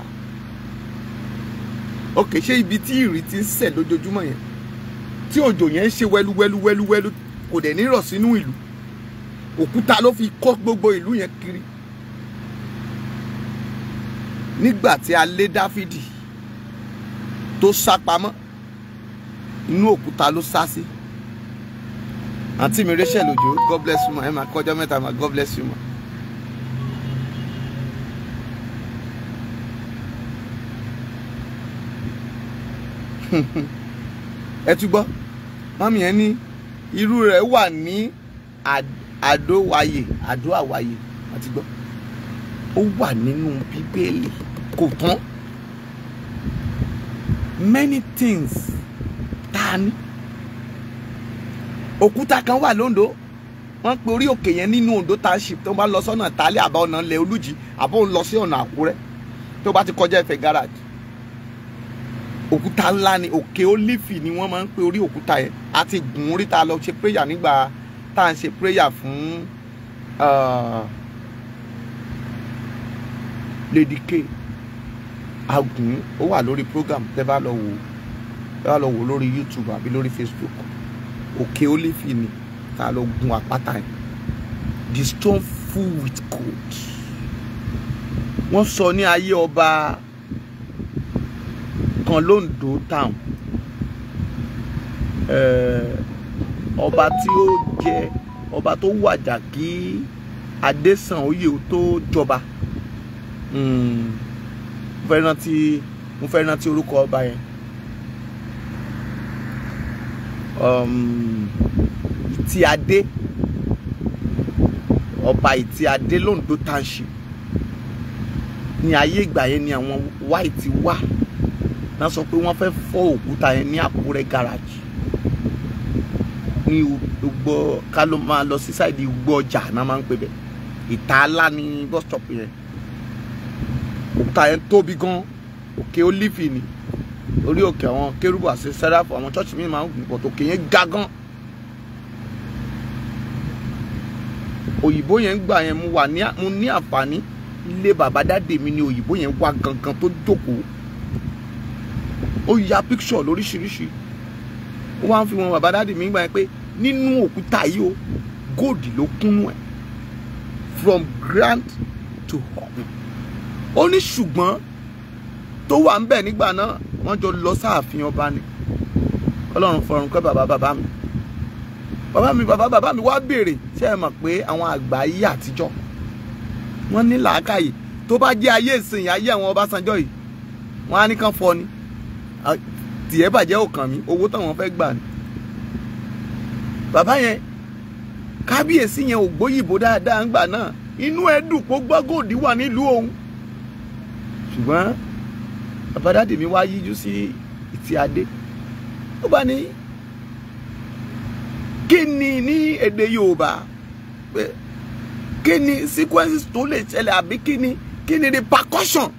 ok ṣé ibi tí ìrì ti ń sẹ̀ lójoojúmọ́ yẹn tí òjò yẹn ń ṣe wẹ́lúwẹ́lúwẹ́lúwẹ́lú kò dẹ̀ ní rọ̀ sínú ìlú òkúta ló fi kọ́ gbogbo ìlú yẹn kiri nígbà tí a lé Dáfídì tó sá pamọ́ inú òkúta ló sá sí àǹtí mi Rachel Òjó god bless you ma ẹ máa kọjọ mẹ́ta ma god bless you ma. ẹ tún gbọ́ mami ẹ ní irú rẹ̀ wà ní àdówáyè àdówáyè àti gbọ́ ó wà nínú bíbélì kò tán many things tá a ní òkúta kan wà lóńdó wọ́n pe orí òkè yẹn nínú Ondo township tó bá lọ sọ́nà tálẹ́ àbá ọ̀nà ilẹ̀ olújì àbá òun lọ sí ọ̀nà àkúrẹ́ tó bá ti kọjá ẹ̀fẹ̀ garage òkúta ńlá ni òkè olífì ni wọ́n máa ń pe orí òkúta yẹn àti gùn orí ta lọ ṣe prayer nígbà tá à ń ṣe prayer fún Lady K agùn ó wà lórí program tẹ́ bá lọ wò tẹ́ bá lọ wò lórí YouTube àbí lórí Facebook òkè olifi ni tá a lọ gun àpáta yẹn the stone full with gold wọ́n sọ ní ayé ọba kan londo town eh, ọba tí ó jẹ ọba tó wàjà kí adésàn oyè tó jọba hmm, mo fẹ́ rántí orúkọ ọba yẹn. Um, ìtì adé ọba ìtì adé londo township ní ayé ìgbà yẹn ni àwọn white wà náà sọ pé wọ́n fẹ́ fọ́ òkúta yẹn ní àkúrẹ́ garage ní ugbó ká ló máa lọ sí sáìdì ugbó ọjà náà máa ń pè bẹ́ẹ̀ ìta alá ní bus stop yẹn òkúta yẹn tóbi gan òkè olífì ni orí òkè àwọn kérúbù àti sẹ́ráfù àwọn chọ́ọ̀chì mi máa ń gùn pọ̀tò òkè yẹn ga gan òyìnbó yẹn gbà yẹn mo ní àǹfààní ilé bàbá dáde mi ni òyìnbó yẹn wá gangan tó jókòó ó ya píkṣọ̀ lóríṣiríṣi ó wá ń fi wọn bàbá dáde mi gbà yẹn pé nínú òkúta yìí o góòdì ló kúnnú ẹ̀ from grand to home ó ní ṣùgbọ́n tó wà ń bẹ̀ nígbà náà wọ́n jọ lọ sáàfin ọba ni ọlọ́run fọrùn kẹ́ bàbá bàbá mi bàbá mi bàbá bàbá mi wá béèrè ṣé ẹ mọ̀ pé àwọn àgbà ayé àtijọ́ wọ́n ní làákàyè tó bá jẹ́ ayé ìsìn ayé àwọn Ọbásanjọ́ yìí wọ́n á ní kán fọ ni tìyẹ́ bàjẹ́ òkàn mi owó táwọn fẹ́ gbà ni bàbá yẹn kábíyèsí yẹn ò gbóyìnbó dáadáa ńgbà náà inú ẹ dùn kó gbọ́gòdì wà nílùú òun ṣùgbọ́n bàbá dáàdì mi wá yíjú sí ìtì adé ó bá ní kí ni ní èdè Yorùbá pé kí ni sequences tó lè ṣẹlẹ̀ àbí kí ni kí ni repercussion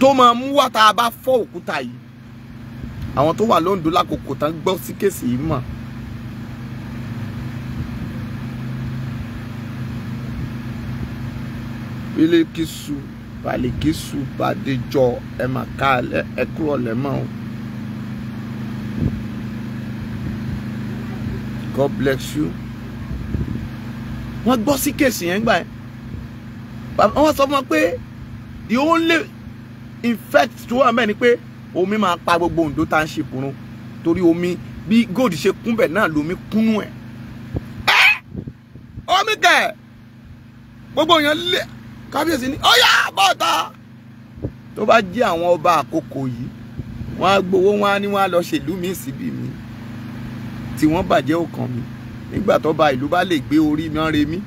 tó máa mú wá tá a bá fọ́ òkúta yìí àwọn tó wà lóńdó lákòókò tán gbọ́ sí kéèsì yìí mọ̀. Bílíkísù palikisu badijọ ẹ mà ká o. God bless you. wọ́n gbọ́ sí kéèsì yẹn gbà ẹ́ wọ́n sọ fún wa pé the only effect tó wà mẹ́ni pé omi máa pa gbogbo Ondo tá à ń ṣe kùnú torí omi bí gold ṣe kúnbẹ̀ náà lomi kúnú ẹ̀. ẹ́ omi kẹ̀ gbogbo èèyàn lé kábíyèsí ní ọ̀yá bọ́ta tó bá jẹ́ àwọn ọba àkókò yìí wọ́n á gbowó wọn á ní wọ́n á lọ ṣèlú mi síbi mi tí wọ́n bàjẹ́ ọkàn mi nígbà tó ba ìlú bá lè gbé orí mọ́remí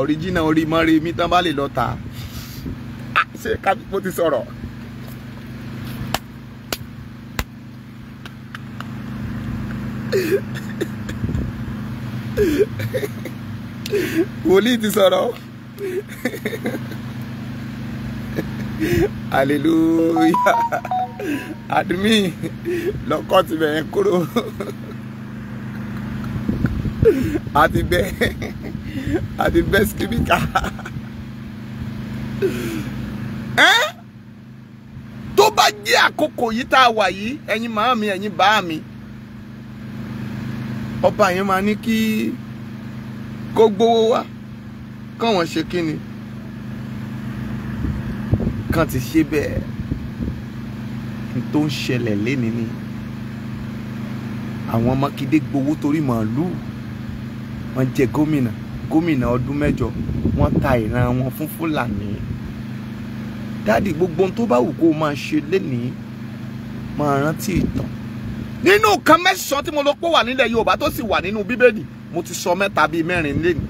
ọ̀ríjìnà orí mi tán bá lè lọ tà á ṣe kábíyèsí ti sọ̀rọ̀. wòlíì ti sọ̀rọ̀ hallelujah admin lọkọ ti bẹ̀rẹ̀ kúrò àti bẹ́ àti bẹ́ skibika tó bá jẹ́ àkókò yìí tá a wà yìí ẹ̀yin màá mi ẹ̀yin bàá mi ọba yẹn máa ní kí kó gbowó wá kọ́ ṣe kí ni kàn ti ṣe bẹ́ẹ̀ n tó ń ṣẹlẹ̀ léni ni àwọn Mákindé gbowó torí màálù wọ́n jẹ gómìnà gómìnà ọdún mẹ́jọ wọ́n ta ìran wọn fún Fúlàní dáàdì gbogbo tó bá wù kó o máa ṣe lénìí máa rántí ìtàn nínú nǹkan mẹ́sàn tí mo lọ pọ̀ wà nílẹ̀ Yorùbá tó sì wà nínú Bíbélì mo ti sọ mẹ́ta bíi mẹ́rin lénìí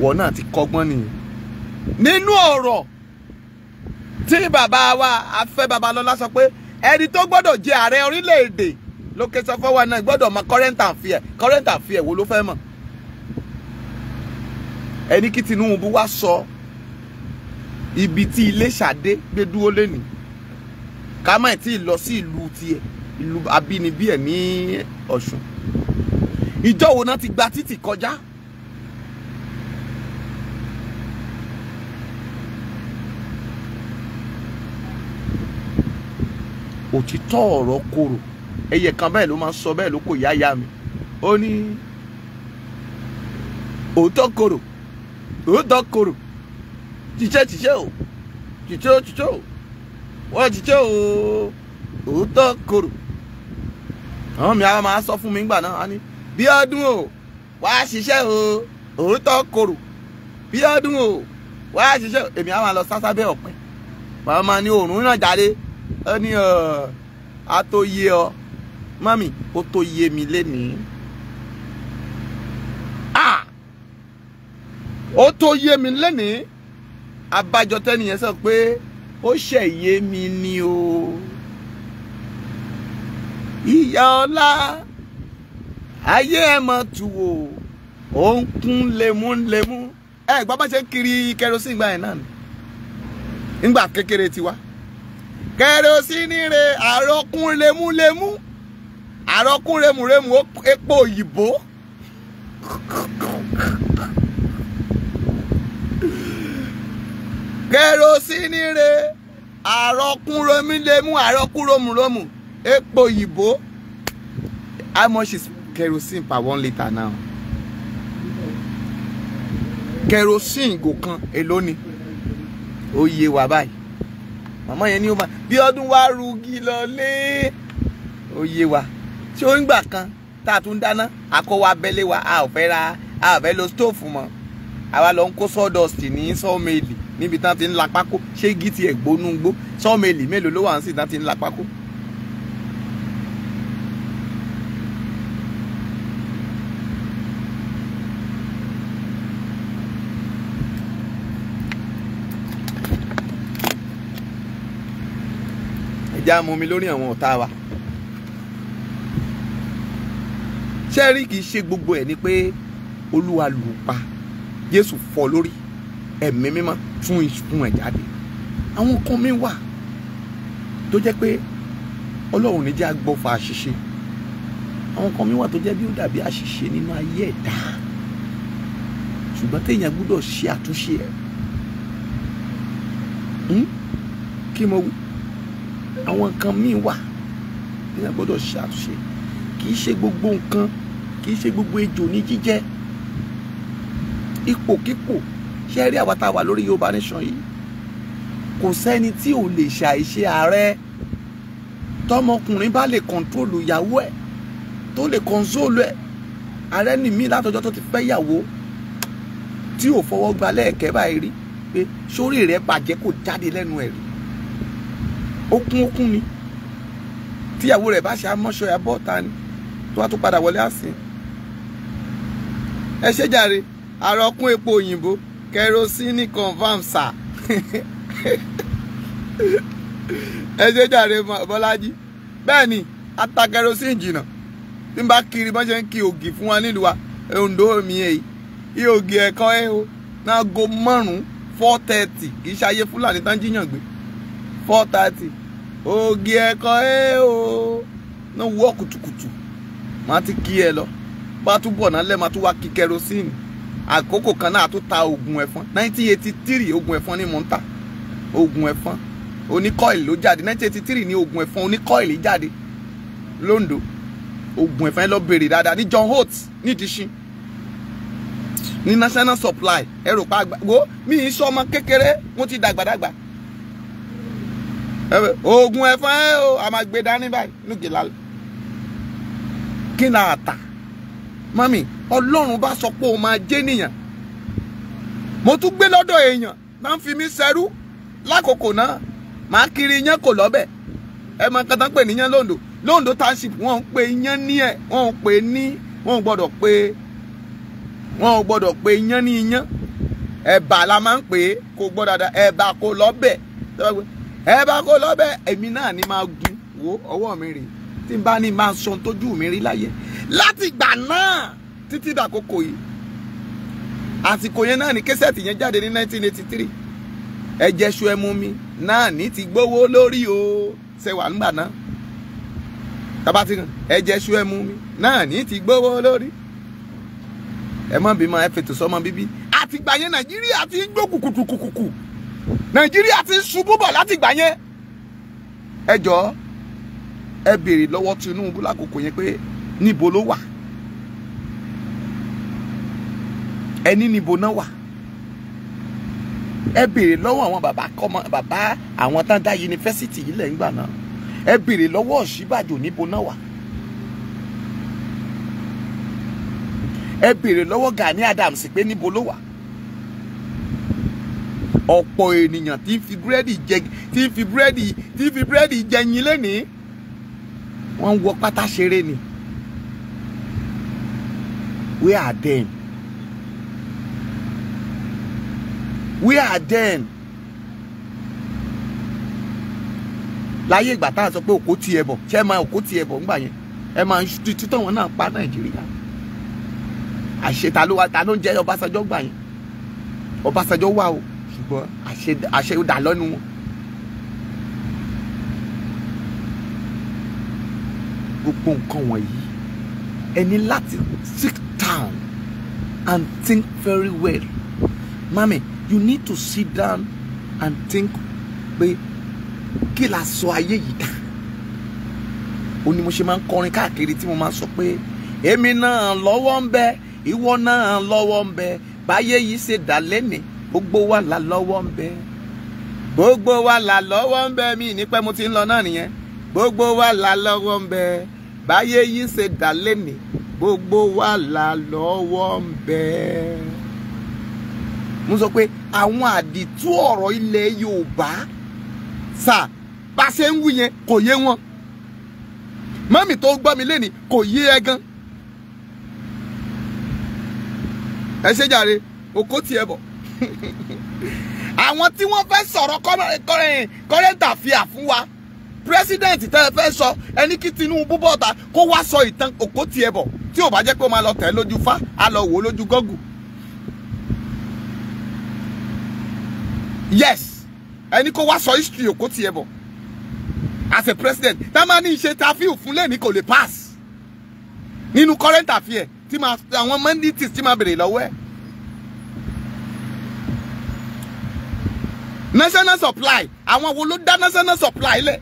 wọ́n náà ti kọ́gbọ́n nìyẹn nínú ọ̀rọ̀ tí bàbá wa Afẹ́ Babalọ́lá sọ pé ẹni tó gbọ́dọ̀ jẹ ààrẹ orílẹ̀-èdè ló ké sọ fọwọ́ náà gbọ́dọ̀ mọ current affair current affair wo ló fẹ́ mọ̀ ẹni kí Tinubu wá sọ ibi tí Iléṣà dé gbé dúró lẹ́nu ká má tí lọ sí ìlú tiẹ̀ ìlú abínibí ẹ̀ ní Ọ̀ṣun ìjọ wo náà ti gba títì kọjá òtítọ́ ọ̀rọ̀ korò ẹyẹ kan bẹ́ẹ̀ ló máa ń sọ bẹ́ẹ̀ ló kò yáyà mi ó ní òótọ́ korò òótọ́ korò tìṣẹ́ tìṣẹ́ o tìṣẹ́ o tìṣẹ́ o wọ́n tìṣẹ́ o òótọ́ korò àwọn mi àwọn máa sọ fún mi nígbà náà á ní bí ọdún o wá ṣiṣẹ́ o òótọ́ korò bí ọdún o wá ṣiṣẹ́ o èmi àwọn àlọ́ sásábẹ́ ọ̀pẹ màá máa ní òórùn náà jáde ó ní a tó yé ọ mọ́mì ó tó yé mi lénìí ó tó yé mi lénìí abájọ tẹ́nìyẹn sọ pé ó ṣẹ̀ yé mi ni o ìyá ọlá ayé ẹ mọ tuwo ó ń kún lemúlemú ẹ gbọ́ bá ṣe ń kiri kerosene gbà yẹn náà nígbà kékeré tiwa kẹrosínì re àròkún lemúlemú àròkún remùremù epo òyìnbó kẹrosínì re àròkún romílemú àròkún romùromù epo òyìnbó how much is kerosene per one litre now kerosene ìgò kan èló ni ó yé wa báyìí màmá yẹn ni ó máa bí ọdún wá rugi lọlé oyè wa tí ó ń gbà kan tá a tún dáná akọwọ abẹ́lé wa a ò fẹ́ ra a ò fẹ́ lo stóòfù mọ́ àwa lọ ń kó sawdust ní sọ́ọ̀mẹ́lì níbi tán ti ń la pákó ṣé igi tiẹ̀ gbónú gbó sọ́ọ̀mẹ́lì mélòó ló wà ń sì tán ti ń la pákó já mumi lórí àwọn ọ̀tá wa ṣé rí kì í ṣe gbogbo ẹ̀ ni pé olúwa lù pa jésù fọ́ lórí ẹ̀mí mímọ́ tún ìfún ẹ̀ jáde àwọn kan mi wà tó jẹ́ pé ọlọ́run ní jẹ́ agbọ́fà àṣìṣe àwọn kan mi wà tó jẹ́ bí ó dàbí àṣìṣe nínú ayé ẹ̀dá ṣùgbọ́n téèyàn gbúdọ̀ ṣe àtúnṣe ẹ̀ hmm? kí mo wí àwọn nǹkan míì wà èèyàn gbọ́dọ̀ ṣe àtúnṣe kì í ṣe gbogbo nǹkan kì í ṣe gbogbo ejò ní jíjẹ ipòkípò ṣe rí àwa tá a wà lórí Yorùbá nation yìí kò sẹ́ni tí ò lè ṣàìṣe ààrẹ tọmọkùnrin bá lè kọńtrólù ìyàwó ẹ̀ tó lè kọńsóòlù ẹ̀ ààrẹ ni mí látọjọ́ tó ti fẹ́ yàwó tí ò fọwọ́ gba lẹ́ẹ̀kẹ́ báyìí rí pé sórí rẹ̀ bàjẹ́ kò jáde lẹ́nu ẹ̀ rí okun okun ni tíyàwó rẹ̀ bá ṣe amọ́ṣọ ìyàbọ̀ ọ̀tá ni tó wá tó padà wọlé àsìn ẹ ṣe jàre àròkún epo òyìnbó kẹrosíìnì confam sà ẹ ṣe jàre bọ́lájí bẹ́ẹ̀ ni ata kẹrosíìnì jìnnà tí n bá kiri bọ́n ṣe ń ki ògì fún wa nílùú wa Ondo mi èyí iye ògì ẹ̀kan ẹ̀ o náà go márùn-ún four thirty kì í ṣe ayé fúlàní tán jiyàn gbé four thirty ògì ẹ̀kọ́ ẹ̀ o náà wọ́ kùtùkùtù màá ti kí ẹ lọ bá tún bọ̀ nálẹ̀ màá tún wá kí kerosene àkókò kan náà tún ta oògùn ẹ̀fọn nineteen eighty three oògùn ẹ̀fọn ni mò ń ta oògùn ẹ̀fọn oníkọ́ìlì ló jáde nineteen eighty three ni oògùn ẹ̀fọn oníkọ́ìlì jáde londo oògùn ẹ̀fọn ẹ lọ béèrè dáadáa ní John Holt nídìíṣin ní national supply ẹ̀rọ pa àgbà wo mi ì sọ ọmọ kékeré mo ti dàgbàdàgbà Eh, oògùn ẹ̀fọn ẹ o a máa gbé dání báyìí lókè lálẹ́ kí mami ọlọ́run bá sọ pé o máa mo tún gbé lọ́dọ̀ èèyàn máa ń fi mí lákòókò náà kiri iyán kò lọ́bẹ̀ ẹ tán pè lóńdó lóńdó township wọn pe iyán ní ẹ wọn pe ní wọn ò pe wọn ò pe ẹ bá kó lọ́bẹ̀ èmi náà ni máa gun wo ọwọ́ mi rè tí n bá ní máa sọ tójú mi rí láyé láti ìgbà náà títí dàkókò yìí àsìkò yẹn náà ni késẹ́ẹ̀tì yẹn jáde ní 1983 ẹ̀jẹ̀ ṣu ẹmu mi náà ní ti gbówó lórí o ṣẹwà nígbà náà tábà ti hàn ẹ̀jẹ̀ ṣu ẹmu mi náà ní ti gbówó lórí ẹ mọ̀ bímọ ẹ fètò sọmọ bíbí àtìgbà yẹn Nàìjíríà ti ń gbó kùkùkùkùkù. nàìjíríà ti ń ṣubú bọ̀ láti gbà yẹn ẹ jọ̀ọ́ ẹ béèrè lọ́wọ́ tinubu lákòókò yẹn pé níbo ló wà ẹni níbo náà wà ẹ béèrè lọ́wọ́ àwọn bàbá kọ́mọ bàbá àwọn tán dá yunifásitì yìí lẹ̀ gbà náà ẹ béèrè lọ́wọ́ Ọ̀ṣínbàjò níbo náà wà ẹ béèrè lọ́wọ́ Gani Adams pé níbo ló wà ọ̀pọ̀ ènìyàn tí ń fi búrẹ́dì jẹ tí ń fi búrẹ́dì tí ń fi búrẹ́dì jẹyin lénìí wọ́n ń wọ pátá ṣeré ni where are them We are them láyé ìgbà tá à ń sọ pé òkú ti ẹbọ ṣé ẹ máa òkú ti ẹbọ ńgbà yẹn ẹ máa ń títọ́ wọn náà pa nàìjíríà àṣetà ló ta ló ń jẹ́ ọbásanjọ́ gbà yẹn ọbásanjọ́ wà o ṣùgbọ́n àṣẹ ó lọ́nu wọn. gbogbo nǹkan wọ̀nyí ẹni láti sit down and think very well mami you need to sit down and think pé kí la sọ ayé yìí dá ó ní mo ṣe máa ń kọrin káàkiri tí mo máa sọ pé èmi náà lọ́wọ́ ń bẹ ìwọ náà lọ́wọ́ ń bẹ báyé yìí ṣe dà lẹ́nìí gbogbo wa la lọ́wọ́ ń bẹ gbogbo wa la lọ́wọ́ ń bẹ mí ní pẹ́ mo ti ń lọ náà nìyẹn gbogbo wa la lọ́wọ́ ń bẹ báyé yìí ṣe dà lẹ́nì gbogbo wa la lọ́wọ́ ń bẹ. mo sọ pé àwọn àdìtú ọ̀rọ̀ ilẹ̀ Yorùbá sà bá ṣe ń wí yẹn kò yé wọn mọ́mì tó gbọ́ mi lẹ́nì kò yé ẹ gan ẹ ṣe jàre òkó tiẹ̀ bọ̀ àwọn tí wọ́n fẹ́ sọ̀rọ̀ current affair fún wa president tẹ́ ẹ fẹ́ sọ ẹni kí Tinubu bọ̀ ta kó wá sọ ìtàn òkó tiẹ̀ bọ̀ tí ò bá jẹ́ pé ó máa lọ tẹ̀ lójú fá á lọ wò ó lójú gọ́gù. yes ẹni kó wá sọ history òkó tiẹ̀ bọ̀ as a president tá a máa ní ìṣe tafiu fún lẹ́ni kò lè pass nínú current affair tí àwọn mandates tí máa bèrè lọ́wọ́ ẹ̀. national supply àwọn wo ló dá national supply lẹ̀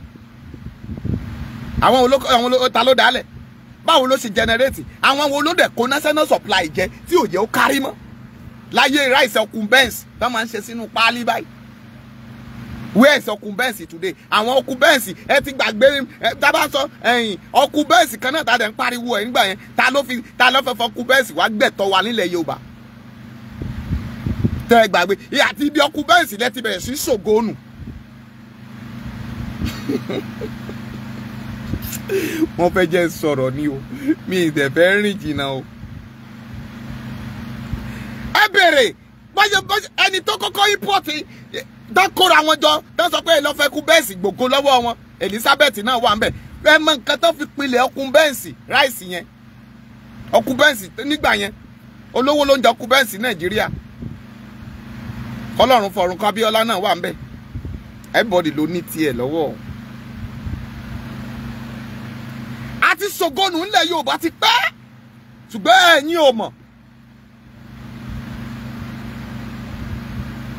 àwọn wo ló àwọn wo ta ló dá lẹ̀ báwo ló ṣe generate àwọn wo ló dẹ̀ kó national supply jẹ tí ò jẹ́ ó kárí mọ́ láyé rice occupants tó máa ń ṣe sínú páálí báyìí where is occupants today àwọn occupants ẹ ti gbàgbé ẹ tábà sọ ẹ̀yìn occupants kan náà tá a dẹ̀ ń pariwo ẹ̀ nígbà yẹn ta ló fi ta ló fẹ́ fọ occupants wá gbẹ̀tọ̀ wa nílẹ̀ Yorùbá tẹ́ ẹ gbàgbé àti ibi ọkùnbẹ́ǹsì lẹ́ti bẹ̀rẹ̀ sí ṣògónù wọ́n fẹ́ jẹ́ sọ̀rọ̀ ni o mi ì dẹ̀ fẹ́ rìn jìnnà o. ẹ bèrè bọ́sẹ̀ bọ́sẹ̀ ẹni tó kọ́kọ́ import dákòrò àwọn jọ tó sọ pé ìlọ́fẹ́ kú bẹ́ẹ̀sì gbògo lọ́wọ́ wọn Elizabeth náà wà ń bẹ̀ ẹ mọ nǹkan tó fi pilẹ̀ ọkùn bẹ́ẹ̀sì ráìsì yẹn ọkùn bẹ́ẹ̀sì nígbà yẹn olówó ló ń jẹ ọkùn bẹ́ẹ̀sì Nàìjíríà kọlọ́run fọ̀run kábíọ́lá náà wà ń bẹ̀ everybody ló ní tiẹ̀ lọ́wọ́ àti sogonu ńlẹ̀ Yorùbá ti pẹ́ ṣùgbọ́n ẹ̀yin ò mọ̀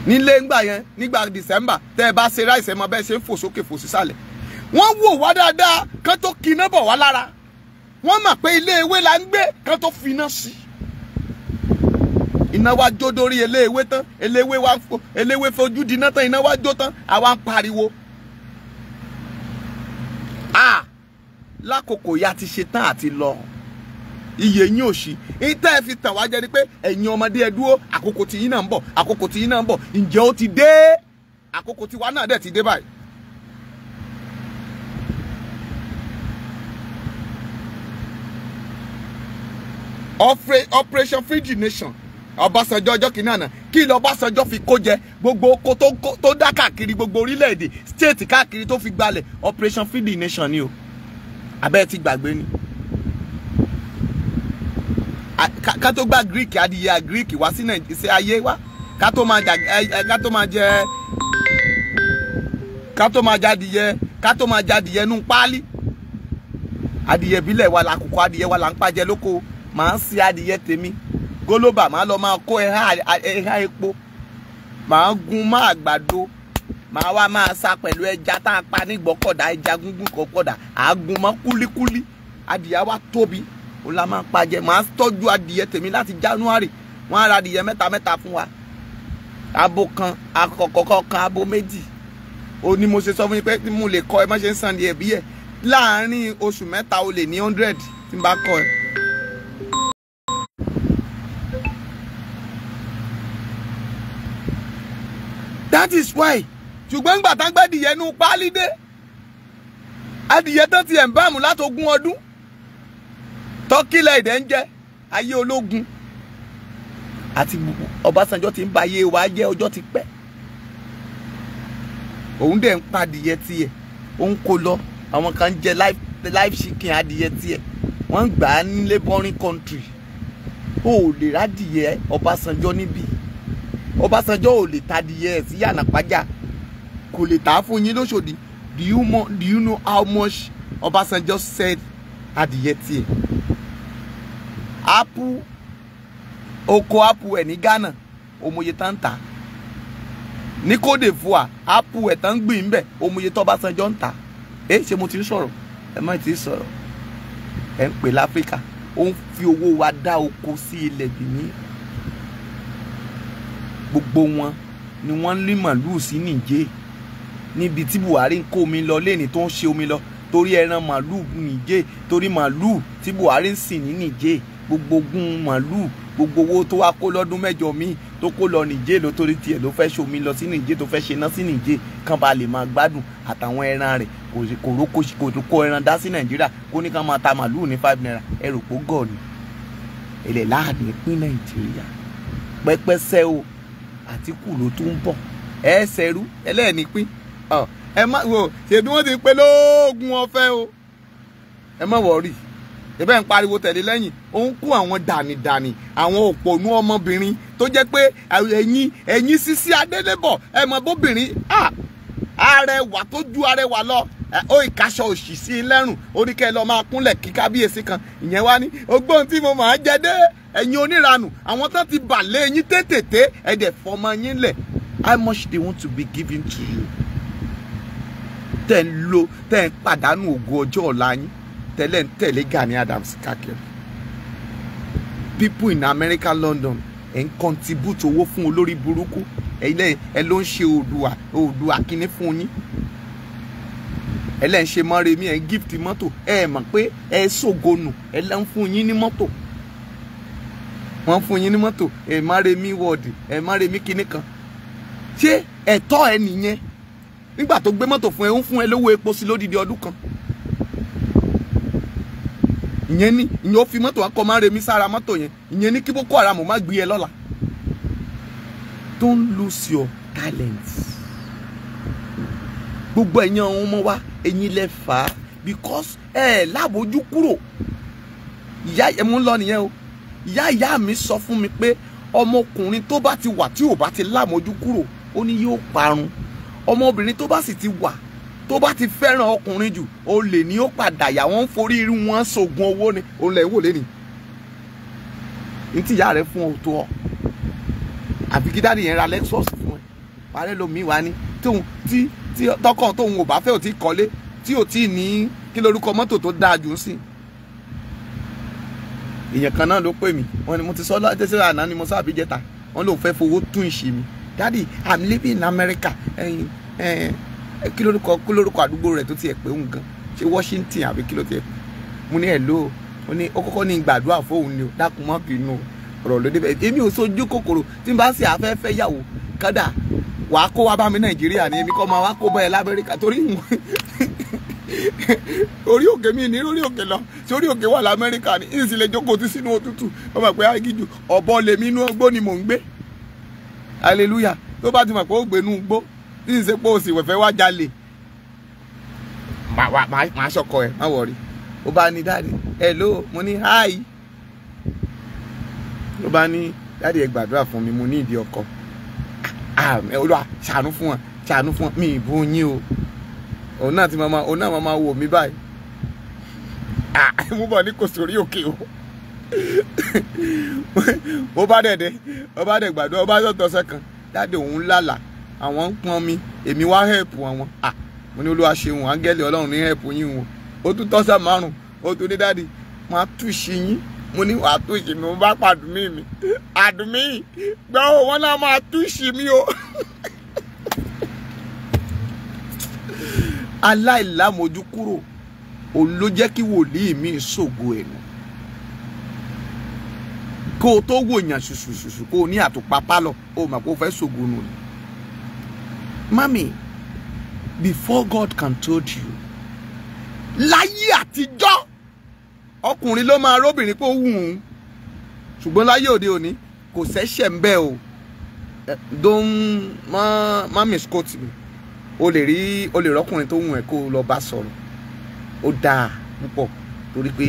nílé ńgbà yẹn nígbà December tẹ́ ẹ bá ṣe ráìsẹ̀ mọ bẹ́ẹ̀ ṣe ń fò sókè fò sísàlẹ̀ wọ́n wò wá dáadáa kán tó kiná bọ̀ wá lára wọ́n mọ̀ pé ilé ewé la ń gbé kán tó finá sí i iná wa jó dórí eléwé tán eléwé wa eléwé fojú dínà tán iná wa tán àwa ń pariwo. a lákòókò ya ti ṣe tán àti lọ iye yín ò sí ìtẹ́ ẹ fi tàn wá jẹ́ ni pé ẹ̀yin ọmọdé ẹ dúró àkókò tí yín náà ń bọ̀ àkókò tí yín náà ń bọ̀ ǹjẹ́ ó ti dé àkókò tí wa náà dẹ̀ ti dé báyìí. Operation Free Nation Ọbásanjọ́ ọjọ́ kìíní àná kí ni fi kó jẹ gbogbo oko tó dá káàkiri gbogbo orílẹ̀-èdè state káàkiri tó fi gbalẹ̀ operation feed the nation ni o abẹ́ ti gbàgbé ni ká tó gba Greek adìyẹ Greek wá sí Nàìjíríà ayé wa ká tó máa jẹ ká tó máa jadìyẹ ká tó máa jadìyẹ nú páálí adìyẹ bílẹ̀ wa làkùkọ adìyẹ wa là ń pàjẹ lóko màá ń sin adìyẹ tèmi gólóbà máa lọ máa kó ẹ̀há epo máa gún máa àgbàdo máa wá máa sa pẹ̀lú ẹja tá a pa ní gbọ́kọ̀dá ẹja gúngún kọ́kọ̀dá àágùn mọ́ kúlíkúlí adìyẹ wa tóbi ó la máa pa jẹ máa tọ́jú adìyẹ tèmi láti January wọ́n á ra adìyẹ mẹ́ta mẹ́ta fún wa abo kan akọ̀kọ̀kọ̀ kan abo méjì ó ní mo ṣe sọ fún yín pé mo lè kọ́ ẹ má ṣe ń sàn ní ẹ̀bí ẹ̀ láàárín oṣù mẹ́ta o lè ní hundred tí n bá kọ́ ẹ. that is why ṣùgbọ́n ńgbà tá ń gbé adìyẹ nu páálí dé adìyẹ tán ti ẹ̀ ń bámu látogún ọdún tọ́kílẹ̀ èdè ń jẹ́ ayé ológun àti Ọbásanjọ́ ti ń ba ayé wa jẹ́ ọjọ́ ti pẹ́ òun dẹ̀ ń pa adìyẹ tiẹ̀ òun kò lọ àwọn kan jẹ life chicken adìyẹ tiẹ̀ wọ́n ń gbà á ní labouring country ó lè rádìyẹ Ọbásanjọ́ níbí Ọbásanjọ́ ò lè ta díẹ̀ sí yànnàpájà kò lè tà á fún yín lóṣòdì do you mo do you know how much Ọbásanjọ́ said adìyẹ tiẹ̀ apple oko apple ẹ̀ ní Ghana omoye tá ń tà ní Côte d'Ivoire apple ẹ̀ tá ń gbìn ń bẹ̀ omoye tó Ọbásanjọ́ ń tà ẹ ṣe mo ti ń sọ̀rọ̀ ẹ má ti ń sọ̀rọ̀ ẹ ń pè láfíríkà ó ń fi owó wa dá oko sí ilẹ̀ Benin gbogbo wọn ni wọ́n ń lé màlúù sí nìjẹ́ níbi tí Buhari ń kó omi lọ léèní tó ń ṣe omi lọ torí ẹran màlúù nìjẹ́ torí màlúù tí Buhari ń sìn ní nìjẹ́ gbogbo ogun màlúù gbogbo owó tó wá kó lọ́dún mẹ́jọ míì tó kó lọ nìjẹ́ ló torí tiẹ̀ ló fẹ́ ṣomi lọ sí nìjẹ́ tó fẹ́ ṣe iná sí nìjẹ́ kán ba lè máa gbádùn àtàwọn ẹran rẹ̀ kò rókò ẹran dá sí nàìjíríà kó ní ká máa ta màlúù ní five naira ẹrù pọ̀ gọ̀ ni èlè láàdín pín nàìjíríà pẹ́pẹ́sẹ́ o àtìkù ló tó ń bọ̀ ẹ ṣẹrú ẹlẹ́ẹ̀ni pín ẹ má wò ṣe bí wọ́n ti pé lóògùn ọ̀fẹ́ o ẹ má wọ̀ọ́rì ìbẹ́ ń pariwo tẹ̀lé lẹ́yìn ó ń kó àwọn dànìdànì àwọn òpònú ọmọbìnrin tó jẹ́ pé ẹ̀yìn ẹ̀yìn Sisi Adélébọ̀ ẹ mọ bóbìnrin arẹwà tó ju arẹwà lọ ó ìkaṣọ òṣìṣì lẹ́rùn oríkẹ́ lọ máa kúnlẹ̀ kí kábíyèsí kan ìyẹn wá ní ogbóhùn tí mo máa jẹ dé ẹ̀yin oníranù àwọn tán ti bà lé yín tètè ẹ̀dẹ̀ fọmọ yín lẹ̀ how much they want to be given to you tẹ̀ ń lo tẹ̀ ń pàdánù ògo ọjọ́ ọ̀la yín tẹ̀lé ń tẹ̀lé Gani Adams káàkiri people in America London ẹ̀ ń contribute owó fún olórí burúkú ẹ̀ ló ń ṣe oòdùà oòdùà kínní fún yín ẹlẹ́ǹṣe mọ́remí ẹ̀ ń gift mọ́tò ẹ mọ̀ pé ẹ ṣògonù ẹ lẹ́ fún yín ní mọ́tò wọ́n fún yín ní mọ́tò ẹ mọ́remí wọ́ọ̀dì ẹ mọ́remí kinní kan ṣé ẹ̀tọ́ ẹ nìyẹn nígbà tó gbé mọ́tò fún ẹ ń fún ẹ lówó epo sí lódìdí ọdún kan ìyẹn ní ìyẹn ó fi mọ́tò akọ mọ́remí sára mọ́tò yẹn ìyẹn ní kí Boko Haram má gbé ẹ lọ́la don't lose your talent gbogbo ẹ̀yin àwọn ọmọ wa ẹ̀yin lẹ fà á because ẹ ẹ̀ láàbójú kúrò ìyá ẹ̀mú ń lọ nìyẹn o ìyá ìyá mi sọ fún mi pé ọmọkùnrin tó bá ti wà tí ò bá ti láàmójú kúrò ó ní yóò parun ọmọbìnrin tó bá sì ti wà tó bá ti fẹ́ràn ọkùnrin jù olè ní ó padà yà wọ́n ń forí irú wọn sògùn owó ni òun lẹ̀ ń wò lẹ́nu ní tí ìyá rẹ̀ fún ọ tó ọ àbí kí dáàdi yẹn ra Lexus fún ẹ parẹ́ lomi wa ni tí tọkàn tóun ò bá fẹ́ ò tí kọ́lé tí ò tí ní kí lorúkọ mọ́tò tó dáa jù ú sí. èèyàn kan náà ló pè mí wọn ni mo ti sọ lọ́dẹ́sẹ̀ àná ni mo sábà jẹta wọn lòun fẹ́ fowó tún ìṣe mi Daddy I'm living in America ẹyin ẹyin kí lorúkọ kí lorúkọ àdúgbò rẹ̀ tó tiẹ̀ pé òun gan ṣe Washington àbí kí ló tiẹ̀ pé mo ní ẹ̀ lóò ó ní ó kọ́kọ́ ní gbàdúrà fóun ni ó dákun mọ́ kì í nù ọ̀rọ̀ ló débẹ̀ èmi ò sojú kòkòrò tí n bá sì afẹ́fẹ́ yàwó kádà wà á kó wá bá mi nàìjíríà ni èmi kọ́ máa wá kó bá ẹ lábẹ́ríkà torí orí òkè mi ní orí òkè lọ tí orí òkè wà lamẹ́ríkà ni ìsì lè jókòó tí sínú òtútù wọ́n mọ̀ pé agíjù ọ̀bọ lèmi inú ọgbó ni mò ń gbé hallelujah tó bá ti mọ̀ pé ó gbénú gbó ìsì pé o sì wẹ̀fẹ́ wá jalè màá sọkọ ẹ̀ má wọ̀rí ó bá ní dáàdì hello mo ní hi ló bá ní dáàdì ẹ gbàdúrà fún mi mo ní ìdí ọkọ Ah, olúwa ṣàánú fún wọn ṣàánú fún wọn mi ìbú yín o òun náà ti máa òun náà máa wò mí báyìí ah, mo bọ̀ ní kò sórí òkè o ó bá dẹ̀dẹ̀ ó bá dẹ̀ gbàdúrà ó bá sọ̀tọ̀ ọ̀sẹ̀ kan dáde òun lálà àwọn ń pọn mi èmi wá hẹ́ẹ̀pù àwọn ah, mo ní olúwa ṣeun áńgẹ́lì ọlọ́run ní hẹ́ẹ̀pù yín o ó tún tọ́sẹ̀ márùn-ún ó tún ní dáàdi máa túṣì yín mo ní wàá túṣì mi mo bá pàdùmí mi àdùmí gbọ́ wọn náà máa túṣì mi o aláìlámojú kúrò òun ló jẹ́ kí wòlíì mi ṣògo ẹ̀nu kó o tó wòyàn ṣùṣùṣùṣù kó o ní àtùpà pálọ̀ o mà kó o fẹ́ ṣògo nù ni mami before God can told you láyé àtijọ́ ọkùnrin ló máa róbìnrin pé ó wù ú ṣùgbọ́n láyé òde òní kò sẹ́ṣẹ̀ ń bẹ́ o don má má misquote mi o lè rí o lè rọ́kùnrin tó wù ẹ́ kó lọ bá sọ̀rọ̀ ó dáa púpọ̀ torí pé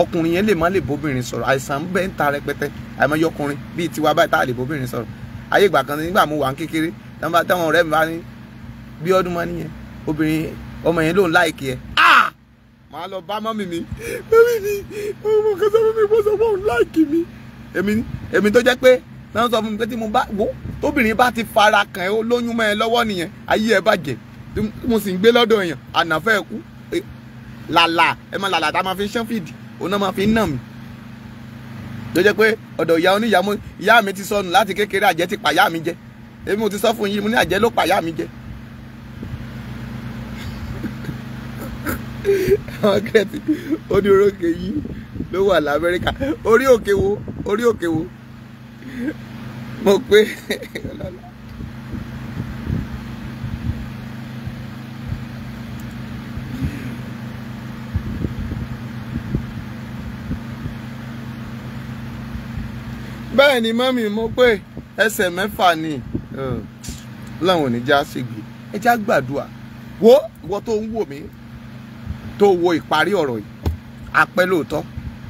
ọkùnrin yẹn lè má lè bóbìnrin sọ̀rọ̀ àìsàn bẹ́ẹ̀ ń ta rẹpẹtẹ àìmọye ọkùnrin bíi tiwa báyìí tá a lè bóbìnrin sọ̀rọ̀ ayé ìgbà kan nígbà mo wà ń kékeré táwọn ọ̀rẹ́ mi bá ní bí ọdún máa níyẹn obìnrin ọmọ yẹn lòun láìkí ẹ màá lọ bá mọ́mì mi mọ́mì mi ọmọ kan sọ fún mi wọ́n sọ fún òun láìkì mi. èmi èmi tó jẹ́ pé náà sọ fún mi pé tí mo bá wò tóbìnrin bá ti fara kàn ẹ́ lóyún mọ́ ẹ lọ́wọ́ nìyẹn ayé ẹ bàjẹ́ tí mo sì ń gbé lọ́dọ̀ èèyàn ànàfẹ́ ẹ kú làlà ẹ máa làlà tá a máa fi ṣán fìdí òun náà máa fi ń nà mí. tó jẹ́ pé ọ̀dọ̀ ìyá oníyàmó ìyá mi ti sọnù láti kékeré àjẹ́ ti pàyà mi jẹ èmi mo ti sọ fún yín mo ní àjẹ́ ló pàyà mi jẹ àwọn kírẹ́tì oníròkè yìí ló wà lamẹ́ríkà orí òkè wo orí òkè wo mo pé bẹ́ẹ̀ ni mọ́mì mo pé ẹsẹ̀ mẹ́fà ni láwọn ò já ṣègbè ẹ já gbàdúrà wo ìwọ tó ń wò mí tó wo ìparí ọ̀rọ̀ yìí apẹ́ lóòótọ́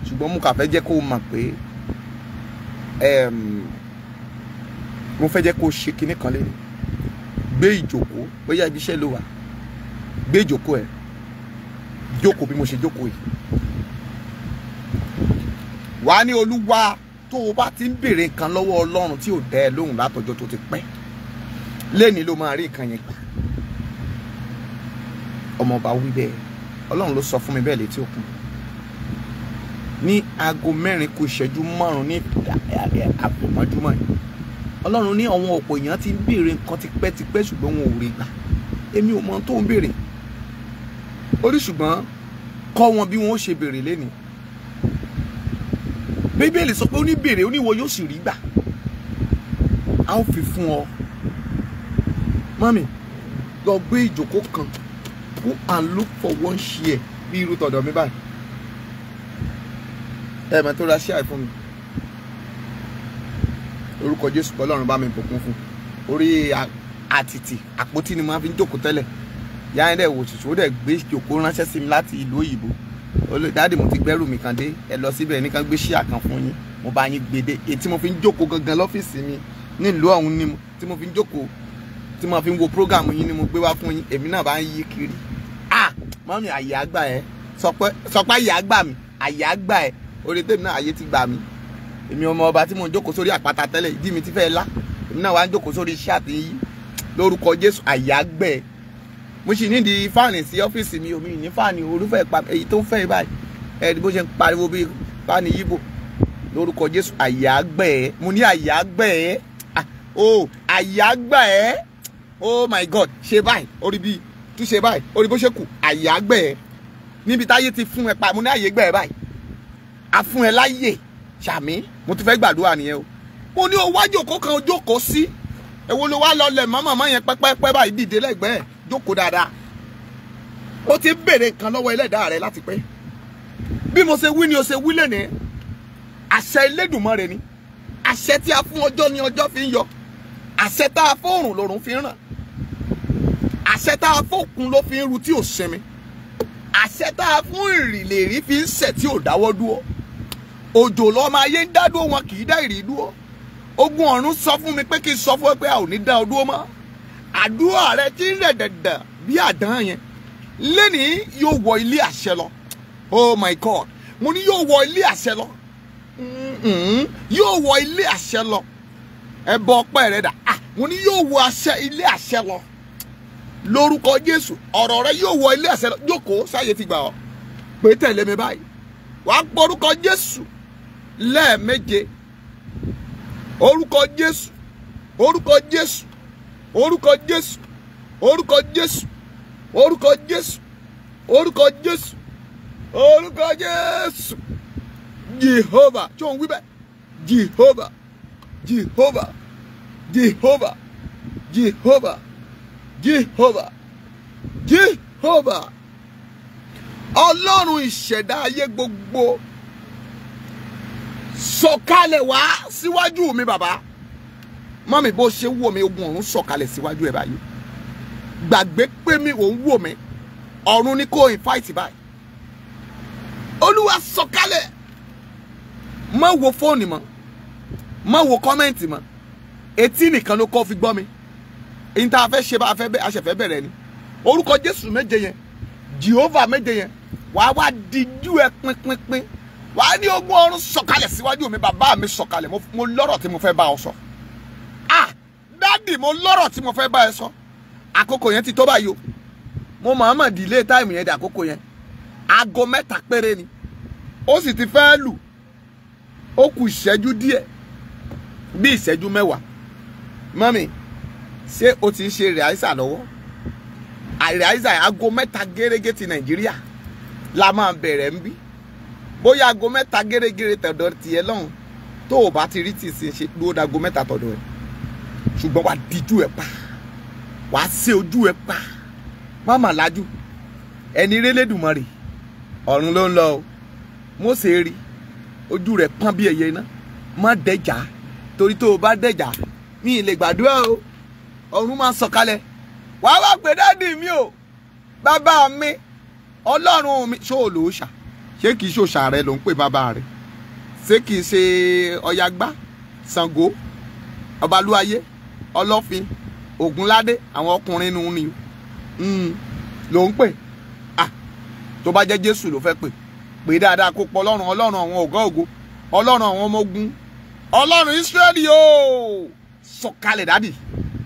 ṣùgbọ́n mo kà fẹ́ jẹ́ kó o mọ̀ pé mo fẹ́ jẹ́ kó o ṣe kinní kan lẹ́nu gbé ìjòkó bóyá ibi iṣẹ́ ló wà gbé ìjòkó ẹ̀ jókòó bí mo ṣe jókòó yìí wàá ní olúwa tó o bá ti ń béèrè nǹkan lọ́wọ́ ọlọ́run tí ò dẹ́ ẹ lóhùn látọjọ́ tó ti pẹ́ lẹ́ni ló máa rí nǹkan yẹn gbà ọmọọba wí bẹ́ẹ̀ ọlọ́run ló sọ fún mi bẹ́ẹ̀ létí òkun ní aago mẹ́rin kù ìṣẹ́jú márùn-ún ní àpòmọ́júmọ́ yìí ọlọ́run ní àwọn ọ̀pọ̀ èèyàn ti ń béèrè nǹkan tipẹ́tipẹ́ ṣùgbọ́n wọn ò rí gbà èmi ò mọ tó ń béèrè orí ṣùgbọ́n kọ́ wọn bí wọn ó ṣe béèrè lẹ́nu bíbélì sọ pé ó ní béèrè ó ní ìwọ yóò sì rí gbà á ó fi fún ọ mọ́mì lọ gbé ìjókòó kan google and look for one share bí irú tọ̀dọ̀ mi báyìí ẹ mọ̀ tó ra share fún mi orúkọ jésù ọlọ́run bá mi bùkún fún orí àtìtì àpótí ni màá fi ń jókòó tẹ́lẹ̀ yáa ẹ̀ wò ṣùṣù ó dẹ̀ gbé jòkó ránṣẹ́ sí mi láti ìlú òyìnbó olùdáàdì mo ti gbẹ́rù mi kan dé ẹ lọ síbẹ̀ nìkan gbé share kan fún yín mo bá yín gbé dé èyí tí mo fi ń jókòó gangan lọ́fíìsì mi nílùú ọ̀hún ni tí mo fi ń jókòó tí mo fi ń wo program yín ni mo gbé wá fún yín èmi náà bá ń yí kiri mọ́mí àyè àgbà ẹ̀ sọpẹ́ àyè àgbà mi àyè àgbà ẹ̀ orí tèmi náà àyè ti gbà mí èmi ọmọ ọba tí mo ń jókòó sórí àpáta tẹ́lẹ̀ ìdí mi ti fẹ́ la. èmi náà wá ń jókòó sórí iṣẹ́ àti yí lórúkọ Jésù àyè àgbẹ̀ ẹ̀ mo sì ní di fáànì sí ọ́fíìsì mi omi ní fáànì orúfẹ́ pa èyí tó ń fẹ́ báyìí ẹni bó ṣe ń pariwo bíi fáànì yíbò lórúkọ Jésù àyè àgbẹ̀ ẹ̀ mo àgbà ẹ̀ ah, oh, oh my God ṣe báyìí túnṣe báyìí orí bó ṣe kù àyè àgbẹ̀ níbi táyé ti fún ẹ pa mo ní àyè gbẹ̀ ẹ báyìí a fún ẹ láyè ṣàmì mo tún fẹ́ gbàdúrà nìyẹn o mo ní o wá jókòó kan jókòó sí èwo ló wá lọlẹ̀ mọ́ màmá yẹn pẹ́pẹ́pẹ́ báyìí dìde lẹ́gbẹ̀ẹ́ jókòó dáadáa ó ti ń béèrè nǹkan lọ́wọ́ ẹlẹ́dàá rẹ láti pẹ́ bí mo ṣe wí ni o ṣe wí lẹ́nìí àṣẹ Elédùmarè ni àṣẹ tí a fún ọjọ́ ni ọjọ́ fi ń yọ àṣẹ tá a fóòrùn lòrùn fi ń ràn àṣẹ tá a fòkun ló fi ń ru tí ò sinmi àṣẹ tá a fún ìrìlèrí fi ń sẹ̀ tí ò dáwọ́ dúró òjò lọ́mọ ayé ń dá dúró wọn kì í dá ìrì dúró ogun ọ̀run sọ fún mi pé kí n sọ fún ẹ pé a ò ní dá ọ dúró mọ́ àdúrà rẹ ti ń rẹ̀ dẹ̀dẹ̀ bí àdán yẹn lẹ́nìí yóò wọ ilé àṣẹ lọ oh my god mo ní yóò wọ ilé àṣẹ lọ yóò wọ ilé àṣẹ lọ ẹ bọ ọpẹ rẹ dà ah, mo ní yóò wọ ilé àṣẹ lọ lórúkọ jésù ọ̀rọ̀ rẹ yóò wọ ilé àṣẹ jókòó sáyé ti gbà ọ́ pé tẹ̀lé mi báyìí wàá gbọ́rúkọ jésù lẹ́ẹ̀méje orúkọ jésù orúkọ jésù orúkọ jésù orúkọ jésù orúkọ jésù orúkọ jésù orúkọ jésù jehovah tí òun wí bẹ́ẹ̀ jehovah jehovah jehovah jehovah. Jehova, Jehovah ọlọ́run ìṣẹ̀dá ayé gbogbo sọ̀kalẹ̀ wá síwájú mi bàbá mọ́mi bó ṣe wò mí ogun ọ̀run sọ̀kalẹ̀ síwájú ẹ̀ báyìí gbàgbé pé mi ò ń wò mí ọ̀run ni kò ń fáìtì báyìí olúwa sọ̀kalẹ̀ má wo fóònù mọ́ má wo kọ́mẹ́ǹtì mọ́ etí nìkan ló kọ́ fi gbọ́ mi n ta fẹ́ ṣe bá a ṣẹ̀fẹ́ bẹ̀rẹ̀ ni orúkọ jésù méje yẹn jehova méje yẹn wàá wá dijú ẹ pínpínpín wàá ní ogun ọ̀run sọ̀kalẹ̀ síwájú mi bàbá mi sọ̀kalẹ̀ mo lọ́rọ̀ tí mo fẹ́ bá ọ sọ ah dádì mo lọ́rọ̀ tí mo fẹ́ bá ẹ sọ àkókò yẹn ti tó báyìí o mo mọ̀ọ́mọ̀ dìlé táìmù yẹn di àkókò yẹn aago mẹ́ta péré ni ó sì ti fẹ́ lù ó kù ìṣẹ́jú díẹ̀ bí ìṣẹ́jú mẹ́wàá mọ́mí ṣé o ti ṣe rìáísà lọ́wọ́ àrìáísà aago mẹ́ta gẹ́rẹ́gẹ́ ti nàìjíríà la máa bẹ̀rẹ̀ ń bí bóyá aago mẹ́ta gẹ́rẹ́gẹ́rẹ́ tọ̀dọ̀ tiẹ̀ lọ́hùn tó o bá ti rí tì sí ṣe dúró dago mẹ́ta tọ̀dọ̀ rẹ̀ ṣùgbọ́n wàá díjú ẹ̀ pa wàá ṣe ojú ẹ̀ pa má mà lájú ẹni rélédùmarè ọ̀run ló ń lọ o Mósè rí ojú rẹ̀ pọ́n bí ẹyẹ iná má dẹjà torí tó o bá dẹjà mi ì lè gbàdúrà o ọ̀run máa ń sọ̀kalẹ̀ wàá wá pé dáàdì mi o bàbá mi ọlọ́run mi ṣó o lò ó ṣà ṣé kìí ṣòṣà rẹ ló ń pè bàbá rẹ ṣé kìí ṣe ọ̀yàgbá ṣàngó ọbalúayé ọlọ́fin ògúnládé àwọn ọkùnrin nu ni hmm, ló ń pè tó bá jẹ́ jésù ló fẹ́ pè pé dáadáa kó pọ̀ ọlọ́run ọlọ́run àwọn ọ̀gá ògo ọlọ́run àwọn ọmọ ogun ọlọ́run israẹli o sọ̀kalẹ̀ dádì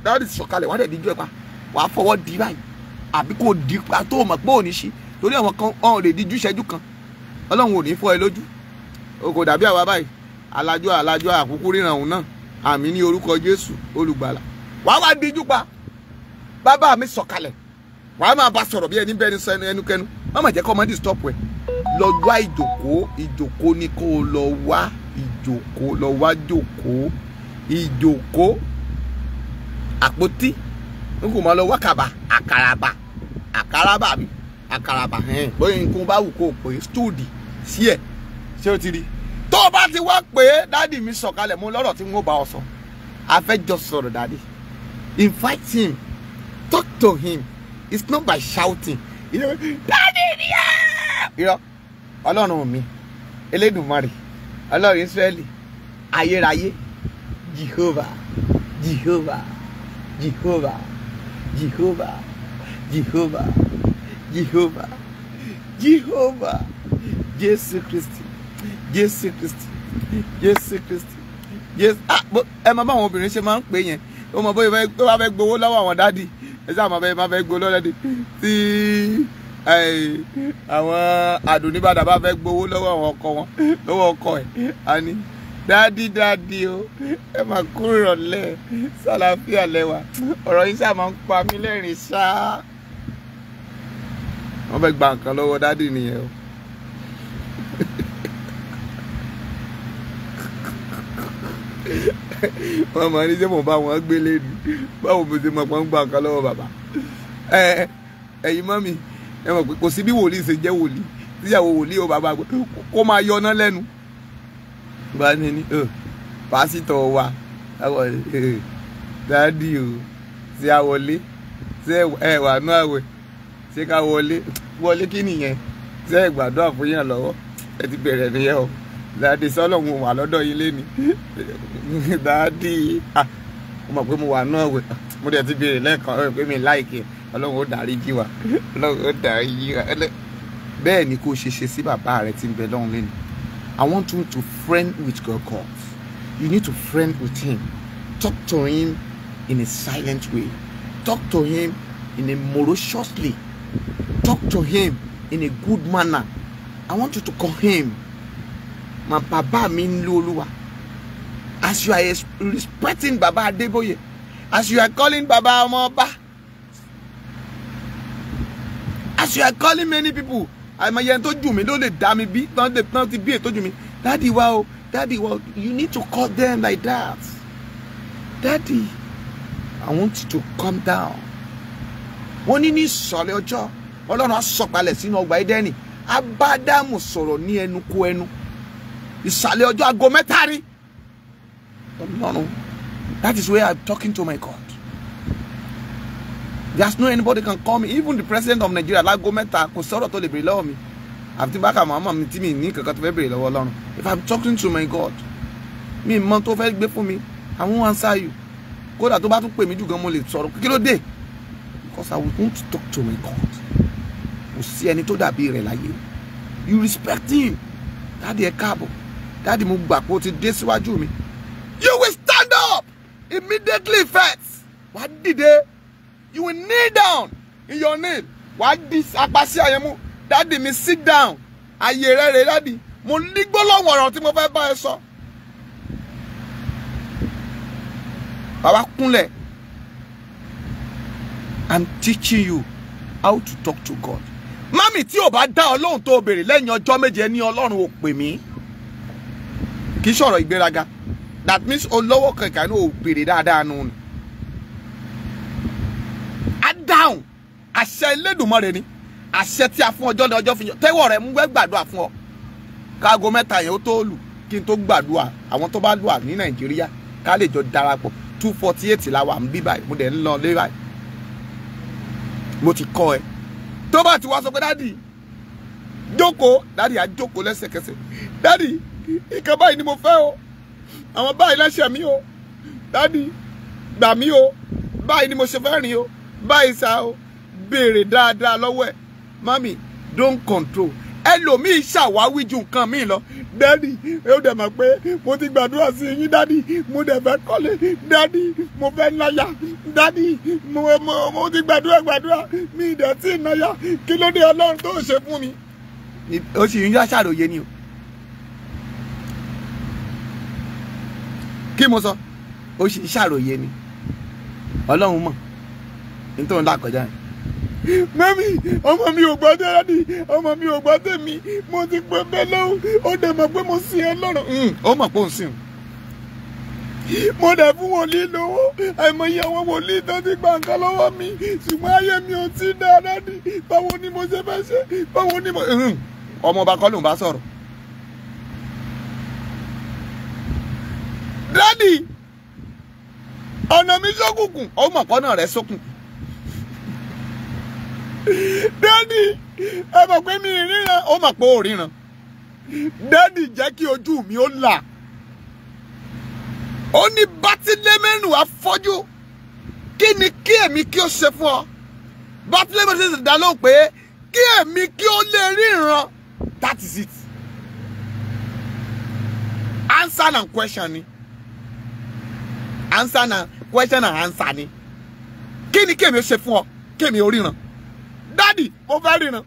dáàdì sọ̀kalẹ̀ wọ́n á dẹ̀ díjú ẹ̀ pa wàá fọwọ́ di báyìí àbí kò di pa tó o mọ̀ pé ò ní ṣe torí àwọn kan ọ̀hún lè díjú ṣẹ́jú kan ọlọ́run ò ní fọ́ ẹ lójú o kò dàbí àwa báyìí alájọ alájọ àkúkú ríran òun náà àmì ní orúkọ Jésù olùgbàlà wàá wá díjú pa bàbá mi sọ̀kalẹ̀ wàá máa bá sọ̀rọ̀ bí ẹni bẹ́ẹ̀ ni ẹnukẹ́nu má mà jẹ́ kọ́ ọmọdé stop ẹ̀ lọ wá ìjòkó ìjòkó ni kó o lọ wá ìjòkó lọ wá jòkó ìjòkó àpótí n kò mọ lọ wákàbà àkàràbà àkàràbà mi àkàràbà hẹ́n bóyá nǹkan bá wù kó o pè stúdì sí ẹ̀ ṣé o ti rí tó o bá ti wá pé dádì mi sọ̀kalẹ̀ mo lọ́rọ̀ tí n ó bá ọ sọ a fẹ́ jọ sọ̀rọ̀ dádì invite him talk to him it's not by shouting you know dádì ni ẹ́ irọ́ ọlọ́run mi elédùnmarè ọlọ́run israẹli ayérayé jehovah jehovah. Jehovah, Jehovah, Jehovah, Jehovah, Jehovah, Jésù Kristi, Jésù Kristi, Jésù Kristi, Jésù. Ah, ẹ máa bá àwọn obìnrin ṣe máa ń pè yẹn, ó mọ bóyá tó bá fẹ́ gbowó lọ́wọ́ àwọn dádì, ẹ sáà máa fẹ́ máa fẹ́ gbowó lọ́wọ́ dádì tí àwọn àdùnníbàdà bá fẹ́ gbowó lọ́wọ́ àwọn ọkọ wọn, lọ́wọ́ ọkọ ẹ̀, á ní dáàdì dáàdì o ẹ máa kúrò rọ̀lẹ́ sàlàfíà lẹ́wà ọ̀rọ̀ yìí sáà máa ń pa mí lẹ́rìn ṣáá wọ́n fẹ́ gba nǹkan lọ́wọ́ dáàdì nìyẹn o. wọ́n máa ní sẹ́wọ̀n bá wọn gbélé ni báwo mo ṣe mọ̀ pé wọ́n gba nǹkan lọ́wọ́ bàbá ẹ̀yin mọ́mi ẹ mọ̀ pé kò sí bí wòlíì ṣe jẹ́ wòlíì tíyàwó wòlíì o bàbá kó máa yọ ọ́nà lẹ́nu bá ní ní oh, pásítọ̀ wa eh, dáàdì o ṣé a wọlé ṣé ẹ wà nú àwẹ̀ ṣé ká wọlé wọlé kí nìyẹn ṣé ẹ gbàdúrà fún yàn lọ́wọ́ ẹ ti bẹ̀rẹ̀ nìyẹn o dáàdì sọ́lọ́hún wà lọ́dọ̀ yín lẹ́ni dáàdì ah, mo mọ̀ pé mo wà nú àwẹ̀ mo dẹ̀ ti bẹ̀rẹ̀ lẹ́ẹ̀kan ọ̀rẹ́ pé mi láìkì ọlọ́run ó dárí jí wa ọlọ́run ó dárí jí wa bẹ́ẹ̀ ni kò ṣe ṣe sí bàbá rẹ tí ń bẹ lọ́run lẹ́nu I want you to friend with God. You need to friend with Him. Talk to Him in a silent way. Talk to Him in a maliciously. Talk to Him in a good manner. I want you to call Him. My Baba Min Luluwa. As you are respecting Baba Adeboye, as you are calling Baba Omoba, as you are calling many people àìmọye ẹni tó jù mí ló lè dá mi bí tán lè tán ti bí ètò jù mí dáàdì wa o dáàdì wa o you need to call them like that dáàdì I want you to calm down wọ́n ní ní ìsọ̀rẹ́ ọjọ́ ọlọ́run á sọ̀kalẹ̀ sínú ọgbà Édẹ́nì abádámù sọ̀rọ̀ ní ẹnu kó ẹnu ìsàlẹ̀ ọjọ́ aago mẹ́ta rí ọlọ́run that is where I'm talking to my God there's no anybody can call me even the president of Nigeria láago mẹ́ta kò sọ̀rọ̀ tó lè béèrè lọ́wọ́ mi àfi tí bá kà màmá mi tí mi ní kankan tó fẹ́ béèrè lọ́wọ́ Ọlọ́run if i'm talking to my God mi mọ tó fẹ́ gbé fún mi I won't answer you kódà tó bá tún pè mí jù gan mo lè sọ̀rọ̀ kí ló dé because I want to talk to my God kò sí ẹni tó dàbí rẹ̀ láyé you respect him dáàdi ẹ káàbọ̀ dáàdi mo gbà pé o ti dé síwájú mi you will stand up immediately first wàá dìde you will kneel down in your name wàá di apá sí àyẹ̀ mú dáàdì mi sit down àyè rẹ̀ rẹ̀ dáàdì mo ní gbólóhùn ọ̀rọ̀ tí mo fẹ́ bá ẹ sọ. bàbá kúnlẹ̀ i'm teaching you how to talk to God. mami tí o bá dá ọlọ́run tó o béèrè lẹ́yìn ọjọ́ méje ní ọlọ́run ò pè mí kì í sọ̀rọ̀ ìgbéraga that means olówó kankan ní o béèrè dáadáa nù ni á dáhùn àṣẹ Elédùmarè ni àṣẹ tí a fún ọjọ́ ní ọjọ́ fi yàn tẹ́wọ̀ rẹ mú gbàdúrà fún ọ káago mẹ́ta yẹn ó tó lù kí n tó gbàdúrà àwọn tó bá lùà ní Nàìjíríà ká lè jọ darapọ̀ two forty eight la wà ń bí báyìí mo dẹ̀ ń lọ lé báyìí mo ti kọ́ ẹ tó bá ti wá sọ pé dádì jókòó dádì á jókòó lẹ́sẹ̀kẹsẹ̀ dádì ìkan báyìí ni mo fẹ́ o àwọn báyìí láṣẹ mi o dádì gbà mí o báyìí ni mo ṣe fẹ́ rìn o báyìí sá o béèrè dáadáa lọ́wọ́ ẹ̀ mami don't control ẹlòmíì ṣàwáwí ju nǹkan mi lọ dádì ẹ ó dẹ̀ mọ̀ pé mo ti gbàdúrà sí yín dádì mo dẹ̀ fẹ́ kọ́lé dádì mo fẹ́ náyà dádì mo mo mo ti gbàdúrà gbàdúrà mi ìdẹ̀ tí náyà kí ló dé ọlọ́run tó ṣe fún mi. ó sì ń yá ṣàròyé ni o. kí mo sọ ó sì ń ṣàròyé ni ọlọ́run mọ̀ ní tó ń là kọjá yẹn mami ọmọ mi ò gbọ́ dẹ́rẹ́dì ọmọ mi ò gbọ́ tèmi mo ti pé bẹ́ẹ̀ lọ́wọ́ ó dẹ̀ mọ̀ pé mo sin ẹ lọ́rùn hmm, ó mọ̀ pé ó ń sìn mo dẹ̀ fún wòlíì lówó àìmọye àwọn wòlíì tó ti gba nǹkan lọ́wọ́ mi ṣùgbọ́n ayé mi ò tí dẹ́rẹ́dì báwo ni mo ṣe fẹ́ ṣe báwo ni mo. Hmm, ọmọ ọba kọ́ ń bá sọ̀rọ̀. dádì ọ̀nà mi ṣókùnkùn ọmọ ọ̀pọ̀ náà rẹ̀ ṣókùnkùn dádì ẹ mọ̀ pé mi ríran ó mọ̀ pé ó ríran dádì jẹ́ kí ojú mi ó là ó ní bátílẹ́mẹ́nù afọ́jú kí ni kí èmi kí ó ṣe fún ọ bátílẹ́mẹ́nù ṣe dá lóhùn pé kí èmi kí ó lè ríran that is it answer and question ni answer and question and answer ni kí ni kí èmi ó ṣe fún ọ kí èmi ó ríran dáàdì mo fẹ́ ríran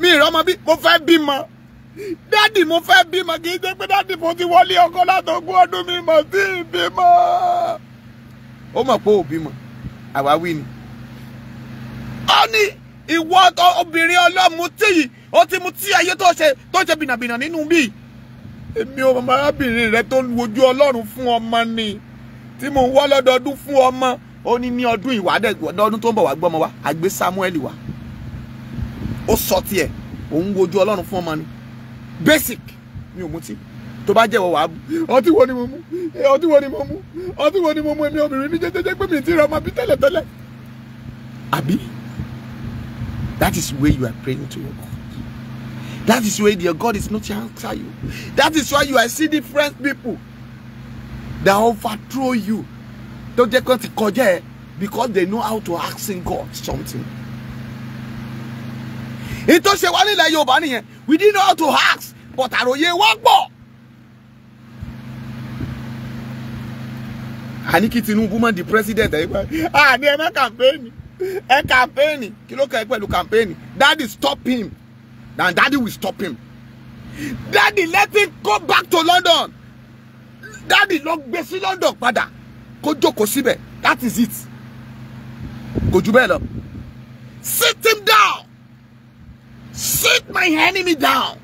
mi ìrọmọ bí mo fẹ́ bímọ dáàdì mo fẹ́ bímọ kì í ṣe pé dáàdì mo ti wọlé ọkọ látọgbọ́n ọdún mi mọ̀ sí ìbímọ. ó mọ̀ pé ò bímọ àwáwí ni. ó ní ìwọ obìnrin ọlọ́mú tí yìí ó ti mu tí ayé tó ṣe tó ṣe bìnàbìnà nínú bíi èmi ò mọ arábìnrin rẹ tó ń wojú ọlọ́run fún ọmọ ni tí mò ń wọ́ lọ́dọọdún fún ọmọ ó ní ní ọdún ìwádẹ́gbọ́dọ́dún tó ń bọ̀ wá gbọ́mọ wá àgbé Samuel wá ó sọ tiẹ̀ òun wojú ọlọ́run fún ọmọ ni basic mi ò mutí tó bá jẹ́wọ́ wàá ọtí wo ni mo mú eh, ọtí wo ni mo mú ọtí wo ni mo mú èmi obìnrin ní jẹjẹjẹ pé mi ti rọ ọmọ bí tẹ́lẹ̀ tẹ́lẹ̀ àbí that is where you are praying to your God that is where your God is not answer you that is why you are see different people that overthrow you tó jẹ́ kó ti kọjá ẹ because they know how to ask in God something ìtọ́ṣe wa nílẹ̀ Yorùbá nìyẹn we didn't know how to ask but àròyé wa pọ̀. àní kí Tinubu má di president ẹ̀ pẹ́ àní ẹ̀ má kàmpéènì ẹ̀ kàmpéènì kí ló kẹ́ ẹ pẹ̀lú kàmpéènì daddy stop him and daddy will stop him daddy let him go back to London daddy lọ gbé sí London padà kó jókòó síbẹ̀ that is it kò jù bẹ́ẹ̀ lọ sit him down. Sit my enemy down.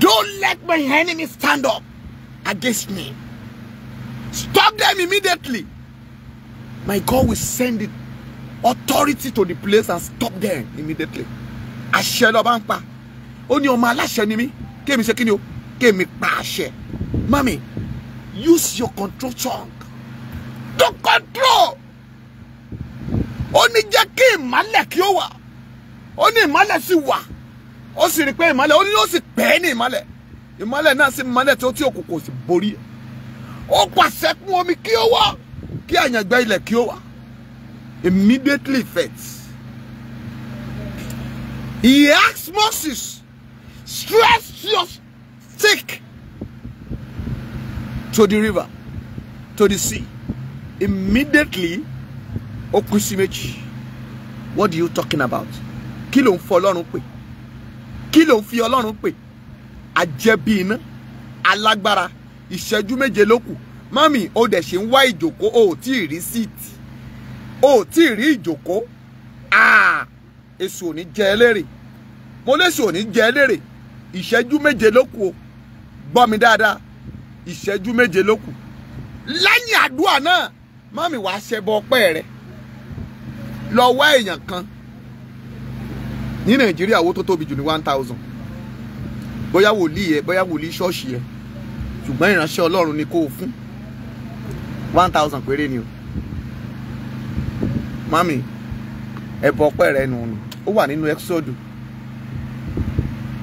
Don't let my enemy stand up against me. Stop them immediately. My God will send the authority to the place and stop them immediately. Àṣẹ lọ́ba ń pa. Ó o ma aláṣẹ ni mí. Kémi ṣe kí ni o? Kémi pa àṣẹ. Mami, use your control chunk. Don't control. Ó ní jẹ́ kí ìmálẹ̀ kí ó wà ó ní ìmọ́lẹ̀ sì wà ó sì rí pé ìmọ́lẹ̀ ó ní ó sì pẹ́ ní ìmọ́lẹ̀ ìmọ́lẹ̀ náà sì mọ́lẹ̀ tó tí òkùnkùn sì borí ó pàṣẹ fún omi kí ó wọ́ kí àyàngbẹ ilẹ̀ kí ó wà immediately effect he asked Moses stretch your stick to the river to the sea immediately ó kú sí what are you talking about kí ló ń fọ ọlọ́run pè kí ló ń fi ọlọ́run pè àjẹbí iná alágbára ìṣẹ́jú méje ló kù mami o dẹ̀ ṣe ń wá ìjòkó o ò tí ì rí síìtì o ò tí ì rí ìjòkó ah, èso ò ní jẹ ẹlẹ́rè mo léso ò ní jẹ ẹlẹ́rè ìṣẹ́jú méje ló kù o gbọ́ mi dáadáa ìṣẹ́jú méje ló kù lẹ́yìn àdúrà náà mami wàá ṣẹbọ ọpẹ́ rẹ lọ wá èèyàn kan ní nàìjíríà owó tó tóbi jù ní one thousand bóyá wòlíì ẹ bóyá wòlíì ṣọ́ọ̀ṣì ẹ ṣùgbọ́n ìránṣẹ́ ọlọ́run ni kó o fún one thousand péré ni o mami ẹbọ ọpẹ́ rẹ nù nù ó wà nínú exodus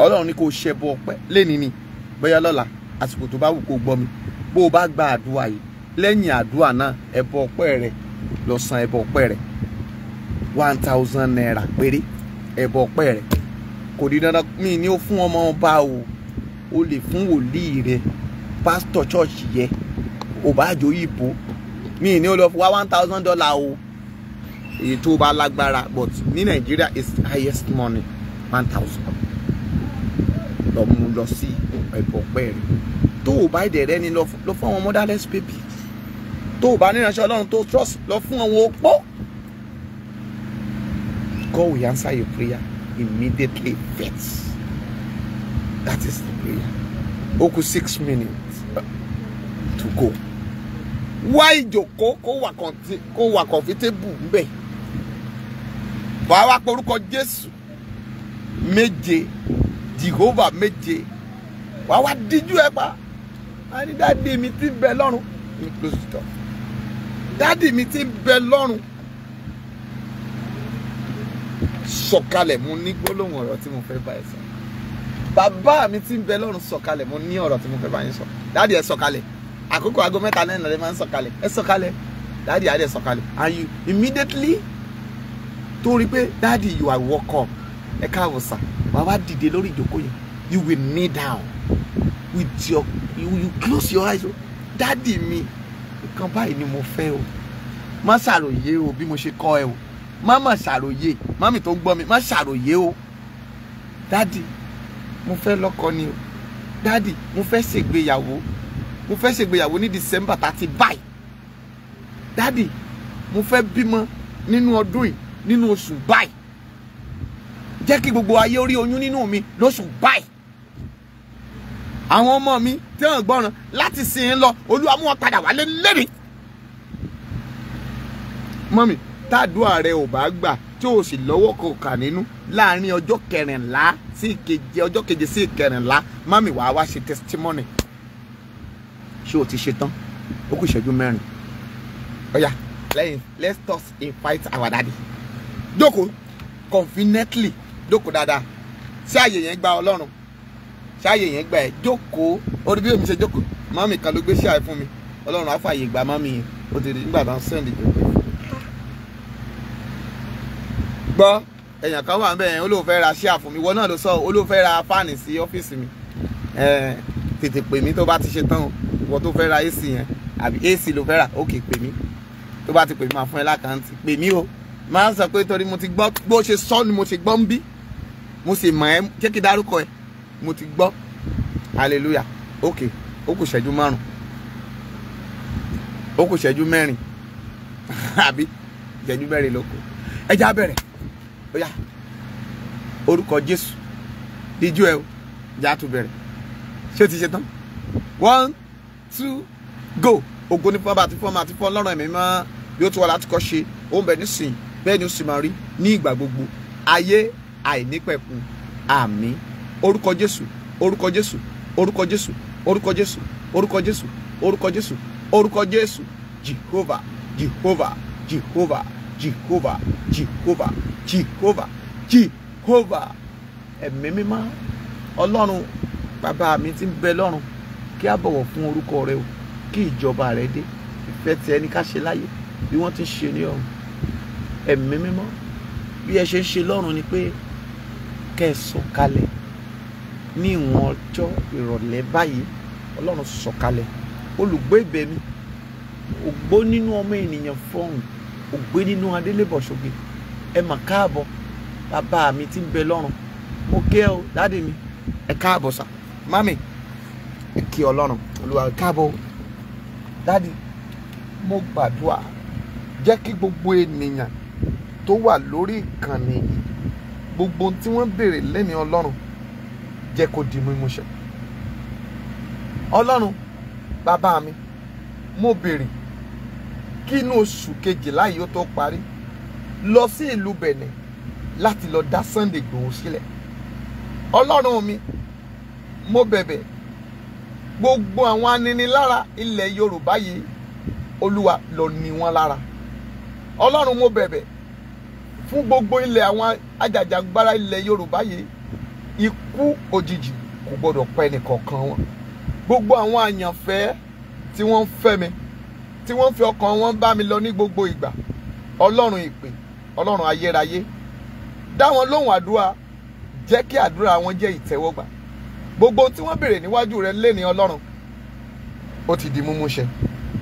ọlọ́run ni kó o ṣẹbọ ọpẹ́ lẹ́ni ni bóyá lọ́la àsìkò tó bá wù kó o gbọ́ mi bó o bá gba àdúrà yìí lẹ́yìn àdúrà náà ẹbọ ọpẹ́ rẹ lọ san ẹbọ ọpẹ́ rẹ one thousand naira péré ẹ̀bọ̀ ọpẹ́ rẹ̀ kò di dandan mi ni ó fún ọmọ ọba o o lè fún wòlíì rẹ pásítọ̀ chọ́ọ̀chì yẹ ò bá jọ ìbò mi ni ó lọ fún wa one thousand dollar o èyí tó bá lágbára but ní nàìjíríà is highest money one thousand lọ mú lọ sí ẹ̀bọ̀ ọpẹ́ rẹ tó o bá ìdẹ̀rẹ́ ni lọ fún àwọn motherless baby tó o bá níránṣẹ́ ọlọ́run tó trust lọ fún àwọn opó. God will answer your prayer immediately first. That is the prayer. Oku six minutes uh, to go. Wá ìjòkó kó wà comfortable mbẹ̀. Wàá wá porúkọ Jésù méje Jehovah méje. Wàá did you ever? pa. A ní dáàdi mi ti bẹ lọ́run. Dáàdi mi sọ̀kalẹ̀ mo ní gbólóhùn ọ̀rọ̀ tí mo fẹ́ bá ẹ sọ bàbá mi ti ń bẹ lọ́run sọ̀kalẹ̀ mo ní ọ̀rọ̀ tí mo fẹ́ bá yín sọ dáàdì ẹ sọ̀kalẹ̀ àkókò aago mẹ́ta náà ìnáwó máa ń sọ̀kalẹ̀ ẹ sọ̀kalẹ̀ dáàdì àdì ẹ sọ̀kalẹ̀ and you immediately tó rí pé dáàdì you are woke up ẹ káàbọ̀ sà wàá wá dìde lórí ìjókòó yẹn you will kneel down with your you, you close your eyes o dáàdì mi nǹkan báyìí ni mo fẹ́ o má ṣàròyé o bí mo ṣe kọ́ ẹ o má mà ṣàròyé mọ́mì tó ń gbọ́ mi má ṣàròyé o dádì mo fẹ́ lọ́kọ ni o dádì mo fẹ́ ṣègbéyàwó mo fẹ́ ṣègbéyàwó ní december thirty báyìí dádì mo fẹ́ bímọ nínú ọdún yìí nínú oṣù báyìí jẹ́ kí gbogbo ayé rí oyún nínú mi lóṣù báyìí àwọn ọmọ mi tí wọ́n gbọ́ràn láti sìn ín lọ olúwa mú wọn padà wálé lẹ́rìí mọ́mì tádùá rẹ ò bá gbà tí o sì lọ́wọ́ kò nínú láàrin ọjọ́ kẹrìnlá sí ìkeje ọjọ́ keje sí ìkẹrìnlá mami wàá wá ṣe testimony ṣé o ti ṣe tán ó kù ìṣẹ́jú mẹ́rin ọ̀yà lẹ́yìn let's toss invite our daddy jókòó confidently jókòó dáadáa ṣé àyè yẹn gba ọlọ́run ṣé àyè yẹn gba ẹ̀ jókòó orí bí èmi ṣe jókòó mami kan ló gbé ṣáà fún mi ọlọ́run á fààyè gba mami yẹn ó ti rí nígbà tó ń sẹ́ndì jókòó gbọ́ èèyàn kan wà bẹ́ẹ̀ ó lóun fẹ́ ra ṣíà fún mi ìwọ náà ló sọ ó lóun fẹ́ ra fáànì sí ọ́fíìsì mi tètè pè mí tó bá ti ṣe tán o ìwọ tó fẹ́ ra AC yẹn àbí AC ló fẹ́ rà òkè pè mí tó bá ti pè mí máa fún ẹ lákàntì pè mí o máa ń sọ pé torí mo ti gbọ́ bó ṣe sọ ni mo ṣe gbọ́ ń bí mo sì mọ̀ ẹ́ jẹ́ kí dárúkọ ẹ mo ti gbọ́ hallelujah òkè ó kù ṣẹ́jú márùn ó kù ṣẹ́jú mẹ́rin àbí ṣẹ́jú mẹ́rin ló kù ẹ já bẹ̀rẹ̀. Oya, yá orúkọ jésù díjú ẹ o jà tó bẹ̀rẹ̀ ṣé o ti ṣe tán one two go ògo ní fọ́nba àti fọ́nba àti fọ́n lọ́rùn ẹ̀mí mọ́ bí ó ti wà láti kọ́ ṣe ó ń bẹ bẹ́ẹ̀ ni ó sì máa rí ní ìgbà gbogbo ayé àìnípẹ̀kun àmín orúkọ jésù orúkọ jésù orúkọ jésù orúkọ jésù orúkọ jésù orúkọ jésù orúkọ jésù Jehovah, Jehovah. jehova. Jehovah, Jehovah, Jehovah, Jehovah. Ẹ̀mí mímọ́ Ọlọ́run bàbá mi ti ń bẹ lọ́run kí a bọ̀wọ̀ fún orúkọ rẹ o kí ìjọba rẹ dé ìfẹ́ tí ẹni ká ṣe láyé bí wọ́n ti ń ṣe ní ọ̀run ẹ̀mí mímọ́ bí ẹ ṣe ń ṣe lọ́run ni pé kẹ́ ẹ ní ìwọ̀n ọjọ́ ìrọ̀lẹ́ báyìí Ọlọ́run sọ̀kalẹ̀ olùgbé ibẹ̀ ògbó nínú ọmọ ènìyàn fọ́hùn ògbé nínú adélébọ̀ ṣoge ẹ mà káàbọ̀ bàbá mi ti ń bẹ lọ́run mo gé o dáàdì mi ẹ káàbọ̀ sà mami ẹ kí ọlọ́run olúwa ẹ káàbọ̀ dáàdì mo gbàdúrà jẹ́ kí gbogbo ènìyàn tó wà lórí ìkànnì yìí gbogbo tí wọ́n béèrè lẹ́ni ọlọ́run jẹ́ kó di mímúṣẹ ọlọ́run bàbá mi mo béèrè kínú oṣù kejìlá yìí ó tó parí lọ sí ìlú Benin láti lọ dá Sunday Igboho sílẹ̀ ọlọ́run mi mo bẹ̀bẹ̀ gbogbo àwọn aninilára ilẹ̀ Yorùbá yìí olúwa lọ ní wọn lára ọlọ́run mo bẹ̀bẹ̀ fún gbogbo ilẹ̀ àwọn ajàjàgbara ilẹ̀ Yorùbá yìí ikú òjijì kò gbọdọ̀ pa ẹnìkọ̀ọ̀kan wọn gbogbo àwọn àyànfẹ́ tí wọ́n ń fẹ́ mi tí wọ́n fi ọkàn wọn bá mi lọ ní gbogbo ìgbà ọlọ́run ìpè ọlọ́run ayérayé dá wọn lóhùn àdúrà jẹ́ kí àdúrà wọn jẹ́ ìtẹ́wọ́gbà gbogbo tí wọ́n béèrè níwájú rẹ léni ọlọ́run ó ti di múmú ṣẹ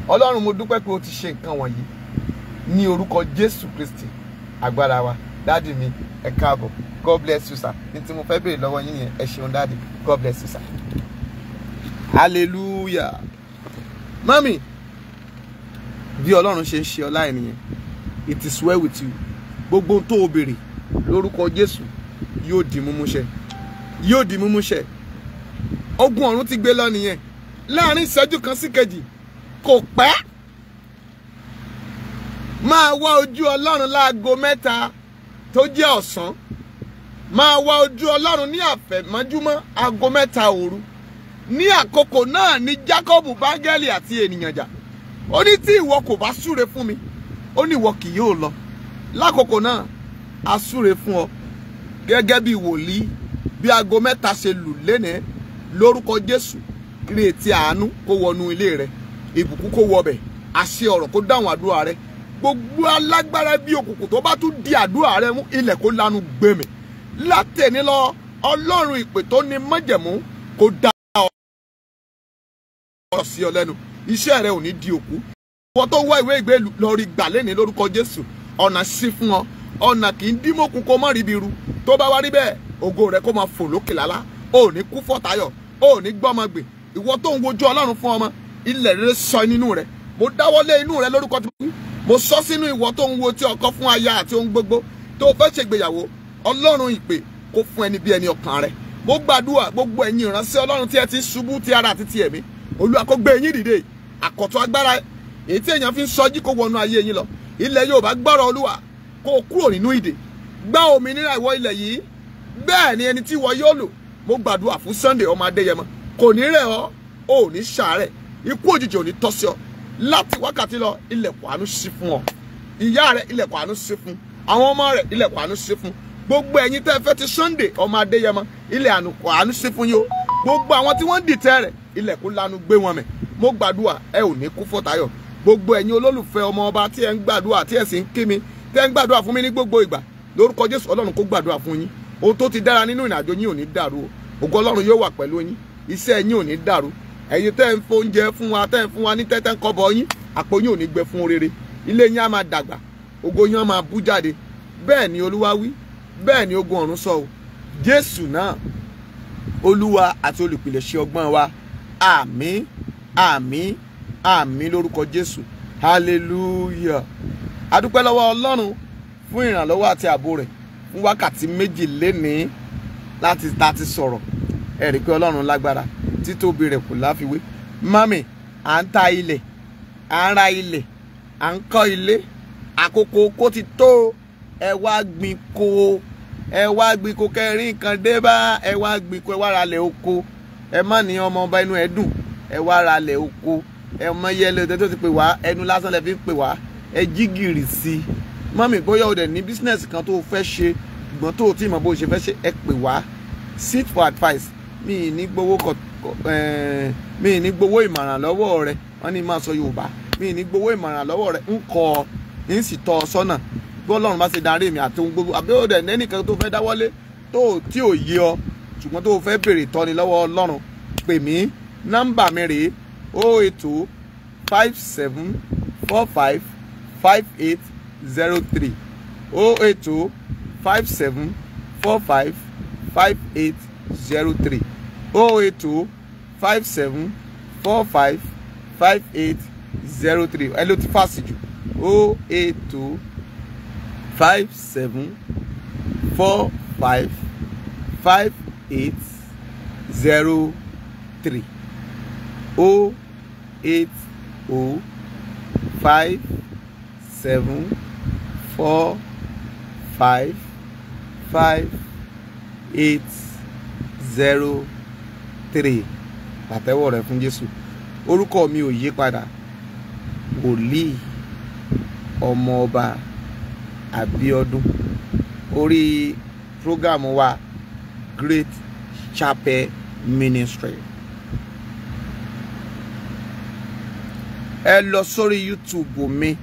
ọlọ́run mo dúpẹ́ pé o ti ṣe nǹkan wọ̀nyí ní orúkọ jésù kristi agbára wa dáàdì mi ẹ káàbọ̀ god bless you sir ní tí mo fẹ́ béèrè lọ́wọ́ yín yẹn ẹ ṣeun dáàdì god bless you sir hallelujah mami bí ọlọ́run ṣe ń ṣe ọlá ènìyàn it is well with you gbogbo tó o béèrè lórúkọ jésù yóò di mímúṣẹ yóò di mímúṣẹ ogun ọ̀run ti gbé lọ nìyẹn láàrin ìṣẹ́jú kan sí kejì kò pẹ́ máa wá ojú ọlọ́run láago mẹ́ta tó jẹ́ ọ̀sán máa wá ojú ọlọ́run ní àfẹ̀mọ́júmọ́ aago mẹ́ta òru ní àkókò náà ni Jákọ́bù báńgẹ́lì àti ènìyàn jà ó ní tí ìwọ kò bá súre fún mi ó ní ìwọ kì yóò lọ lákòókò náà a súre fún ọ gẹ́gẹ́ bí wòlíì bí aago mẹ́ta ṣe lù lénìí lórúkọ Jésù ìrètí àánú kó wọnú ilé rẹ ìbùkún kó wọbẹ̀ àṣẹ ọ̀rọ̀ kó dáhùn àdúrà rẹ gbogbo alágbára bí òkùnkùn tó bá tún di àdúrà rẹ mú ilẹ̀ kó lanu gbẹmẹ látẹ̀ní lọ ọlọ́run ìpè tó ní májẹ̀mú kó dá ọ̀rọ̀ sí ọ lẹ́nu iṣẹ́ rẹ ò ní di òkú wọ́n tó wá ìwé ìgbélú lọ rí gbà lẹ́ni lórúkọ Jésù ọ̀nà sí fún ọ ọ̀nà kì í dímọ̀kun kó mọ́ ríbi ru tó bá wá rí bẹ́ẹ̀ ògo rẹ kó máa fò lókè lálá ò ní kú fọ́tayọ̀ ò ní gbọ́mọ gbè ìwọ tó ń wojú Ọlọ́run fún ọmọ ilẹ̀ rere sọ nínú rẹ mo dáwọ́lé inú rẹ lórúkọ tí mo sọ sínú ìwọ tó ń wo tí ọkọ fún aya àti ohun gbogbo tó fẹ́ ṣègbéyàwó Ọlọ́run ìpè kó fún ẹni bí ẹni ọkàn rẹ mo gbàdúrà gbogbo ẹ̀yin ìránṣẹ́ Ọlọ́run tí ẹ ti ṣubú ti ara àti ti ẹ̀mí Olúwa yín dìde yìí àkọ̀tún agbára èyí tí èèyàn fi ń sọjí kó wọnú ayé yín lọ ilẹ̀ Yorùbá gbọ́rọ̀ Olúwa kó o kúrò nínú ìdè gba òmìnira ìwọ ilẹ̀ yìí bẹ́ẹ̀ ni ẹni tí ìwọ yóò lò mo gbàdúrà fún Sunday ọmọ Adéyẹmọ kò ní rẹ̀ ọ́ ò ní ṣàárẹ̀ ikú òjijì ò ní tọ́ sí ọ láti wákàtí lọ ilẹ̀kùn àánú ṣí fún ọ ìyá rẹ ilẹ̀kùn àánú ṣí fún àwọn ọmọ rẹ ilẹ̀kùn àánú ṣí fún gbogbo ẹ̀yin tẹ́ fẹ́ ti Sunday ọmọ Adéyẹmọ ilẹ̀ àánú ṣí fún yín o gbogbo àwọn tí wọ́n dìtẹ̀ rẹ̀ ilẹ̀kùn lanu gbé wọn mẹ́ mo gbàdúrà ẹ ò ní kú fọ́tayọ̀ gbogbo ẹ̀yin olólùfẹ́ ọmọ ọba tí ẹ ń gbàdúrà tí ẹ sì ń kí mi tí ẹ ń gbàdúrà fún mi ní gbogbo ìgbà lórúkọ jésù ọlọ́run kó gbàdúrà fún yín ohun tó ti dára nínú ìrìnàjò yín ò ní dàrú o ògo ọlọ́run yóò wà pẹ̀lú yín iṣẹ́ yín ò ní dàrú ẹ̀yin tẹ́ ń fo fún wa tẹ́ ń fún wa ní tẹ́tẹ́ ń kọ́bọ̀ yín àpò yín ò ní gbẹ fún rere ilé yín á máa dàgbà ògo yín á máa bú jáde bẹ́ẹ̀ ni olúwa wí bẹ́ẹ̀ ni ogun ọ̀run sọ o jésù náà olúwa àti olùpìlẹ̀ṣẹ̀ ọgbọ́n wa àmín àmín àmín lórúkọ jésù hallelujah adúpẹ́ lọ́wọ́ ọlọ́run fún ìrànlọ́wọ́ àti ààbò rẹ̀ fún wákàtí méjì lénìí láti ta ti sọ̀rọ̀ ẹ̀rí pé ọlọ́run lágbára títóbi rẹ̀ kò láfiwé mami à ń ta ilẹ̀ à ń ra ilẹ̀ à ń kọ́ ilé àkókò kó ti tó ẹ wá gbin kó ẹ wá gbin kó kẹrin kan dé bá ẹ wá gbin kó ẹ wá ralẹ̀ oko ẹ má ní ọmọ ọba inú ẹ dùn ẹ wá ra lẹ̀ oko ẹ mọ iye ẹlẹ́dẹ́ tó ti pè wá ẹnu lásán lẹ́ fi ń pè wá ẹ jí gìrì sí i mọ́mì bóyá o dẹ̀ ní bísínẹ́sì kan tó o fẹ́ ṣe ṣùgbọ́n tó o tí mọ̀ bó o ṣe fẹ́ ṣe ẹ pè wá sit for advice mi ì ní gbowó kọ mi ì ní gbowó ìmọ̀ràn lọ́wọ́ rẹ wọ́n ní máa sọ Yorùbá mi ì ní gbowó ìmọ̀ràn lọ́wọ́ rẹ ń kọ́ ọ ń sì tọ́ ọ sọ́nà bí Ọlọ́run bá ṣe darí mi àti ohun gbogbo àbí o dẹ̀ nẹ́nìkan tó fẹ́ dáwọ́lé tó tí ò yé ọ ṣùgbọ́n tó o fẹ́ béèrè tọ́ni lọ́wọ́ Ọlọ́run pè mí nọ́mbà mi rèé o oh eight two five seven four five five eight zero three o oh eight five seven four five five eight zero three o oh eight five seven four five five eight zero three ẹ ló ti fásitì jù o eight five seven four five five eight zero three. o eight o five seven four five five eight zero three pàtẹ́wọ̀ rẹ̀ fún Jésù orúkọ mi ò yí padà wòlíì ọmọ ọba Abíọ́dún orí prógámù wa Great Chapel Ministry. ẹ lọ sórí youtube mi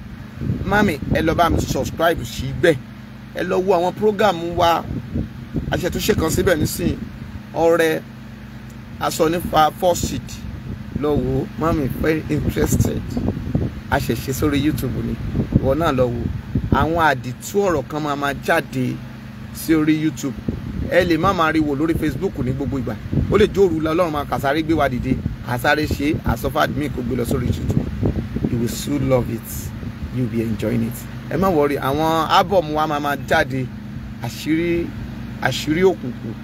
mami ẹ lọ bá mi subscribe sí bẹ́ẹ̀ ẹ lọ wo àwọn program wa aṣètúnṣe kan síbẹ̀ nísìnyí ọ̀rẹ́ aṣọ nípa four seed lọ wo mami very interested aṣẹ̀ṣe sórí youtube ni ìwọ náà lọ wo àwọn àdìtú ọ̀rọ̀ kan máa máa jáde sí orí youtube ẹ lè má máa riwò lórí facebook ní gbogbo ìgbà ó lè jóòrú lọ ọlọ́run máa kàsáré gbé wa dìde àsáré ṣe àsọfà kò gbé lọ sórí youtube you will soon love it you will be enjoying it ẹ má wọrí àwọn album wa máa máa jáde àṣírí àṣírí òkùnkùn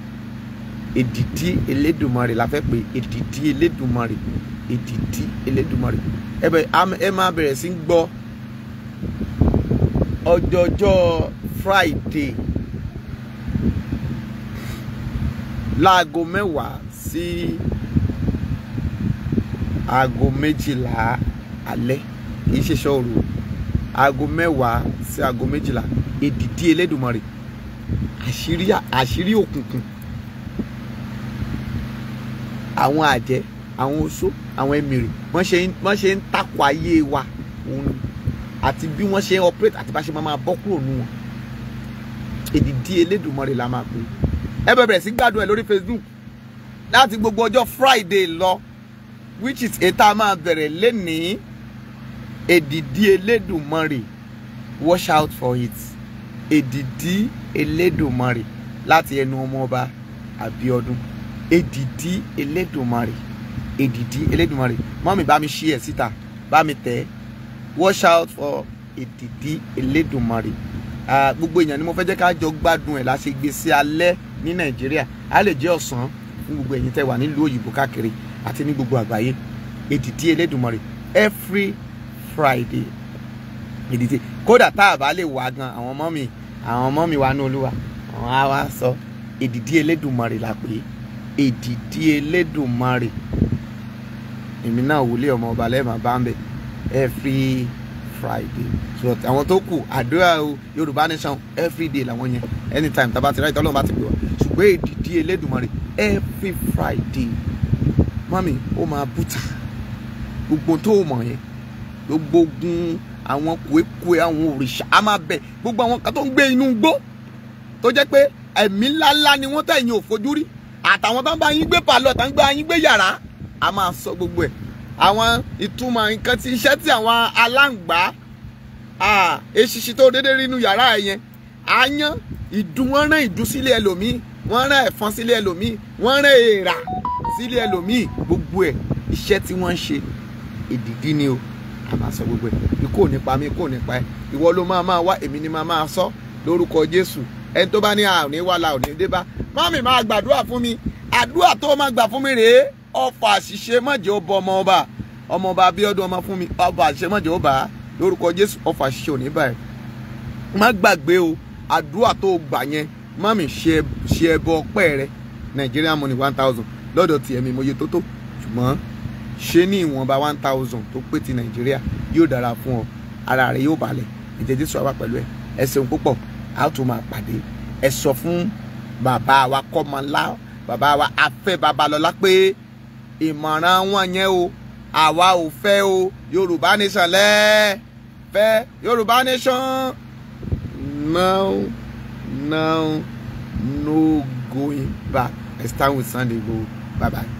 èdìdí elédùnmarè la fẹ́ pé èdìdí elédùnmarè èdìdí elédùnmarè ẹ máa bẹ̀rẹ̀ sí gbọ́ ọjọ́jọ́ friday láago mẹ́wàá sí aago méjìlá alẹ́ kì í ṣe iṣẹ́ òru aago mẹ́wàá sí aago méjìlá èdìdí Elédùmarè àṣírí àṣírí òkùnkùn àwọn àjẹ́ àwọn oṣó àwọn ẹ̀mìrì wọ́n ṣe wọ́n ṣe ń takò ayé wa òun àti bí wọ́n ṣe ń operate àti bá ṣe máa bọ́ kúrò nù wọn èdìdí Elédùmarè la máa pè ẹ bẹ̀rẹ̀ sí gbádùn ẹ lórí Facebook láti gbogbo ọjọ́ Friday lọ which is ètà máa bẹ̀rẹ̀ lénìí èdìdí elédùnmarè wash out for it èdìdí elédùnmarè láti ẹnu ọmọọba àbíọdún èdìdí elédùnmarè èdìdí elédùnmarè mọ́mí bá mi ṣí ẹ̀ síta bá mi tẹ̀ wash out for èdìdí elédùnmarè gbogbo èèyàn ni mo fẹ́ jẹ́ ká jọ gbádùn ẹ̀ láti gbé sí alẹ́ ní nàìjíríà á lè jẹ́ ọ̀sán fún gbogbo ẹ̀yin tẹ́ wà nílùú òyìnbó káàkiri àti ní gbogbo àgbáyé èdìdí elédùnmarè every Friday ìdíje kódà tá a bá lè wá gan àwọn ọmọ mi àwọn ọmọ mi wà ní olúwa àwọn á wá sọ èdìdí elédùnmarè la pè é èdìdí elédùnmarè èmi náà wọlé ọmọ ọba lẹ́ẹ̀mà bá every Friday so àwọn tó kù àdúrà o Yorùbá nation every day làwọn yẹn anytime tá a bá ti ráyè tọ́lọ́run bá ti pè wá ṣùgbọ́n èdìdí elédùnmarè every Friday mami O máa bùtà gbogbo tó mọ̀ yẹn gbogbo ogun àwọn kòékòé àwọn òrìṣà á máa bẹ̀ gbogbo àwọn kan tó ń gbé inú igbó tó jẹ́ pé ẹ̀mí ńláńlá ni wọ́n tẹ̀yìn ò fojú rí àtàwọn tó ń bá yín gbé pàlọ́ tó ń gbé yín gbé yàrá á máa sọ gbogbo ẹ̀ àwọn ìtumọ̀ nǹkan tí iṣẹ́ tí àwọn aláǹgbá eṣiṣi tó dédé rí inú yàrá ẹ̀ yẹn àyàn ìdun wọ́n rán ìdun sílé ẹlòmíì wọ́n rán ẹ̀fọn sílé ẹlòmíì wọ́n rán èèrà sílé ẹlòmíì gbogbo ẹ̀ iṣẹ́ tí wọ́n ń ṣe èdìdí ni o a máa sọ gbogbo ẹ̀ ikú ò ní pa mí ikú ò ní pa ẹ́ ìwọ ló máa máa wá èmi ni máa máa sọ lórúkọ Jésù ẹni tó bá ní àrùn ní wàhálà òní dé bá mami máa gbàdúrà fún mi àdúrà tó máa gbà fún mi rèé ọ̀fà àṣìṣe mọ̀jẹ̀ ó bọ ọmọ ọba ọmọ ọba Abíọ́dún ọmọ fún mi ọ̀fà àṣìṣe mọ̀jẹ̀ ó bà á lórúkọ Jésù ọ̀fà àṣìṣe òní báyìí má gbàgbé o àdúrà tó gbà yẹn mami ṣe ẹbọ ọpẹ́ rẹ Nàìjíríà money one thousand lọ́dọ̀ tiẹ̀ mi mo yẹ tó tó ṣùgbọ́n ṣe ní ìwọ̀nba one thousand tó pé ti nàìjíríà yóò dára fún ọ ara rẹ yóò balẹ̀ ẹ̀jẹ̀ jésù àwa pẹ̀lú ẹ ẹ ṣeun púpọ̀ a ó tún máa pàdé ẹ sọ fún bàbá wa kọ́mọlá bàbá wa afẹ́ babalọ́lá pé ìmọ̀ràn wọn yẹn o àwa ò fẹ́ o yorùbá nation lẹ́ẹ̀ fẹ́ yorùbá nation No. No. no going back i stand with sunday go bye bye.